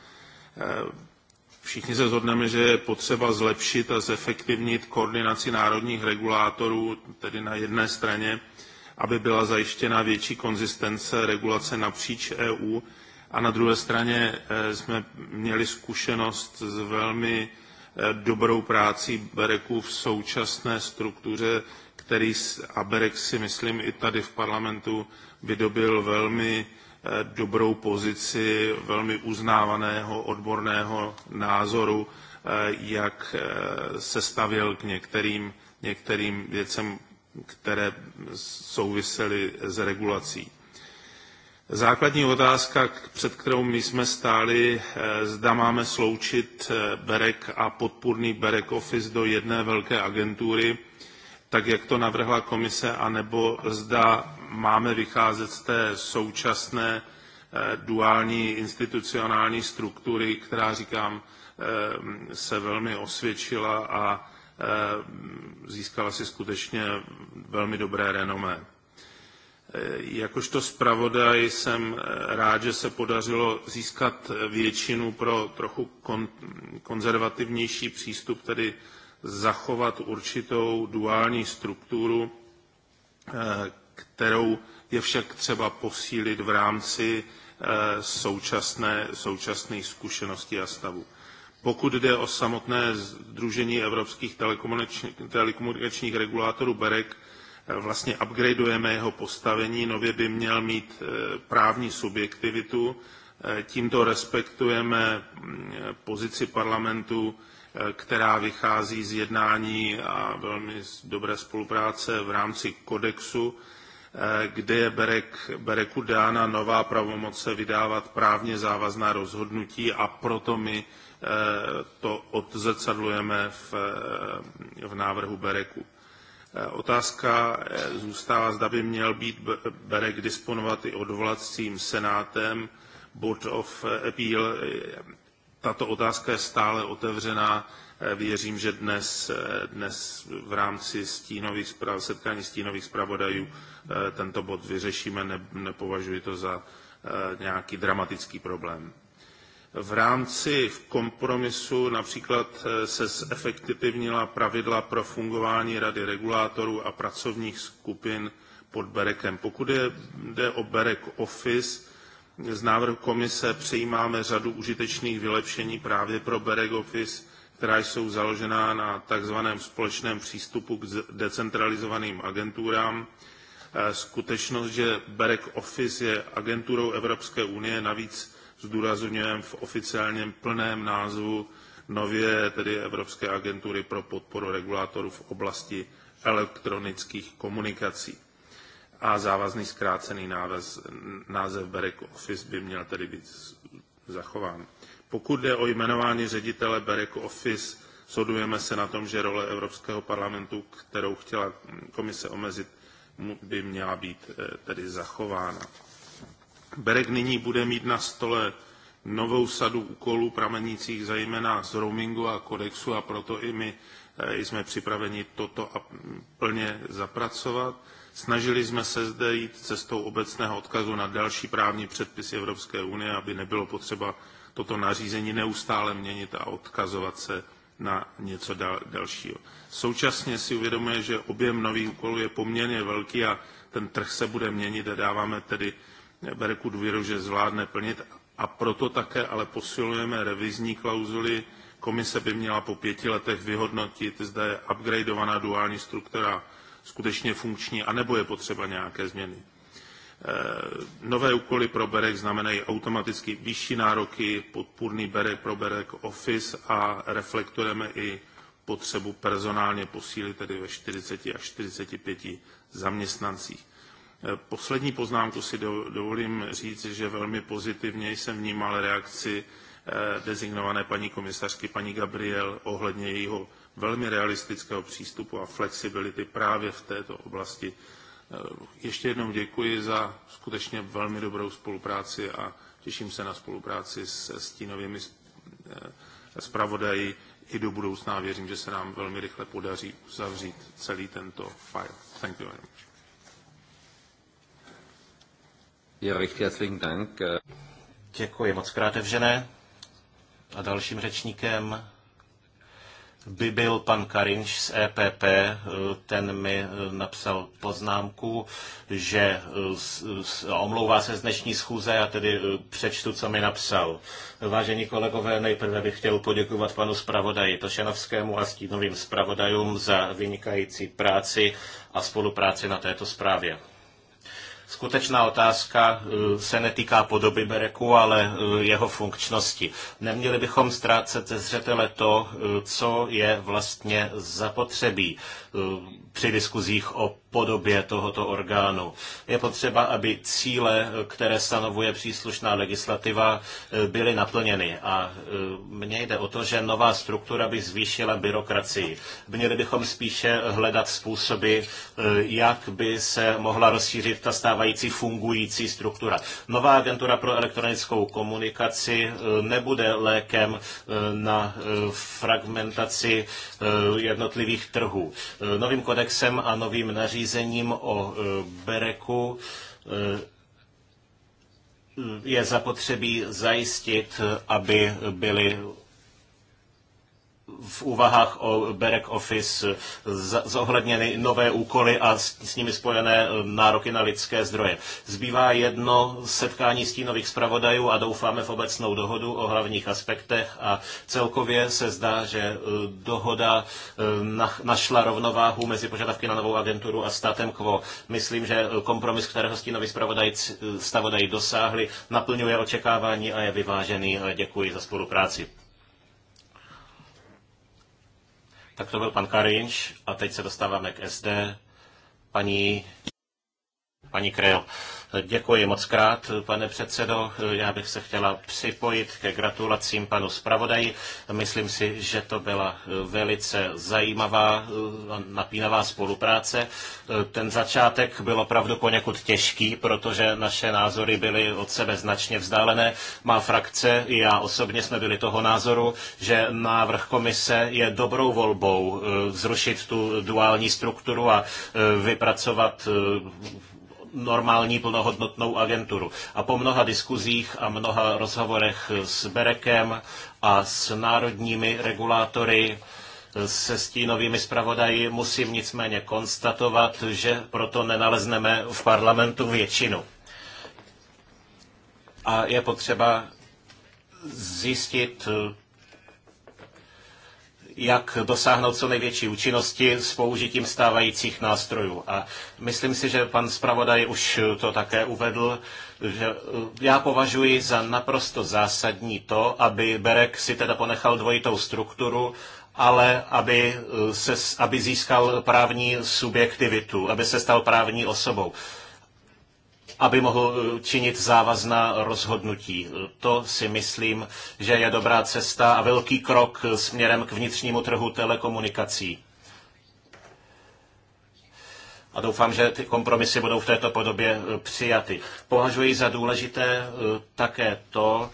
Všichni se shodneme, že je potřeba zlepšit a zefektivnit koordinaci národních regulátorů, tedy na jedné straně, aby byla zajištěna větší konzistence regulace napříč EU a na druhé straně eh, jsme měli zkušenost s velmi eh, dobrou práci Bereku v současné struktuře, který a Berek si myslím i tady v parlamentu vydobil velmi Eh, dobrou pozici velmi uznávaného odborného názoru, eh, jak eh, se stavěl k některým, některým věcem, které souvisely s regulací. Základní otázka, před kterou my jsme stáli, zda máme sloučit BEREK a podpůrný BEREK Office do jedné velké agentury, tak jak to navrhla komise, anebo zda máme vycházet z té současné eh, duální institucionální struktury, která, říkám, eh, se velmi osvědčila a eh, získala si skutečně velmi dobré renomé. Jakožto zpravodaj jsem rád, že se podařilo získat většinu pro trochu kon- konzervativnější přístup, tedy zachovat určitou duální strukturu, kterou je však třeba posílit v rámci eh, současné, současných zkušeností a stavu. Pokud jde o samotné Združení evropských telekomunikačních regulátorů BEREC, eh, vlastně upgradeujeme jeho postavení, nově by měl mít eh, právní subjektivitu, tímto respektujeme mm, pozici parlamentu, která vychází z jednání a velmi dobré spolupráce v rámci kodexu Eh, kde je Berek, Bereku dána nová pravomoce vydávat právně závazná rozhodnutí a proto my eh, to odzrcadlujeme v, eh, v návrhu Bereku. Otázka zůstává, zda by měl být Berek disponovat i odvolacím senátem, Board of Appeal. Tato otázka je stále otevřená Eh, věřím, že dnes, eh, dnes v rámci stínových zpráv, setkání stínových zpravodajů eh, tento bod vyřešíme, ne, nepovažuji to za nějaký dramatický problém. V rámci v kompromisu například se zefektivnila pravidla pro fungování Rady regulátorů a pracovních skupin pod Berekem. Pokud je, jde o Berek Office, z návrhu komise přijímáme řadu užitečných vylepšení právě pro Berek Office, která jsou založená na takzvaném společném přístupu k decentralizovaným agenturám. E, skutečnost, že BEREC Office je agenturou Evropské unie, navíc zdůrazňujem v oficiálním plném názvu nově tedy Evropské agentury pro podporu regulátorů v oblasti elektronických komunikací. A závazný zkrácený název, název BEREC Office by měl tedy být zachován. Pokud jde o jmenování ředitele Berek Office, shodujeme se na tom, že role Evropského parlamentu, kterou chtěla komise omezit, by měla být eh, tedy zachována. Berek nyní bude mít na stole novou sadu úkolů pramenících zejména z roamingu a kodexu a proto i my eh, jsme připraveni toto plně zapracovat. Snažili jsme se zde jít cestou obecného odkazu na další právní předpisy Evropské unie, aby nebylo potřeba toto nařízení neustále měnit a odkazovat se na něco dal, dalšího. Současně si uvědomuje, že objem nových úkolů je poměrně velký a ten trh se bude měnit a dáváme tedy Berku důvěru, že zvládne plnit a proto také ale posilujeme revizní klauzuly. Komise by měla po pěti letech vyhodnotit, zda je upgradeovaná duální struktura skutečně funkční, anebo je potřeba nějaké změny. Eh, nové úkoly pro Berek znamenají automaticky vyšší nároky, podpůrný Berek pro Berek Office a reflektujeme i potřebu personálně posílit tedy ve 40 až 45 zaměstnancích. Eh, poslední poznámku si dovolím říct, že velmi pozitivně jsem vnímal reakci eh, dezignované paní komisařky paní Gabriel ohledně jejího velmi realistického přístupu a flexibility právě v této oblasti Eh, ještě jednou děkuji za skutečně velmi dobrou spolupráci a těším se na spolupráci se stínovými eh, zpravodaji i do budoucna. Věřím, že se nám velmi rychle podaří uzavřít celý tento file. Thank you very much. Ja, herzlichen Dank. Eh. Děkuji moc krát, Evžené. A dalším řečníkem by byl pan Karinš z EPP, ten mi eh, napsal poznámku, že eh, omlouvá se z dnešní schůze, a tedy eh, přečtu, co mi napsal. Vážení kolegové, nejprve bych chtěl poděkovat panu zpravodaji Tošenovskému a stínovým zpravodajům za vynikající práci a spolupráci na této zprávě. Skutečná otázka eh, se netýká podoby bereku, ale eh, jeho funkčnosti. Neměli bychom ztrácet ze zřetele to, eh, co je vlastně zapotřebí. Eh, při diskuzích o podobě tohoto orgánu. Je potřeba, aby cíle, které stanovuje příslušná legislativa, eh, byly naplněny. A eh, mně jde o to, že nová struktura by zvýšila byrokracii. Měli bychom spíše hledat způsoby, jak by se mohla rozšířit ta stávající fungující struktura. Nová agentura pro elektronickou komunikaci nebude lékem na fragmentaci jednotlivých trhů. Eh, novým kodexem a novým nařízením o eh, Bereku eh, je zapotřebí zajistit, aby byly v úvahách o Berek Office eh, zohledněny nové úkoly a s, s nimi spojené eh, nároky na lidské zdroje. Zbývá jedno setkání stínových zpravodajů a doufáme v obecnou dohodu o hlavních aspektech a celkově se zdá, že eh, dohoda našla rovnováhu mezi požadavky na novou agenturu a státem quo. Myslím, že kompromis, kterého stínoví zpravodají dosáhli, naplňuje očekávání a je vyvážený. Děkuji za spolupráci. Tak to byl pan Karinč a teď se dostáváme k SD. Paní, paní Krejl. Děkuji moc krát, pane předsedo. Já bych se chtěla připojit ke gratulacím panu zpravodaji. Myslím si, že to byla velice zajímavá, eh, napínavá spolupráce. Eh, ten začátek byl opravdu poněkud těžký, protože naše názory byly od sebe značně vzdálené. Má frakce i já osobně jsme byli toho názoru, že návrh komise je dobrou volbou eh, zrušit tu duální strukturu a vypracovat normální plnohodnotnou agenturu. A po mnoha diskuzích a mnoha rozhovorech s Berekem a s národními regulátory se stínovými zpravodaji musím nicméně konstatovat, že proto nenalezneme v parlamentu většinu. A je potřeba zjistit, jak dosáhnout co největší účinnosti s použitím stávajících nástrojů. A myslím si, že pan zpravodaj už to také uvedl, že eh, já považuji za naprosto zásadní to, aby Berek si teda ponechal dvojitou strukturu, ale aby, eh, se, aby získal právní subjektivitu, aby se stal právní osobou aby mohl eh, činit závazná rozhodnutí. To si myslím, že je dobrá cesta a velký krok eh, směrem k vnitřnímu trhu telekomunikací. A doufám, že ty kompromisy budou v této podobě eh, přijaty. Považuji za důležité také to,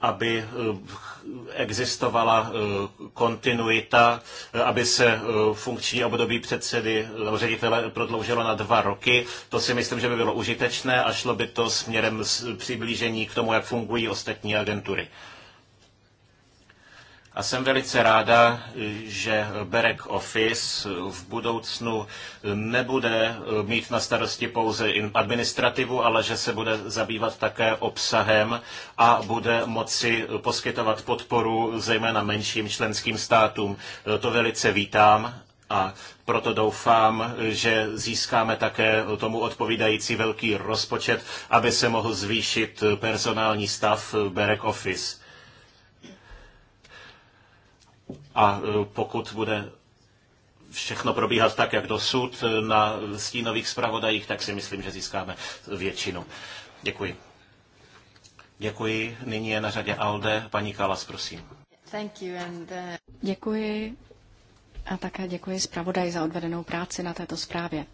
aby existovala eh, kontinuita, eh, aby se eh, funkční období předsedy nebo ředitele prodloužilo na dva roky. To si myslím, že by bylo užitečné a šlo by to směrem přiblížení k tomu, jak fungují ostatní agentury. A jsem velice ráda, že Berek Office v budoucnu nebude mít na starosti pouze administrativu, ale že se bude zabývat také obsahem a bude moci poskytovat podporu zejména menším členským státům. To velice vítám a proto doufám, že získáme také tomu odpovídající velký rozpočet, aby se mohl zvýšit personální stav Berek Office. A e, pokud bude všechno probíhat tak, jak dosud e, na stínových zpravodajích, tak si myslím, že získáme většinu. Děkuji. Děkuji. Nyní je na řadě Alde. Paní Kalas, prosím. Thank you and, uh, Děkuji a také děkuji zpravodaj za odvedenou práci na této zprávě.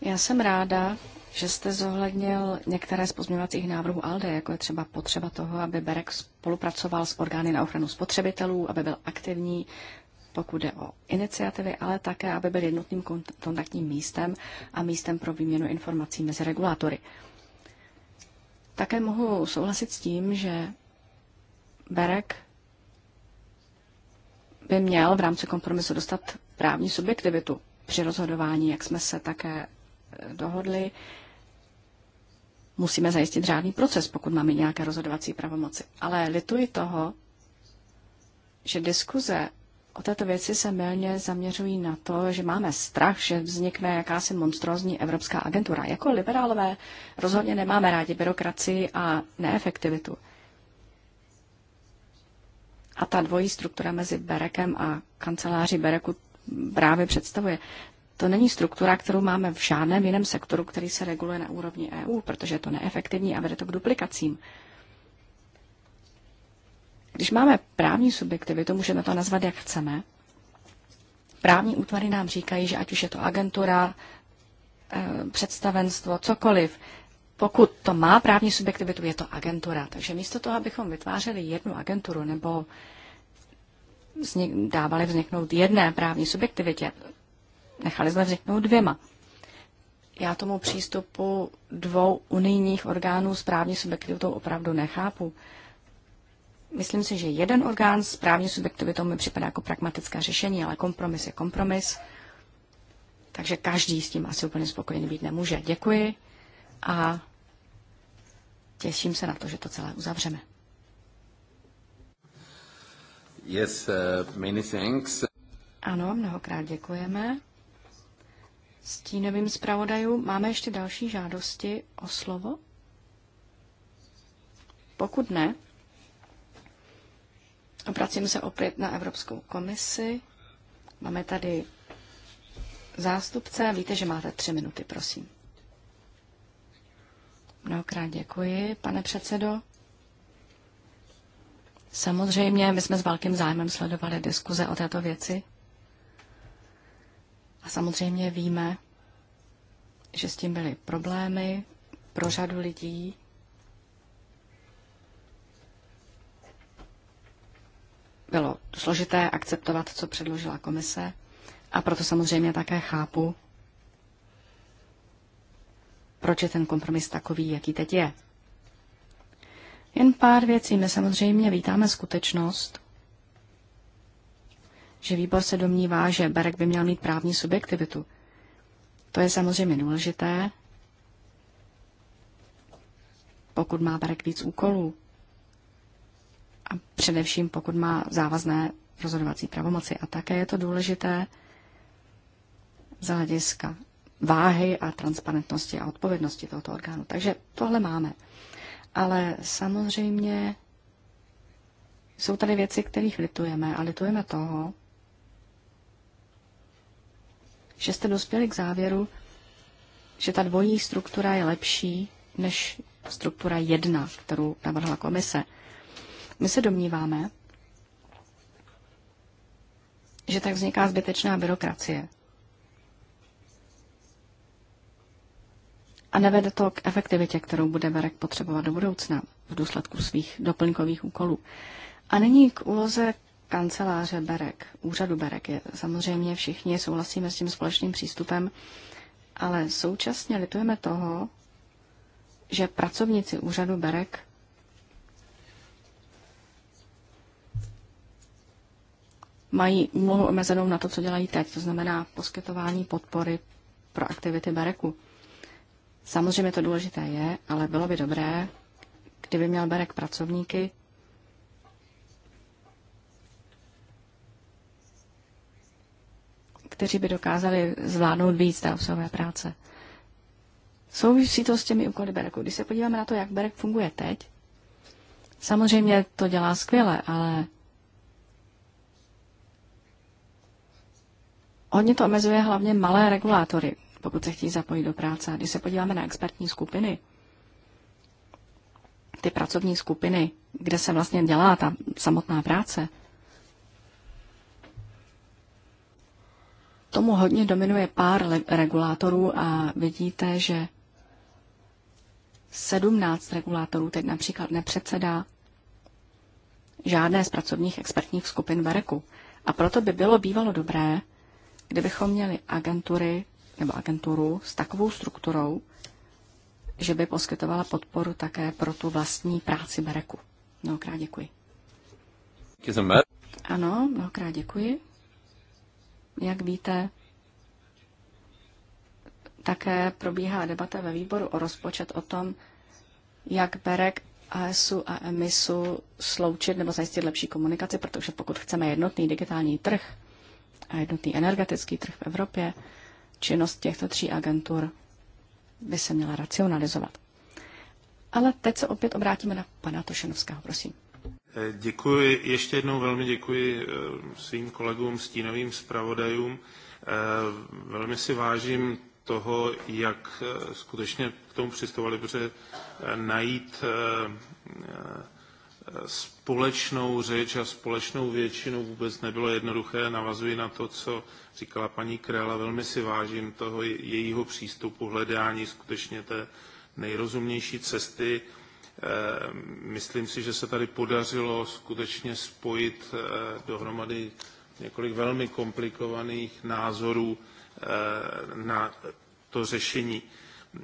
Já jsem ráda, že jste zohlednil některé z pozměňovacích návrhů ALDE, jako je třeba potřeba toho, aby Berek spolupracoval s orgány na ochranu spotřebitelů, aby byl aktivní, pokud jde o iniciativy, ale také, aby byl jednotným kontaktním místem a místem pro výměnu informací mezi regulátory. Také mohu souhlasit s tím, že Berek by měl v rámci kompromisu dostat právní subjektivitu při rozhodování, jak jsme se také Eh, dohodli, musíme zajistit řádný proces, pokud máme nějaké rozhodovací pravomoci. Ale lituji toho, že diskuze o této věci se milně zaměřují na to, že máme strach, že vznikne jakási monstrózní evropská agentura. Jako liberálové rozhodně nemáme rádi byrokracii a neefektivitu. A ta dvojí struktura mezi Berekem a kanceláří Bereku právě představuje. To není struktura, kterou máme v žádném jiném sektoru, který se reguluje na úrovni EU, protože je to neefektivní a vede to k duplikacím. Když máme právní subjektivitu, můžeme to nazvat, jak chceme. Právní útvary nám říkají, že ať už je to agentura, e, představenstvo, cokoliv, pokud to má právní subjektivitu, je to agentura. Takže místo toho, abychom vytvářeli jednu agenturu nebo vznik, dávali vzniknout jedné právní subjektivitě, nechali zlevřiknout dvěma. Já tomu přístupu dvou unijních orgánů správní subjektivitou opravdu nechápu. Myslím si, že jeden orgán správní subjektivitou mi připadá jako pragmatické řešení, ale kompromis je kompromis. Takže každý s tím asi úplně spokojený být nemůže. Děkuji a těším se na to, že to celé uzavřeme. Yes, uh, many thanks. Ano, mnohokrát děkujeme stínovým zpravodajům. Máme ještě další žádosti o slovo? Pokud ne, obracím se opět na Evropskou komisi. Máme tady zástupce. Víte, že máte tři minuty, prosím. Mnohokrát děkuji, pane předsedo. Samozřejmě, my jsme s velkým zájmem sledovali diskuze o této věci. A samozřejmě víme, že s tím byly problémy pro řadu lidí. Bylo složité akceptovat, co předložila komise a proto samozřejmě také chápu, proč je ten kompromis takový, jaký teď je. Jen pár věcí. My samozřejmě vítáme skutečnost, že výbor se domnívá, že Berek by měl mít právní subjektivitu. To je samozřejmě důležité, pokud má Berek víc úkolů a především pokud má závazné rozhodovací pravomoci. A také je to důležité z hlediska váhy a transparentnosti a odpovědnosti tohoto orgánu. Takže tohle máme. Ale samozřejmě jsou tady věci, kterých litujeme a litujeme toho, že jste dospěli k závěru, že ta dvojí struktura je lepší než struktura jedna, kterou navrhla komise. My se domníváme, že tak vzniká zbytečná byrokracie. A nevede to k efektivitě, kterou bude Berek potřebovat do budoucna v důsledku svých doplňkových úkolů. A není k úloze kanceláře Berek, úřadu Berek. Je, samozřejmě všichni souhlasíme s tím společným přístupem, ale současně litujeme toho, že pracovníci úřadu Berek mají úlohu omezenou na to, co dělají teď, to znamená poskytování podpory pro aktivity Bereku. Samozřejmě to důležité je, ale bylo by dobré, kdyby měl Berek pracovníky, kteří by dokázali zvládnout víc té obsahové práce. Souvisí to s těmi úkoly Bereku. Když se podíváme na to, jak Berek funguje teď, samozřejmě to dělá skvěle, ale hodně to omezuje hlavně malé regulátory, pokud se chtějí zapojit do práce. Když se podíváme na expertní skupiny, ty pracovní skupiny, kde se vlastně dělá ta samotná práce, tomu hodně dominuje pár regulátorů a vidíte, že 17 regulátorů teď například nepředsedá žádné z pracovních expertních skupin Bereku. A proto by bylo bývalo dobré, kdybychom měli agentury nebo agenturu s takovou strukturou, že by poskytovala podporu také pro tu vlastní práci Bereku. Mnohokrát děkuji. Ano, mnohokrát děkuji. Jak víte, také probíhá debata ve výboru o rozpočet o tom, jak Berek ASu a EMISu sloučit nebo zajistit lepší komunikaci, protože pokud chceme jednotný digitální trh a jednotný energetický trh v Evropě, činnost těchto tří agentur by se měla racionalizovat. Ale teď se opět obrátíme na pana Tošenovského, prosím. Eh, děkuji, ještě jednou velmi děkuji eh, svým kolegům, stínovým zpravodajům. Eh, velmi si vážím toho, jak skutečně k tomu přistupovali, protože najít společnou řeč a společnou většinu vůbec nebylo jednoduché. Navazuji na to, co říkala paní Kréla. Velmi si vážím toho jejího přístupu hledání skutečně té nejrozumnější cesty Eh, myslím si, že se tady podařilo skutečně spojit eh, dohromady několik velmi komplikovaných názorů eh, na to řešení.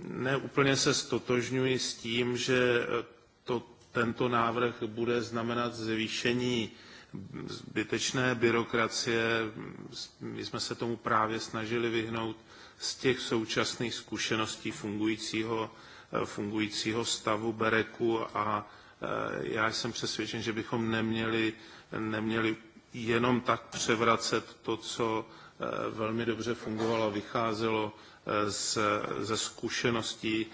Neúplně se stotožňuji s tím, že to, tento návrh bude znamenat zvýšení zbytečné byrokracie. My jsme se tomu právě snažili vyhnout z těch současných zkušeností fungujícího Eh, fungujícího stavu Bereku a eh, já jsem přesvědčen, že bychom neměli, neměli jenom tak převracet to, co eh, velmi dobře fungovalo a vycházelo z, ze zkušeností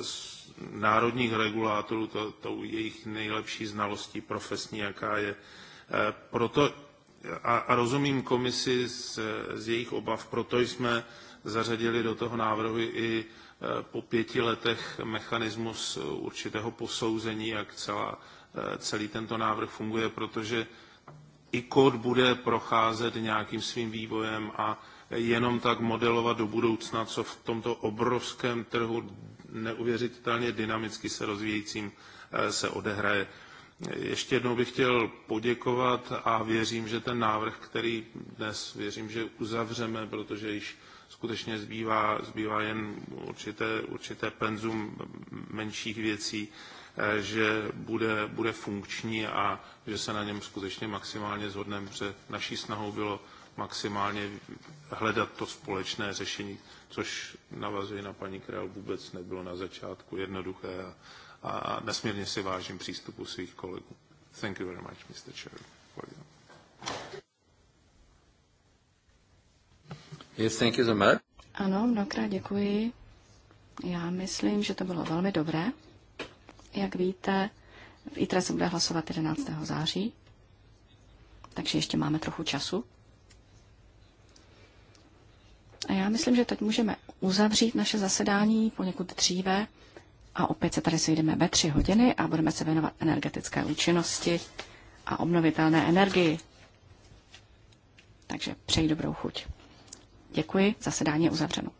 z národních regulátorů, to, tou jejich nejlepší znalostí profesní, jaká je. Proto a, a rozumím komisi z, z jejich obav, proto jsme zařadili do toho návrhu i po pěti letech mechanismus určitého posouzení, jak celá, eh, celý tento návrh funguje, protože i kód bude procházet nějakým svým vývojem a jenom tak modelovat do budoucna, co v tomto obrovském trhu neuvěřitelně dynamicky se rozvíjejícím eh, se odehraje. Ještě jednou bych chtěl poděkovat a věřím, že ten návrh, který dnes věřím, že uzavřeme, protože již skutečně zbývá, zbývá jen určité, určité penzum menších věcí, eh, že bude, bude funkční a že se na něm skutečně maximálně zhodneme, protože naší snahou bylo maximálně hledat to společné řešení, což navazuje na paní Král vůbec nebylo na začátku jednoduché a, a nesmírně si vážím přístupu svých kolegů. Thank you very much, Mr. Chair. Yes, thank you so much. Ano, mnohokrát děkuji. Já myslím, že to bylo velmi dobré. Jak víte, v se bude hlasovat 11. září, takže ještě máme trochu času. A já myslím, že teď můžeme uzavřít naše zasedání poněkud dříve a opět se tady sejdeme ve tři hodiny a budeme se věnovat energetické účinnosti a obnovitelné energii. Takže přeji dobrou chuť. Děkuji, zasedání je uzavřeno.